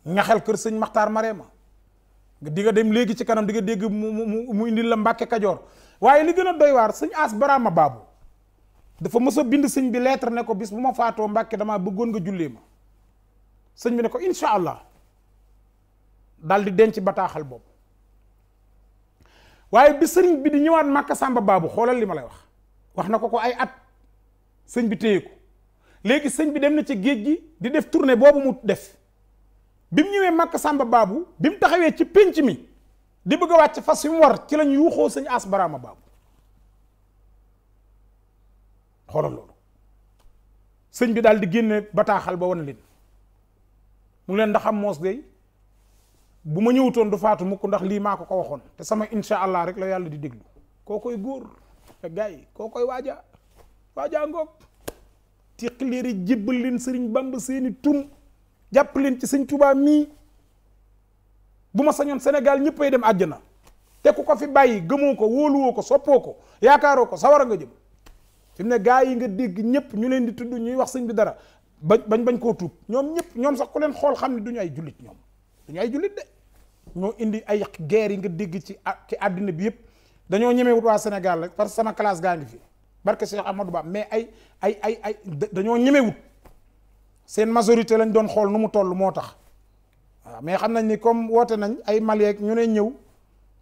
xel kër sëñ Maxtaar Marema di nga dem léegi ci kanam di nga dégg mu mu mu indil la Mbàkke Kajoor waaye li gën a doy waar sëñ As ma Baabu dafa mës a bind sëñ bi lettre ne ko bis bu ma faatoo Mbàkke damaa bëggoon nga jullee ma sëñ bi ne ko incha allah daal di denc bataaxal boobu waaye bi sëriñ bi di ñëwaat Màkka Samba Baabu xoolal li ma lay wax wax na ko ko ay at sëñ bi téye ko léegi sëñ bi dem na ci géej gi di def tournée boobu mu def bi mu ñëwee Makka sàmba Baabu bi mu taxawee ci pénc mi di bëgg a wàcc fas yu mu war ci lañ yuuxoo sëñ As Baraama Baabu xoolal loolu sëñ bi daal di génne bataaxal ba wan leen mu leen ndax am moos day bu ma ñëwutoon du faatu mukk ndax lii maa ko ko waxoon te sama insha allah rek la yàlla di déglu koo koy góor te gars koo koy waaja waaja ngoog teq leer yi jébbal leen sëriñ bamba seeni tum jàpp leen ci sëñ tubaa mii bu ma sañoon Sénégal ñëppay dem àjjana te ku ko fi bàyyi gëmoo ko wóoluwoo ko soppoo ko yaakaaroo ko sawara nga jëm fi ne gaa yi nga dégg ñëpp ñu leen di tudd ñuy wax sëñ bi dara ba bañ bañ koo tuub ñoom ñëpp ñoom sax ku leen xool xam ne du ñu ay jullit ñoom du ñu ay jullit de ñoo indi ay guerre yi nga dégg ci ci àddina bi yëpp dañoo ñemewut waa Sénégal rek parce que sama classe gaa ngi fi barke Cheikh Ahmadou Ba mais ay ay ay ay dañoo ñemewut seen majorité lañ doon xool nu mu toll moo tax mais xam nañ ni comme woote nañ ay yeek ñu ne ñëw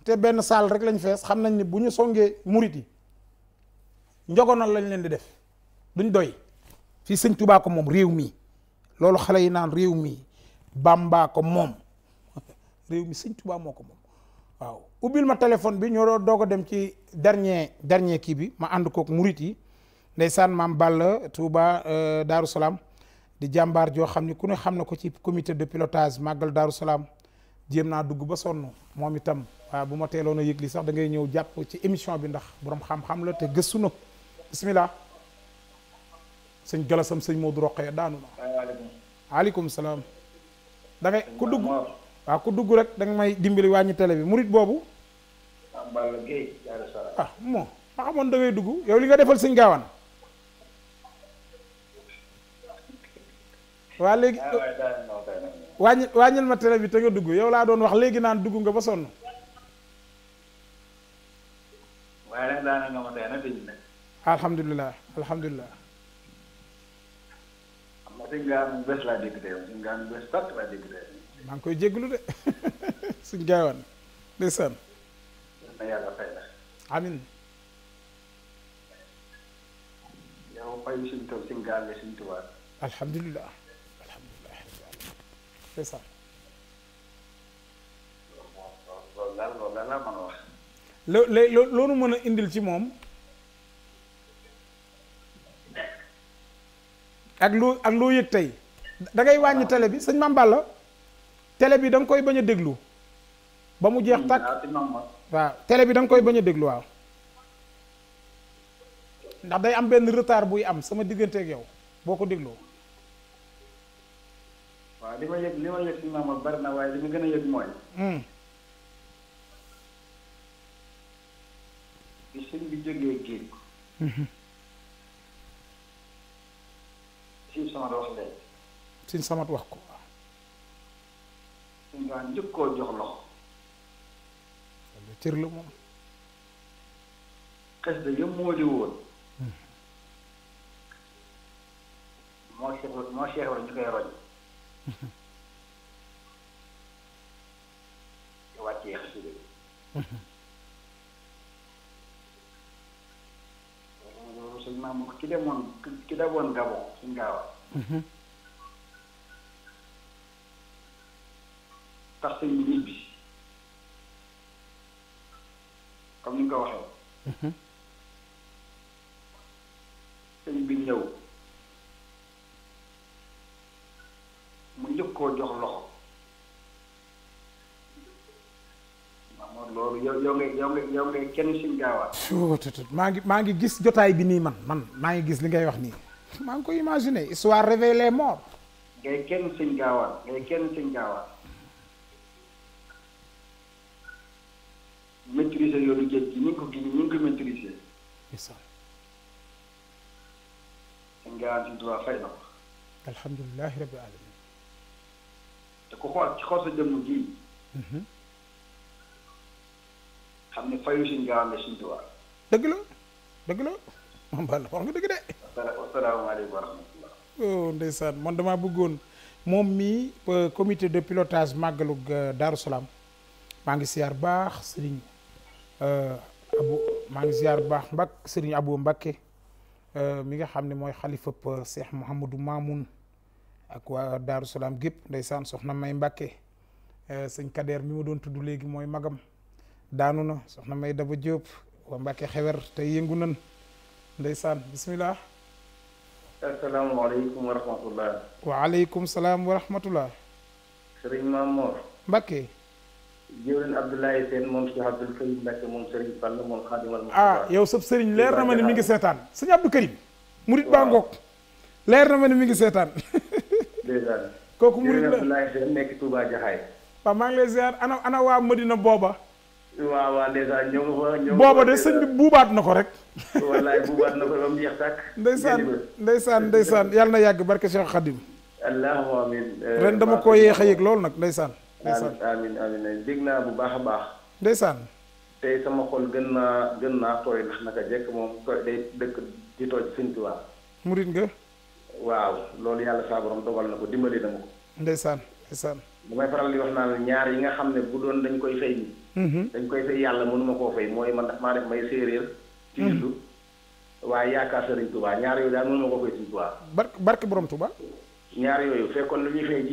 te benn saal rek lañ fees xam nañ ni bu ñu songee murit yi njogonal lañ leen di def duñ doy fii sëñ Tuubaa ko moom réew mi loolu xale yi naan réew mi Bàmbaa ko moom *laughs* réew mi sëñ Tuubaa moo ko moom waaw ubbil ma téléphone bi ñoo doog a dem ci dernier dernier kii bi ma ànd kook murit yi ndeysaan maam Balla Touba euh, Darou Salaam di jàmbaar joo xam ne ku ne xam na ko ci commité de pilotage màggal Darou Salaam jéem naa dugg ba sonn moom itam waaw bu ma teeloon a yëg sax da ngay ñëw jàpp ci émission bi ndax borom xam-xam la te gëstu na bismillah sëñ Jolasam sëñ Modou Roqe daanu na. waaleykum salaam da ku dugg. Aku ku dugg rek da nga may dimbali wañi télé bi murit boobu. ah mo ma xamoon da ngay dugg yow li nga defal seigne gawan waa léegi ah, wàññi wàññil ma télé bi te nga dugg yow la doon wax legi nan dugg nga ba sonn. wala nag daanaka nga ma tay na dañu ne. alhamdulilah na sëñ Gaawaan bu dégg tey yow sëñ Gaawaan bu bees dégg maa ngi koy jégalu de suñ *laughs* gaawaan ndeysaan yàlla fay amin yow fay loolu daal loolu mën a indil ci moom ak loo ak loo yëg tey da ngay wàññi télé bi sëñ Mame tele bi da koy bañ a déglu ba mu jeex tàkk ah, waaw télé bi danga koy bañ a déglu waaw ndax day am benn retard buy am sama digganteek yow boo ko dégloo. waaw li ma yëg li ma yëg na waaye li ma gën mooy. Hmm. bi sëñ bi jógee géej. Mhm. sëñ Samat wax wax ko. suñu waa njëkkoo jox loxo cër la moom xes da yëpp moo di woon hmm. moo seex moo seex war ñu koy roñ te hmm. wàccee xasida hmm. loolu sëñ Mamour ki demoon ki demoon Gabon suñ gaawa tax sëñ bi ñibbi comme ni nga ko waxee. Mhm. sëñ bi ñëw mu njëkk koo jox loxo maanaam loolu kenn si maa ngi maa ngi gis jotaay bi nii man man maa ngi gis li ngay wax nii. maa ngi ko imaginer histoire réveille les ngay kenn sëñ gaawaan ngay kenn sëñ gaawaan. maîtriser yoonu géej gi ñu ngi fay na ko. alhamdulilah alamin. te ku xool sa jëmm ji. Mhm. xam ne dëgg la dëgg la man baal wax nga dëgg de. asalaamaaleykum wa rahmatulah. oh ndeysaan man damaa bëggoon moom mii euh, comité de pilotage màggalug euh, Daaru Salaam maa ngi siyaar baax sëriñ Eh, abu Mangziar ngi ziar bu baax mbak serigne Abou euh eh, mi nga xam ne khalifa xalifab Cheikh Mouhamadou Mamoun ak wa daru salam gep ndaysan soxna May euh eh, serigne Kader mi ma don tuddu moy magam daanu na soxna May Daba Diop wa Mbakke xewer te yengu nan ndaysan bismillah alaykum wa rahmatullah alaykum salam wa rahmatullah serigne mamour jëwriñ Abdoulaye Sène moom Cheikh Abdoul Karim Mbacké moom Serigne Fall moom Xaadimal ah yow sab Serigne leer na ma ne mi ngi seetaan sëñ Abdou Karim murit baa ngoog leer na ma ne mi ngi seetaan *laughs* kooku murit la Jaxaay waaw maa ana waa Madina booba booba de sëñ buubaat na ko rek wallaay buubaat na ko ba mu jeex tàkk *laughs* yàlla na yàgg barke Cheikh Khadim allahumma amin ren dama koo yeex yëg loolu nag ndeysaan ndeysaan amiin amiin amiin dégg naa bu baax a baax. ndeysaan. tey sama xol gën naa gën naa tooy ndax naka jekk moom tooy day dëkk di tooy Sëñ Tuubaa. murit nga. waaw loolu yàlla saa borom dogal na ko dimbali na ma ko. ndeysaan ndeysaan. bu may faral di wax naan ñaar yi nga xam ne bu doon dañ koy fay nii. Mm-hmm. dañ koy fay yàlla mënuma koo fay mooy man daf maa def may séeréer. ci lu mm-hmm. waaye yaakaar Sëriñ Tuubaa ñaar yooyu daal mënuma koo fay Sëriñ Tuubaa. barke barke borom ñaar yooyu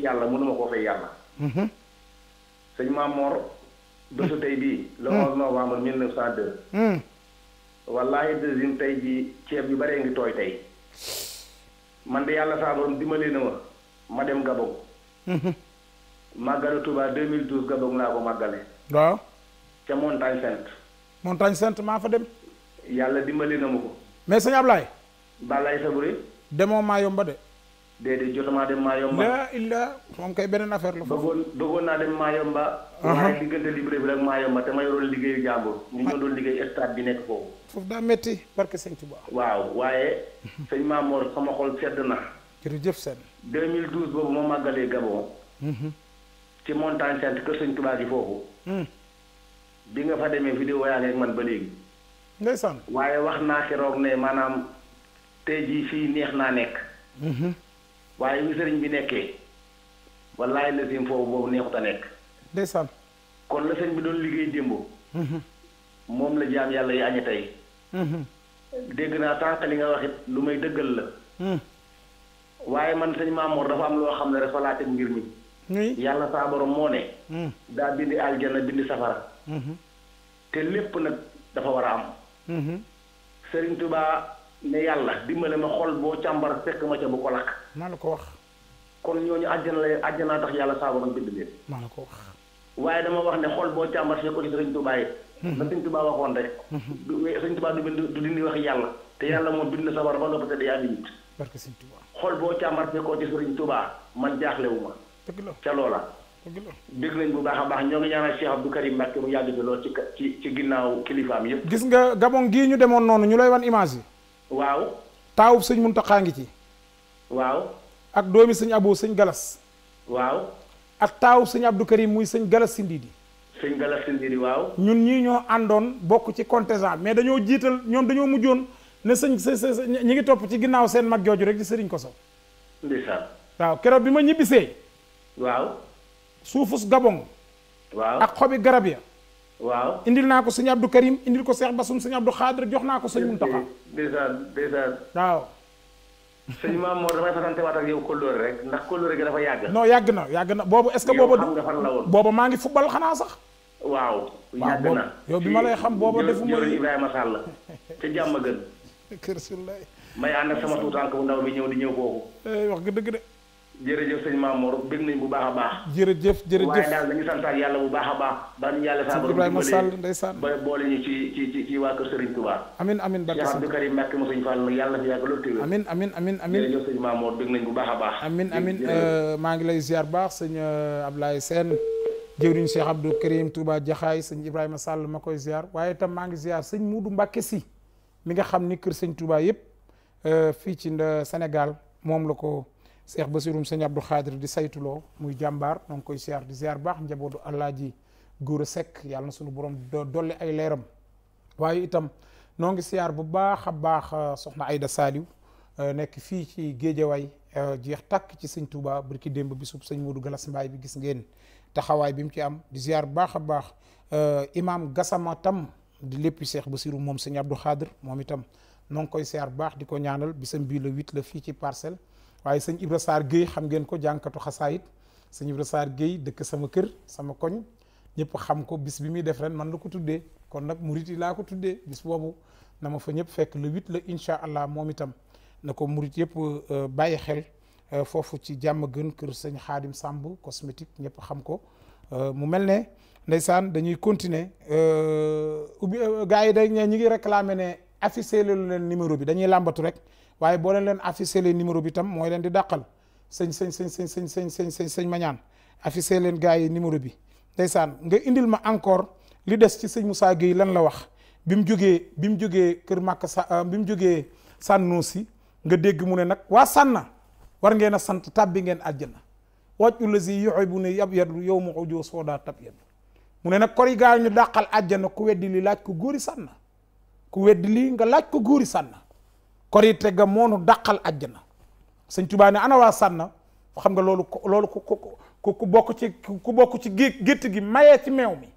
yàlla mënuma koo fay yàlla. Mm-hmm. sëñ ma Mor bésu tey bii le 11 hmm. novembre 1902 wallaahi deuxième tey jii ceeb yu baree ngi tooy tey man de yàlla saa borom na ma ma dem Gabon hmm. màggalu Touba 2012 Gabon laa ko màggale waaw ca Montagne Sainte Montagne Sainte maa fa dem yàlla dimbali na ma ko mais sëñ Ablaye Balaye Saburi demoo maa yomba de déedéet jotuma dem Mayomba. la illa moom kay beneen affaire la. bëggoon bëggoon naa dem Mayomba. waaye ma yoroon waaye sëñ Maamoor sama xol sedd na. jërëjëf seen. 2012 boobu ma màggalee Gabon. Mhm. ci montagne sainte kër sëñ Tuba gi foofu. Mhm. bi nga fa demee vidéo yaa ba léegi. ndeysaan. waaye wax naa keroog ne maanaam tey jii fii neex naa nekk. Mhm. waaye wi sëriñ bi nekkee wallaay la sim foofu boobu neexut a nekk ndeysaan kon la sëriñ bi doon liggéey démb mhm. moom la jaam yàlla yi añe tey mhm. dégg naa tànk li nga waxit lu may dëggal la mhm. waaye man sëñ Maamoor dafa am loo xam ne rek fa laa teg mbir mi yàlla saa borom moo ne daa bindi aljana bindi safara te lépp nag dafa war a am sëriñ Tuubaa ne yàlla dimbale ma xol boo càmbar fekk ma ca bu ko lakk maa la ko wax. kon ñooñu àjjana la àjjanaa tax yàlla saa borom bind leen. maa la ko wax. waaye dama wax ne xool boo càmbar see ko ci sëñ Tuubaa yi. na sëñ Tuubaa wax yàlla. te yàlla moom bind na sawar ba noppi te day andi nit. boo càmbar see ko ci sëñ Tuubaa man jaaxlewu ma. dëgg la ca loola. dëgg nañ bu baax a baax ñoo ngi ñaanal Cheikh Abdou Karim Mbacke mu yàgg ci ci ci ginnaaw kilifaam yëpp. gis nga gabon gii ñu demoon noonu ñu lay wan image yi. waaw. taawub sëñ Muntaxa ngi ci waaw ak doomi sëñ Aboo sëñ Galas. waaw ak taaw sëñ Abdou Karim muy sëñ Galas Sindiidi. sëñ Galas Sindiidi waaw. ñun ñi ñoo àndoon bokk ci contésan mais dañoo jiital ñoom dañoo mujjoon ne sëñ sa ñi ngi topp ci ginnaaw seen mag jooju rek di sëriñ ko ndeysaan. waaw keroog bi ma ñibbisee. waaw. suufus gabon. ak xobi garab ya. waaw indil naa ko sëñ Abdou Karim indil ko Seex Basum sëñ Abdou Xaadir jox naa ko sëñ Muntaxa. ndeysaan ndeysaan waaw. sëñ maam Mor may fasante waat ak yow kóllóore rek ndax kóllóore gi dafa yàgg. non yàgg na yàgg na boobu est ce que boobu. xam la woon boobu maa ngi football xanaa sax. waaw yàgg na yow bi ma lay xam boobu defu ma Ibrahima Sall ca jàmm gën. *laughs* kër Sulaye. may ànd ak sama tuutànk bu ndaw bi ñëw di ñëw foofu. Eh, wax nga dëgg de. jërëjëf sëñ Mamour bég nañ bu baax a baax. jërëjëf jërëjëf waaye daal dañu santaat yàlla bu baax a baax. ba ñu yàlla saa borom Ibrahima Sall ndeysaan ba boole ñu ci ci ci ci waa kër Serigne Touba. amiin amiin barke Abdou Karim Mbacke mu sëñ Fall yàlla fi yàgg loolu téwél. amiin amiin amiin amiin jërëjëf sëñ Mamour bég nañ bu baax a baax. amiin amiin euh, maa ngi lay ziar baax sëñ euh, Ablaye Sène jëwriñ Cheikh Abdou Karim Touba Jaxaay sëñ Ibrahima Sall ma koy ziar waaye itam maa ngi ziar sëñ Muudu Mbacke si mi nga xam ni kër sëñ Touba yëpp euh, fii ci Sénégal moom la ko Seex Basirum sëñ Abdou Xaadir di saytuloo muy jàmbaar ñoo ngi koy siyaar di siyaar baax njabootu Alaaji Góora Sekk yàlla na suñu borom dolle ay leeram waaye itam noo ngi siyaar bu baax a baax euh, soxna Ayda Saaliw euh, nekk fii ci Géejawaay euh, jeex tàkk ci sëñ Touba barki démb bisub sëñ Modou Galas Mbaay bi gis ngeen taxawaay bi mu ci am di ziar baax a baax imaam Gassama tam di lépp seex Basiru moom sëñ Abdou xadr moom itam noo ngi koy ziar baax di ko ñaanal bisam bii le huit la fii ci parcelle waaye sëñ Ibra Sarr Guèye xam ngeen ko jànkatu xasaayit sëñ Ibra Sarr Guèye dëkk sama kër sama koñ ñëpp xam ko bis bi muy def ren man la ko tuddee kon nag murit yi laa ko tuddee bis boobu na ma fa ñëpp fekk le huit la incha allah moom itam na ko murit yëpp euh, bàyyi xel euh, foofu ci jàmm gën kër sëñ xaadim Samb cosmétique ñëpp xam ko euh, mu mel ne ndeysaan dañuy continuer ubbi gars yi dañ ñi ngi réclamer ne affiché leen numéro bi dañuy làmbatu rek waaye boo leen leen affiché leen numéro bi tam sen sen di sen sen sen sen sen sen sëñ sëñ sëñ sëñ mañaan affiché leen gars numéro bi ndeysaan nga indil ma encore li des ci sëñ Moussa Gueye lan la wax bi mu jógee bi mu jógee kër Màkka sa euh, bi mu jógee sànnoo si nga dégg mu ne nag waa sànna war ngeen a sant ngeen àjjana wàccu la si yoxoy bu ne yab yadu yow ma ujoo soodaa tab yadu mu ne nag kori gaa ñu dàqal àjjana ku weddi li laaj ko góori sanna ku weddi lii nga laaj ko góori sànna korite ga moonu dàqal àjjana sëñ Tuubaa ne ana waa sànna xam nga loolu loolu ku ku ku bokk ci ku bokk ci gétt gi mayee ci meew mi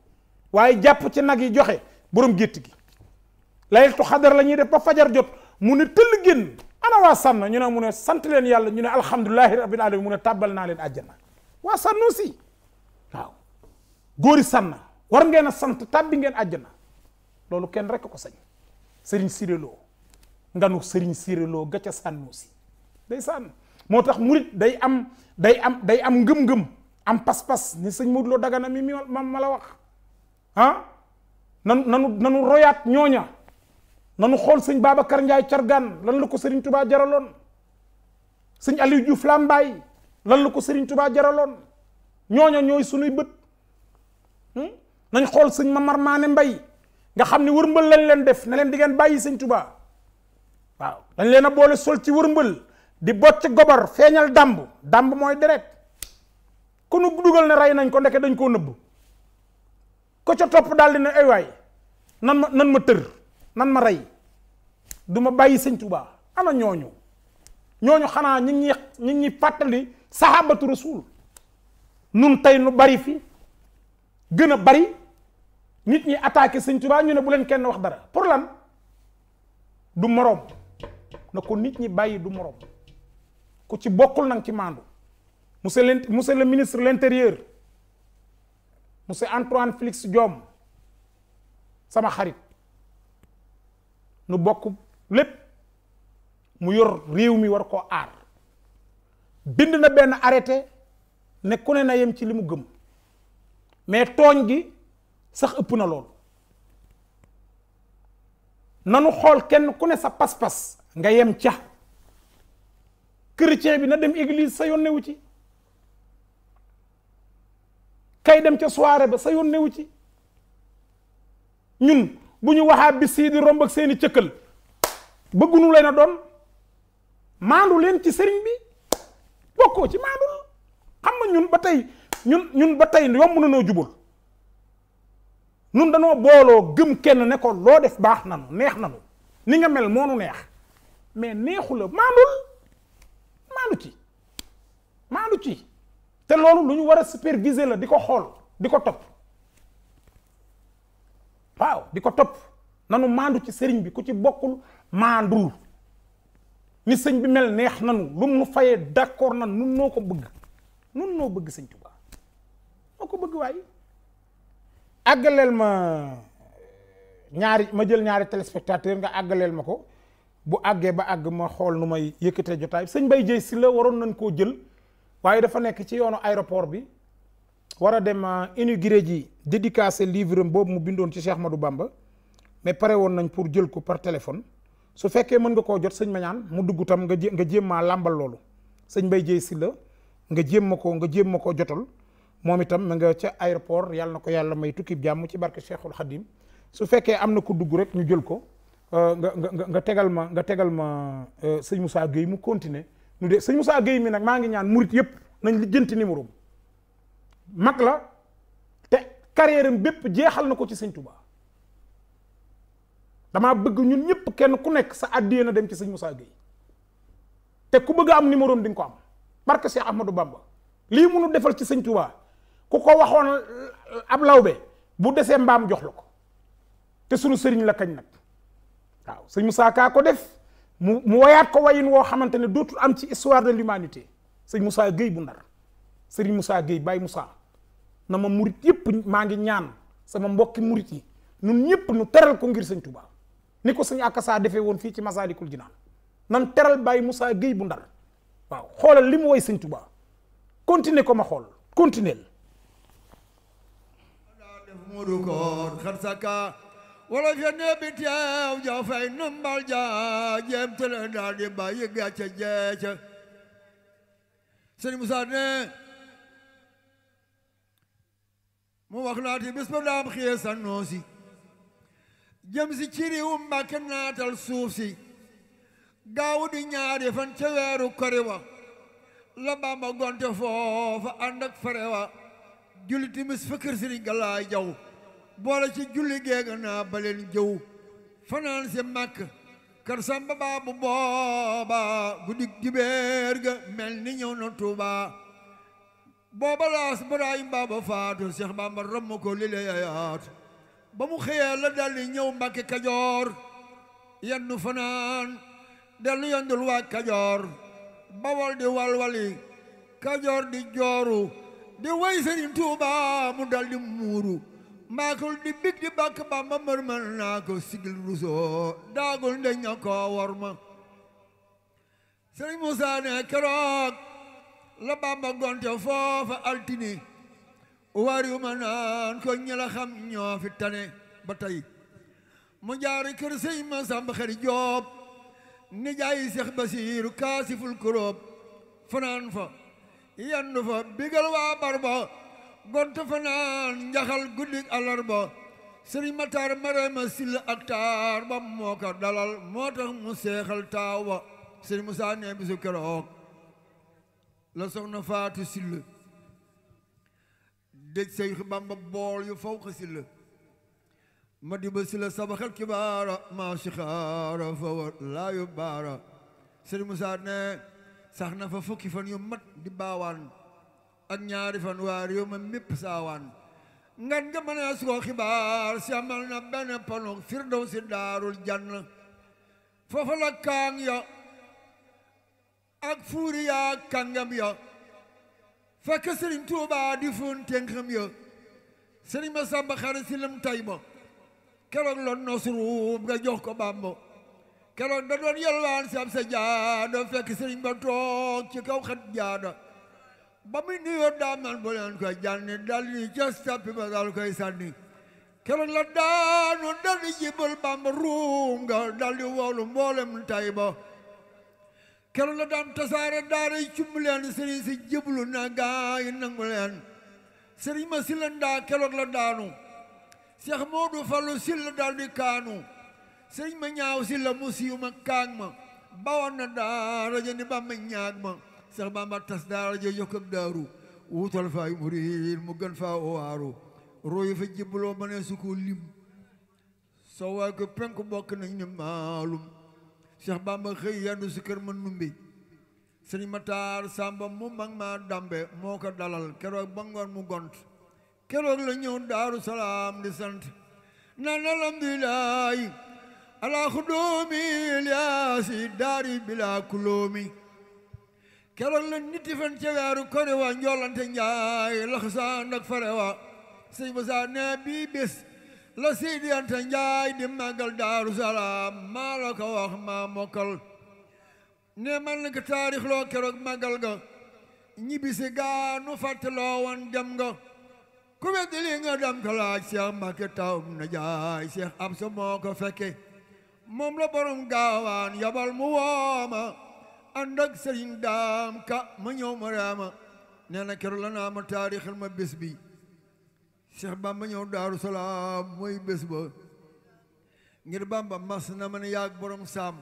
waaye jàpp ci nag yi joxe borom gétt gi laylatu xadar la ñuy def ba fajar jot mu ne tëll génn ana waa sànn ñu ne mu ne sant leen yàlla ñu ne alhamdulilahi rabbil alamin mu ne tàbbal naa leen àjjana waa sànn aussi waaw góori sànn war ngeen a sant tàbbi ngeen àjjana loolu kenn rek ko sañ Serigne Siré Lo nu serigne sirelo ga ca sanusi, si day motax mourid day am day am day am ngeum ngeum am pas pas ni serigne lo dagana mi mam mala wax ha ah? nanu nanu royat ñoña nanu xol serigne babakar ndjay ciargan lan la ko serigne touba jaralon serigne aliou diouf lambay lan la ko serigne touba jaralon ñoña ñoy sunuy beut hmm? nañ xol serigne mamar mané mbay nga xamni wërmbal lañ leen def na leen digeen bayyi serigne touba waaw dañ leen a boole sol ci wërmbël di bocc gobar feeñal damb dàmb mooy deret ku nu dugal ne rey nañ ko ndeke dañ koo nëbb ko ca topp daal di ne ay waay nan ma nan ma tër nan ma rey du bàyyi sëñ Tuubaa ana ñooñu ñooñu xanaa ñi ñi ñi ñi fàttali sahabatu rasul nun tey nu bari fi gën a bari nit ñi attaqué sëñ Tuubaa ñu ne bu leen kenn wax dara pour lan du moroom na ko nit ñi bàyyi du morom ku ci bokkul nang ci maandu monsieur le monsieur le ministre de l'intérieur monsieur Antoine Félix Diome sama xarit nu bokk lépp mu yor réew mi war koo aar bind na benn arrêté ne ku ne na yem ci li mu gëm mais tooñ gi sax ëpp na loolu nanu xool kenn ku ne sa pas-pas nga yem ca chrétien bi na dem église sa yoon newu ci kay dem ca soirée ba sa yoon newu ci ñun bu ñu waxaa bis di romb ak seeni cëkkël bëggunu leen a doon maandu leen ci sëriñ bi bokkoo ci maandu xam nga ñun ba tey ñun ñun ba tey yomb na noo jubal nun danoo booloo gëm kenn ne ko loo def baax nanu neex nanu ni nga mel moonu neex mais neexula la maandul maandu ci maandu ci te loolu lu ñu war a superviser la di ko xool di ko topp waaw di ko topp nanu maandu ci sëriñ bi ku ci bokkul maandul ni sëñ bi mel neex nanu lu mu nu fayee d'accord nan nun noo ko bëgg nun noo bëgg sëñ Tuubaa noo ko bëgg waaye àggaleel ma ñaari ma jël ñaari téléspectateur nga àggaleel ma ko bu àggee ba àgg ma xool nu may yëkkatee jotaay sëñ Mbaye Dièye Sylla waroon nañ koo jël waaye dafa nekk ci yoonu aéroport bi war a dem euh, inauguré ji dédicacé livre am boobu mu bindoon ci ma du Bamba mais pare woon nañ pour jël ko par téléphone su fekkee mën nga koo jot sëñ Mañaan mu dugg tam nga nga jéem maa làmbal loolu sëñ Mbaye Dièye Sylla nga jéem ma ko nga jéem ma koo jotal moom itam ma nga ca aéroport yàlla na ko yàlla may tukki jàmm ci barke Cheikhul Khadim su fekkee am na ko dugg rek ñu jël ko Euh, nga nga nga tegal ma nga tegal ma euh, sëñ Moussa Gueye mu continuer nu de sëñ Moussa Gueye mi nag maa ngi ñaan murit yëpp nañ li lijjanti numéro mag la te carrière am bépp jeexal na ko ci sëñ Touba damaa bëgg ñun ñëpp kenn ku nekk sa àddiyee na dem ci sëñ Moussa Gueye te ku bëgg am numéro am di nga ko am barke Cheikh Ahmadou Bamba lii munu defal ci sëñ Touba ku ko waxoon euh, ab lawbe bu desee mbaam jox la ko te sunu sëriñ la kañ nag waaw sëñ Moussa def mu mu woyaat ko wayin woo xamante ne dootul am ci histoire de l'humanité sëñ Moussa Gueye bu ndar sëñ Moussa Gueye bay Moussa na ma murit yëpp maa ngi ñaan sama mbokki murit yi nun ñëpp nu teral ko ngir sëñ Touba ni ko sëñ Akasa defee woon fii ci Masalikul Jinaan nan teral Baye Moussa Gueye bu ndar waaw xoolal li mu woy sëñ Touba continuer ko ma xool continuer. moo wolof ya ne bi teew ja fay numbal ja jéem tële di bàyyi gàcce jeece sëñ Moussa ne mu wax naati bis ba daam xiyee sannoo si jëm si ci riwu Mbàkke naatal suuf si gaawu di ñaari fan ca weeru kori wa la Bàmba gonte foofa ànd ak fere wa julli timis fëkkër sëriñ Galaay Jaw boole ci julli geega baleen jëw fanaan si màkk kër samba baa bu booba guddik dibeer ga mel ni ñëw na tuuba booba laas baraayim baaba faatu Seex Bamba rom ko li layayaatu ba mu xëyee la daldi ñëw Mbàkke Kajoor yendu fanaan dellu yendul waa Kajoor bawal di walwali Kajoor di jooru di way Sëriñ mu daldi muuru makul di big di bak mer mer na ko sigil ruso dagul de nyako warma sëriñ musa ne keroog la bamba gonte fofa altini wariw ma naan ko ñi la xam fi tane ba tay mu jaari kër sëñ ma samba xari ni nijaayi seex basir kasiful kuróob fanan fa fa bigal wa barba gonta fanaan njaxal guddik alarba sëriñ Matar Marema Sylla ak taar ba moo ko dalal moo tax mu seexal taaw ba sëriñ Musaa nee bisu keroog la soxna Faatu Sylla dëj Seex Bamba bool yu fawqa Sylla ma diba Sylla sabaxal kibaara maa sixaara fawa laa yu baara sëriñ Musaa nee sax na fa fukki fan yu mat di baawaan ak ñaari fan waar yow ma mépp saawaan ngan nga mënees koo xibaar si amal na benn panoog firdaw si daarul jann foofa la kaang ya ak fuuri yaa kàngam ya fekk sëriñ tuubaa di fóon ténkam ya sëriñ ma sàmba xare si tay ba keroog loon nosruub nga jox ko bàmba keroog da doon yelwaan si am sa jaada fekk sëriñ ba toog ci kaw xat jaada ba mu nuyoo daamal ba leen koy jànni dal ni ca stappi ba daal koy sànni keroog la daanu dal di jibal bamba ruum nga woolu mboolem tay ba keroog la daan tasaare daara yi cumb si jiblu na gaa yi nangu leen ma silla ndaa keroog la daanu seex moodu fallu silla dal di kaanu sëriñ ma ñaaw silla mu siiw ma kaag ma bawoon na daara ni bamba ñaag ma salma ma tasdal jo daru utal fa yumri mu gën fa o waru roy fa jiblo mané lim so wa ko bok ni malum cheikh bamba xey yandu seni kër man numbi serigne matar samba mu mag ma dambe moko dalal kéro bangor mu gont kéro la ñew daru salam di sante nan alhamdulillah ala khudumi ya si dari bila kulumi keroog la niti fan ca weeru kori wa njaay laxasaan ak fare wa sëñ Musaa ne bii bés la Seydi Njaay di màggal Daaru maa la ko wax maa mokkal ne man la ko taarix keroog màggal ga ñibbisi gaa nu fàttaloo dem nga ku weddi li nga dem ko laaj Seex Mbàkke taw na jaay Seex Absa moo ko fekke moom la borom gaawaan yabal mu wooma Andak ak sëriñ ah, ka ma ñëw maraama nee na keroog la naa ma taarixal ma bés bi Cheikh Bamba ñëw ba ngir mas na ma ne yaag borom saam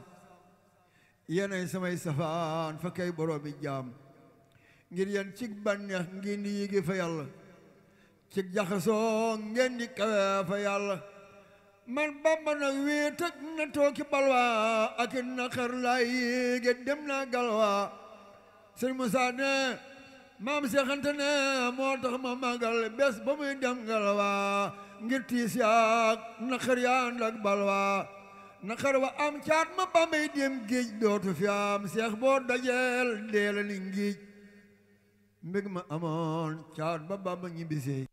yéenay samay safaan fa kay boroomi jaam ngir gini cig bànneex ngeen di man bamba nag wii tëj na tooki balwa ak naqar lay yéege dem naa galwa sëñ Moussa ne maam seexante ne moo tax ma màggal bés ba muy dem galwa ngir tiis yaak naqar yaa ànd balwa naqar wa am caat ma bambay dem géej dootu fi am seex dajeel deela ni ngiij mbég ma amoon caat ba bamba ñibbisee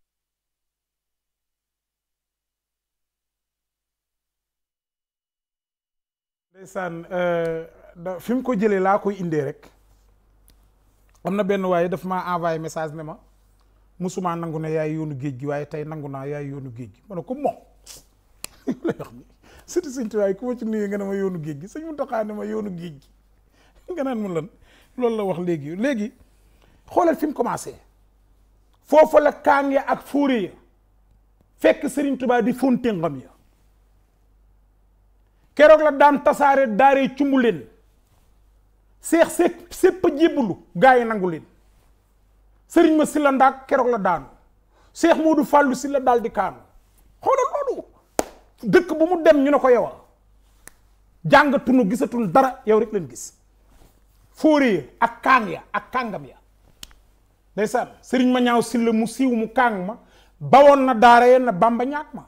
ndeysaan euh, da fi mu ko jëlee laa koy indee rek am na benn waaye daf ma envoyé message ne ma musuma nangu ne yaay yoonu géej gi waaye tey nangu naa yaay yoonu géej gi ma ne ko moom *laughs* lay wax ni surtout sëñ ku ma ci nuyu nga ne ma yoonu géej gi sëñ Muntaxa ma yoonu géej gi *laughs* nga naan mun lan loolu la wax léegi léegi xoolal fi mu commencé foofa la kaan ya ak fuure ya fekk Sëriñ Tuubaa di fonte ngam ya keroog la daan tasaare daaree cumbu leen seex seex sépp jébbalu gaa yi nangu leen sëriñ ma si la keroog la daanu seex Moodu fàllu si la daal di kaanu xoolal loolu dëkk bu mu dem ñu ne ko yow jàngatunu gisatunu dara yow rek leen gis fóore ya ak kaang ya ak kàngam ya ndeysaan sëriñ ma ñaaw si mu siiw mu kaang ma bawoon na daara ya na ñaak ma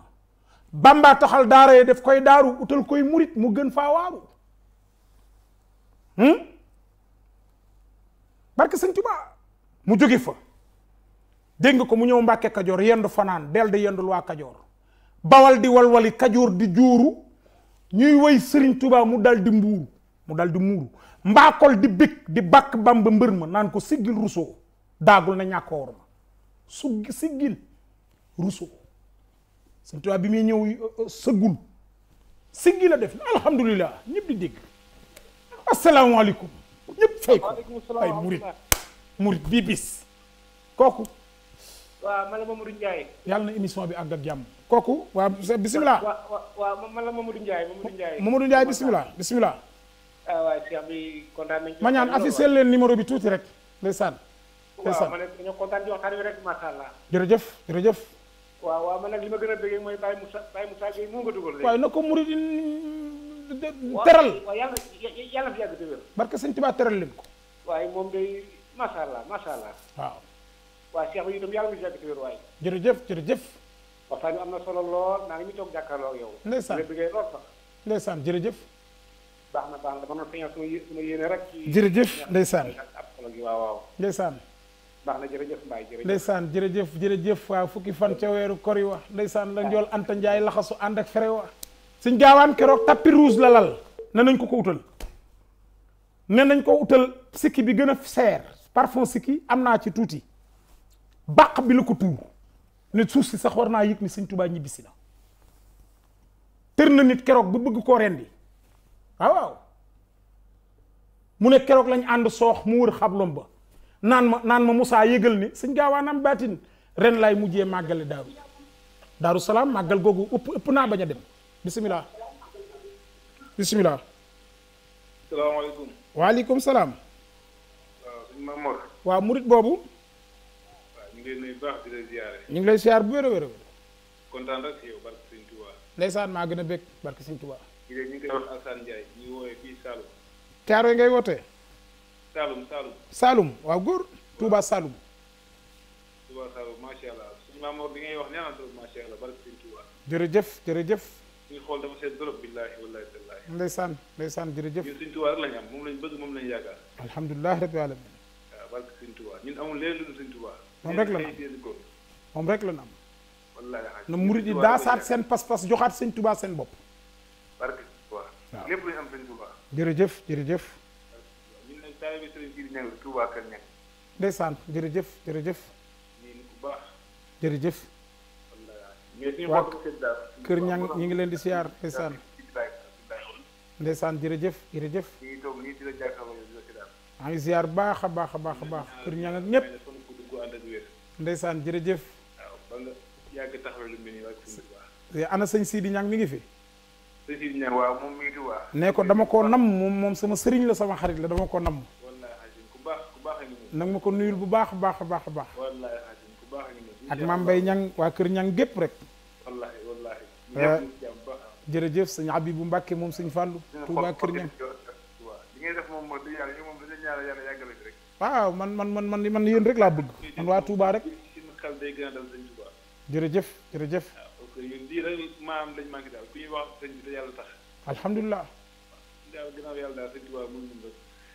bamba taxal daara yi def koy daaru utal koy murit mu gën faa waaru hmm? barke sëñ Tuubaa mu jóge fa dégg nga ko mu ñëw Mbàkke Kajoor yendu fanaan del di yendul waa Kajoor bawal di walwali Kajoor di juuru ñuy woy sëriñ tubaa mu dal di mbuuru mu dal di muuru mbaakol di bik di bàkk Bamba mbër ma naan ko siggil Rousseau daagul na ñàkkoor ma su siggil Rousseau sëñ Tuubaa bi muy ñëw uh, uh, sëggul siggi la def alhamdullilah ñëpp di deg assalamu alaykum ñëpp fay ko ay mourid mourid bii bis kooku waaw man Mamadou ndjay yalla na émission bi ag ak jam koku wa bismillah wa wa mala Mamadou ndjay Mamadou ndjay Mamadou Ndiaye bisimilah bisimilah ah waay Cheikh bi kontaan ma ñaan affiché leen numéro bi touti rek ndeysaan ndeysaan waaw ma ne dañoo kontaan ci waxtaan bi rek macha allah jërëjëf jërëjëf waaw waaw man nag li ma gën a bëggee mooy Baye Moussa Baye Moussa Gueye moo nga ko murid teral waaw yàlla yàlla fi yàgg te wér. barke sëñ Tuubaa teral leen ko. waaye moom day macha allah macha allah. yàlla nga fi yàgg te wér jërëjëf jërëjëf. waxtaan bi am na solo lool naa ngi toog jàkkaarloo yow. ndeysaan nga bëggee lool sax. jërëjëf. baax na baax na dama doon feeñal sama rek. jërëjëf ndeysaan waaw waaw ndeysaan baax na jërëjëf Mbaye jërëjëf ndeysaan jërëjëf jërëjëf waaw fukki fan ca weeru kor yi wax ndeysaan la njool Anta Ndiaye laxasu ànd ak fere wax suñ gaawaan keroog tapis rouge la lal ne nañ ko ko utal ne nañ ko utal sikki bi gën a seer parfum sikki am naa ci tuuti bàq bi la ko tuur ne suuf si sax war naa yëg ni sëñ Tuubaa ñibbisi na tër na nit keroog bu bëgg koo rendi waaw waaw mu ne keroog lañ ànd soox mu wër xablom ba nan ma naan ma musa yegal ni sëñ gawanam baatin ren lay mujjé magal daru daru salam magal gogu upp upp na baña dem bismillah bismillah assalamu alaykum wa alaykum salam wa waaw murit boobu. ñu ngi lay bax di lay ziaré ñu ngi lay ziar bu wéro wéro content rek yow barke sëñ Touba. ndaysan ma gëna a bég barke sëñ Touba. ñu ngi koy wax Alassane Ndiaye ñi woyé fi salu Saloum. ngay woté Salum, Salum. Salum, waaw góor. Touba Salum. Touba Salum, macha allah suñu maam Mor bi ngay wax nee naa trop macha allah bari suñu Touba. jërëjëf jërëjëf. suñu xool dafa seen trop billaahi wallaahi tallaahi. ndeysaan ndeysaan jërëjëf. ñun suñu Touba rek lañ am moom lañ bëgg moom lañ yaakaar. alhamdulilah rabbil alamin. waaw barke suñu Touba ñun amul léegi lu dul suñu Touba. moom rek la am moom rek la am. wallaahi na murid yi daasaat seen pas-pas joxaat sëñ Touba seen bopp. barke waaw lépp luñ am sëñ Touba. jërëjëf jërëjëf Desan, Serigne Sidi Ñang Touba Kër Ñang ndeysaan jërëjëf jërëjëf ñin ku baax jërëjëf waa Kër Ñang ñi ngi leen di siyaar ndeysaan ndeysaan jërëjëf jërëjëf maa ngi siyaar baax a baax a baax a baax Kër Ñang ak ñépp ndeysaan jërëjëf ana sëñ Sidi Ñang mi ngi fi waaw moom mii di waa. ne ko dama nam mom sama serigne la sama xarit la dama ko nam. ku baax ku bax a ngi nii. ma ko nuyul bu bax a bax a baax a ku bax a ak maam bay ñang wa keur ñang gep rek. wallahi wallaahi. Eh, jërëjëf sëñ Abibu Mbàkke li man man man man man yéen rek laa bëgg. man waa rek. Alhamdulillah. lii rek maam lañ manqué daal ku wax sëñ bi te yàlla tax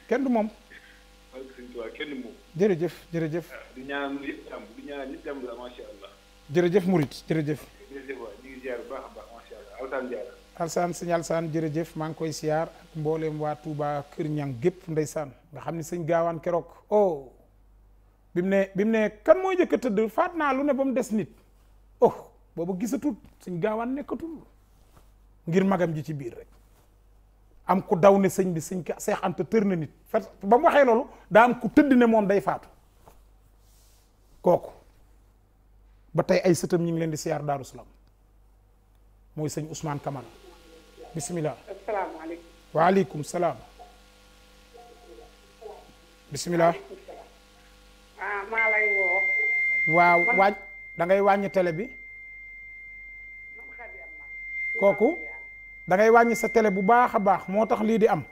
kenn du kenn jërëjëf jërëjëf ah, di ñaan di ñaan allah jërëjëf murit jërëjëf jërëjëf waay ñu ngi ziar baax a baax allah alsaan ziar alsaan sëñ alsaan jërëjëf maa ngi koy siyaar ak oh bimne bimne, kan moy jëkëte de fatna lu ne bam dess nit oh boobu gisatut sëñ gaawaan nekkatul ngir magam ji ci biir rek am ku daw ne sëñ bi sëñ ka seex anta tër na nit fa ba mu waxee loolu daa am ku tëdd ne moom day faatu kooku ba tey ay sëtam ñu ngi leen di siyaar Daaru Salaam mooy sëñ Ousmane Kamara bisimilah. salaam. bisimilah. ah waaw waaj da ngay wàññi télé bi. kooku dangay wàññi sa tele bu baax a baax moo tax lii di am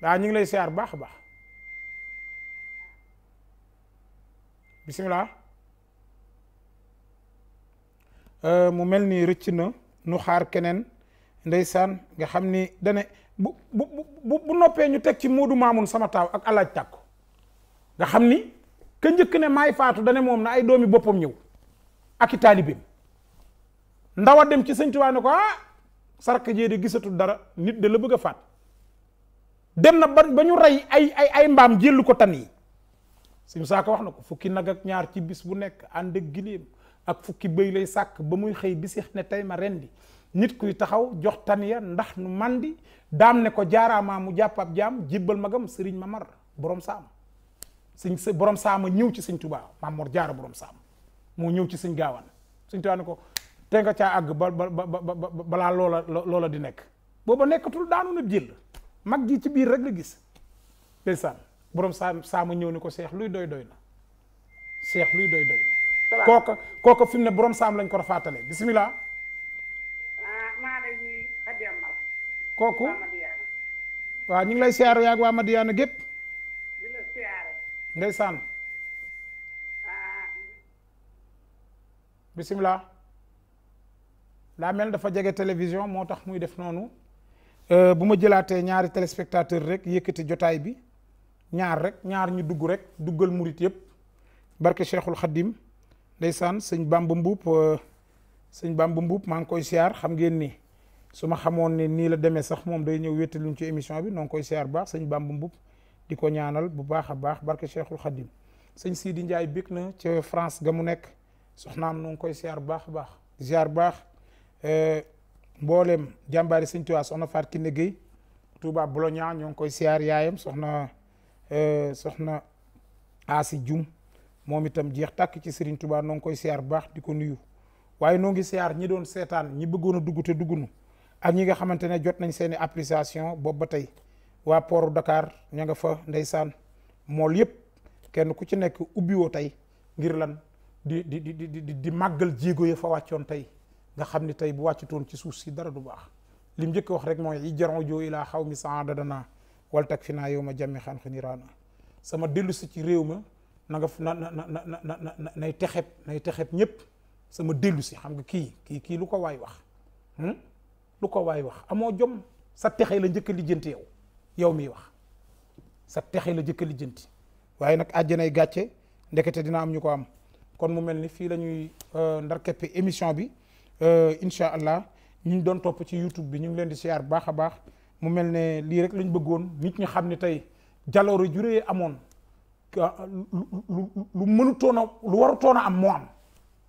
daa ñu ngi lay siyaar baax a baax bisimilah euh, mu mel ni rëcc na nu xaar keneen ndeysaan nga xam ni dane bu bu bu bu noppee ñu teg ci Moodu Maamun sama taaw ak alaaj tàkku nga xam ni ka njëkk ne maay faatu dane moom na ay doomi boppam ñëw ak i taalibeem ndawa dem ci sëñ Tuubaa ne ko ah sark jee de gisatul dara nit de la bëgg dem na ba ray ay ay ay mbaam jëllu ko tan yi suñu saako wax na ko fukki nag ak ñaar ci bis bu nekk ànd ak ak fukki lay sak ba muy xëy bisix ne ma rendi nit kuy taxaw jox tan ya ndax nu mandi dam ne ko jaaraamaa mu jàpp jam jibal magam sëriñ Mamar borom sam sëñ borom sam ñëw ci sëñ Tuubaa Mor Jaara borom sam moo ñëw ci sëñ Gaawaan sëñ ko te nga caa àgg ba ba ba balaa loola di nek booba nekkatul daanu ne jil mag gi ci biir rek la gis ndeysaan borom saa saamu ñew ni ko cheikh luy doy doy na cheikh luy doy doy koko koko fim ne borom saam lañ ko rafaatale bisimilah ah, kooku waaw ñu ngi lay gep yaag la Madiyaana ndaysan ah bismillah daa mel dafa jege télévision moo tax muy def noonu euh, bu ma jëlaatee ñaari téléspectateur rek yëkkati jotaay bi ñaar rek ñaar ñu dugg rek duggal murit yëpp barke Cheikhul Khadim ndeysaan sëñ Bamba Mbuub euh, sëñ Bamba Mbuub maa ngi koy siyaar xam ngeen nii su ma xamoon ne nii la demee sax moom day ñëw wéttaluñ ci émission bi noo koy siyaar baax sëñ Bamba mbub di ko ñaanal bu baax a baax barke Cheikhul Khadim sëñ Sidi Ndiaye bég na ca France ga mu nekk soxnaam noo ngi koy siyaar bu baax a baax siyaar baax Eh, mboolem jàmbaari sëñ Tuubaa soxna Faat Kiné Gueye Touba Bologna ñoo ngi koy siyaar yaayam soxna eh, soxna Asi Dioum moom itam jeex tàkk ci Serigne Touba noo ngi koy siyaar bu baax di ko nuyu waaye noo ngi siyaar ñi doon seetaan ñi bëggoon a dugg te duggunu ak ñi nga xamante ne jot nañ seen i appréciation boobu ba tey waa pooru Dakar ña nga fa ndeysaan mool yëpp kenn ku ci nekk ubbiwoo tey ngir lan di di di di di màggal jéego yi fa wàccoon tey nga xam ni tey bu wàccutoon ci suuf si dara du baax li mu wax rek mooy i jaron joo ilaa xaw mi saadadana wal tak fi naa yow ma jàmmi xan xiniraana sama dellusi ci réew ma na nga na na na nay texeb nay sama dellu si xam nga kii kii kii lu ko waay wax hmm? lu ko waay wax amoo jom sa texe la njëkk a lijjanti yow yow mii wax sa texe la njëkk a lijjanti waaye nag àjjanay gàcce ndekete dina am ñu ko am kon mu mel ni fii la ñuy euh, ndar keppe émission bi Euh, incha allah ñu doon topp ci YouTube bi ñu ngi leen di siyaar baax a baax mu mel ne lii rek lañ bëggoon nit ñi xam ne tey jaloore juree amoon lu lu mënutoon lu warutoon a am moo am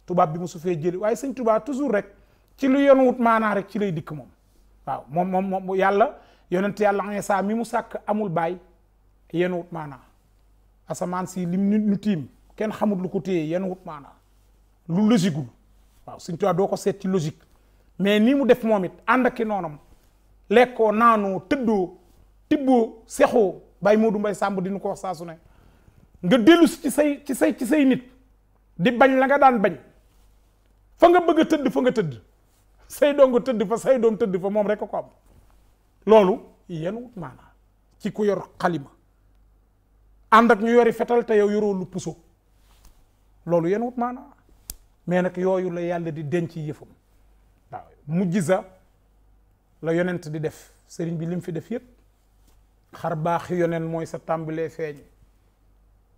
tubaab bi mu su fee jëli waaye sëñ tubaab toujours rek ci lu yoon wut maanaa rek ci lay dikk moom waaw moom moom moom yàlla yonent yàlla saa mi mu sàkk amul baay yéen wut maanaa asamaan si lim nit ñu kenn xamul lu ko téye yéen wut maanaa lu lësigul waaw Sëñ Tuubaa doo ko seet ci logique mais nii mu def moom it ànd ak ki noonam lekkoo naanoo tëddoo tibboo sexoo Baye Modou Mbaye Samb dinu ko wax saa nga dellu ci say ci say ci say nit di bañ la nga daan bañ fa nga bëgg a tëdd fa nga tëdd say tëdd fa say tëdd fa moom rek ko am loolu yéen wut ci ku yor xalima ànd ak ñu yori fetal te yow yoroo lu puso loolu yéen wut maanaa mais nag yooyu la yàlla di denc yëfam waaw mujjiza la yonent di def sëriñ bi lim fi def yëpp xar baaxi yonent mooy sa tàmbalee feeñ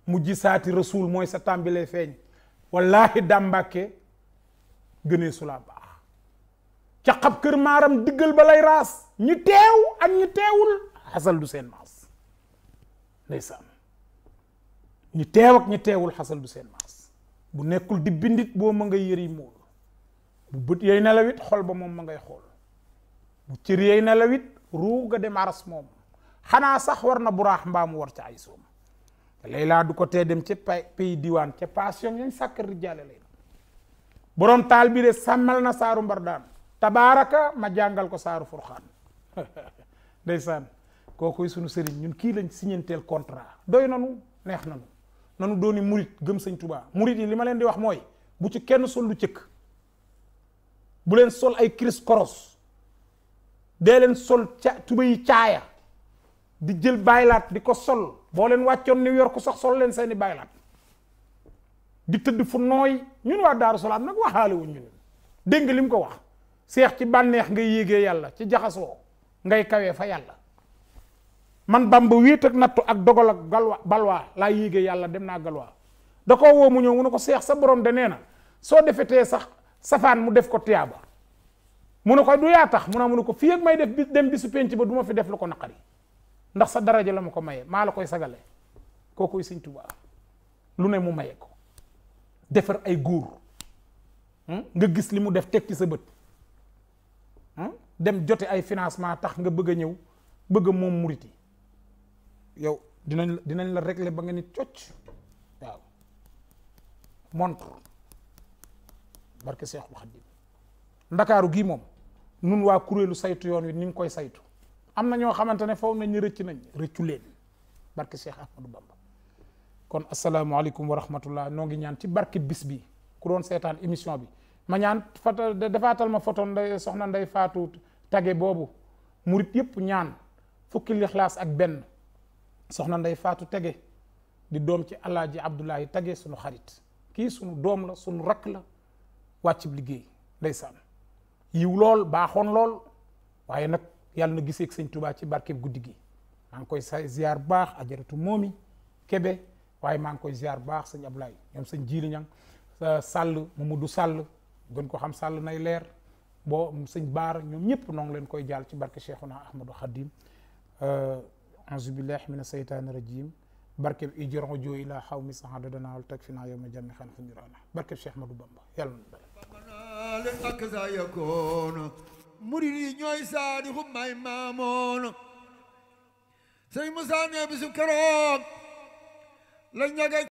mujjisaati rasuul mooy sa tàmbalee feeñ wallaahi dàmbàkke gënee su baax caqab kër maaram diggal ba lay raas ñu teew ak ñu teewul xasal du seen maas ndeysaan ñu teew ak ñu teewul xasal du seen maas bu nekkul di bindit boo ma ngay yëri mool bu bët yay nelawit xol ba moom ma ngay xool bu cër yay nelawit ruu ga dem aras moom xanaa sax war na buraax mbam war ca ay soom laylaa du ko tee dem ca pays diwaan ca passion yañ sàkkar rijaale lay borom taal bi de sàmmal na saaru mbardaan tabaaraka ma jàngal ko saaru furxaan *laughs* ndeysaan kookuy sunu sëriñ ñun kii lañ contrat doy nanu neex nanu nanu doni murid gëm seigne Touba murid yi lima len di wax moy bu ci kenn sol lu ciek bu len sol ay cris Cross, de len sol ca tuba yi caaya di jël baylat di ko sol bo len waccion New York sax sol len seeni baylat di teud fu noy ñun wa daru salaam nak waxale wu ñun dégg lim ko wax cheikh ci banex nga yegge yalla ci jaxaso ngay kawé fa yalla man bambu wéet ak natou ak dogal ak galwa balwa laa yéege yàlla dem na galwa dako wo mu ñew mu ko sa borom de neena na defete sax safan mu def ko tiyaba mu ne ko du ya tax mu na mu ne ko ak may def dem bisu penc ba duma fi def lu ko naqari ndax sa daraja lam ko maye maa la koy sagale koo seigne touba lu ne mu maye ko defer ay hmm nga gis limu def tek ci sa hmm dem jote ay financement tax nga bëgg ñew bëgg mom yow dinañ dinañ la régler ba nga ni cocc waaw montre barke Seexul Xadiim ndakaaru gii moom nun wa kuréelu saytu yoon wi ni ngi saytu am na ñoo ne nañ rëcc nañ leen barke Cheikh Ahmadou Bamba kon asalaamaaleykum wa rahmatullah noo ngi ñaan ci barke bis bi ku doon seetaan émission bi ma ñaan ma photo nday soxna nday faatu tage bobu murit yépp ñaan fukki lixlaas ak benn soxna nday faatu tege di doom ci alaaji abdoulahi tege sunu xarit kii sunu doom la sunu rakk la wàccib liggéey day ndeysaan yiw lool baaxoon lool waaye nag yàlla na gisee ak sëñ tubaa ci barke guddi gi maa ngi koy say ziar baax ajaratu moomi kebe waaye maa ngi koy ziar baax sëñ ablaay ñoom sëñ jiili ñang sàll du sàll gën ko xam sàll nay leer boo sëñ baar ñoom ñëpp noo ngi leen koy jaal ci barke cheikhuna ahmadou xadim euh, أعوذ بالله من الشيطان الرجيم بركة إجرام جو إلى حوم صحابة دنال تكفينا يوم جامع خان خنجرانا بركة شيخ مدو بامبا يلا مريني نوي سادي هم مامون سيمو سانيا بسكرام لن يجد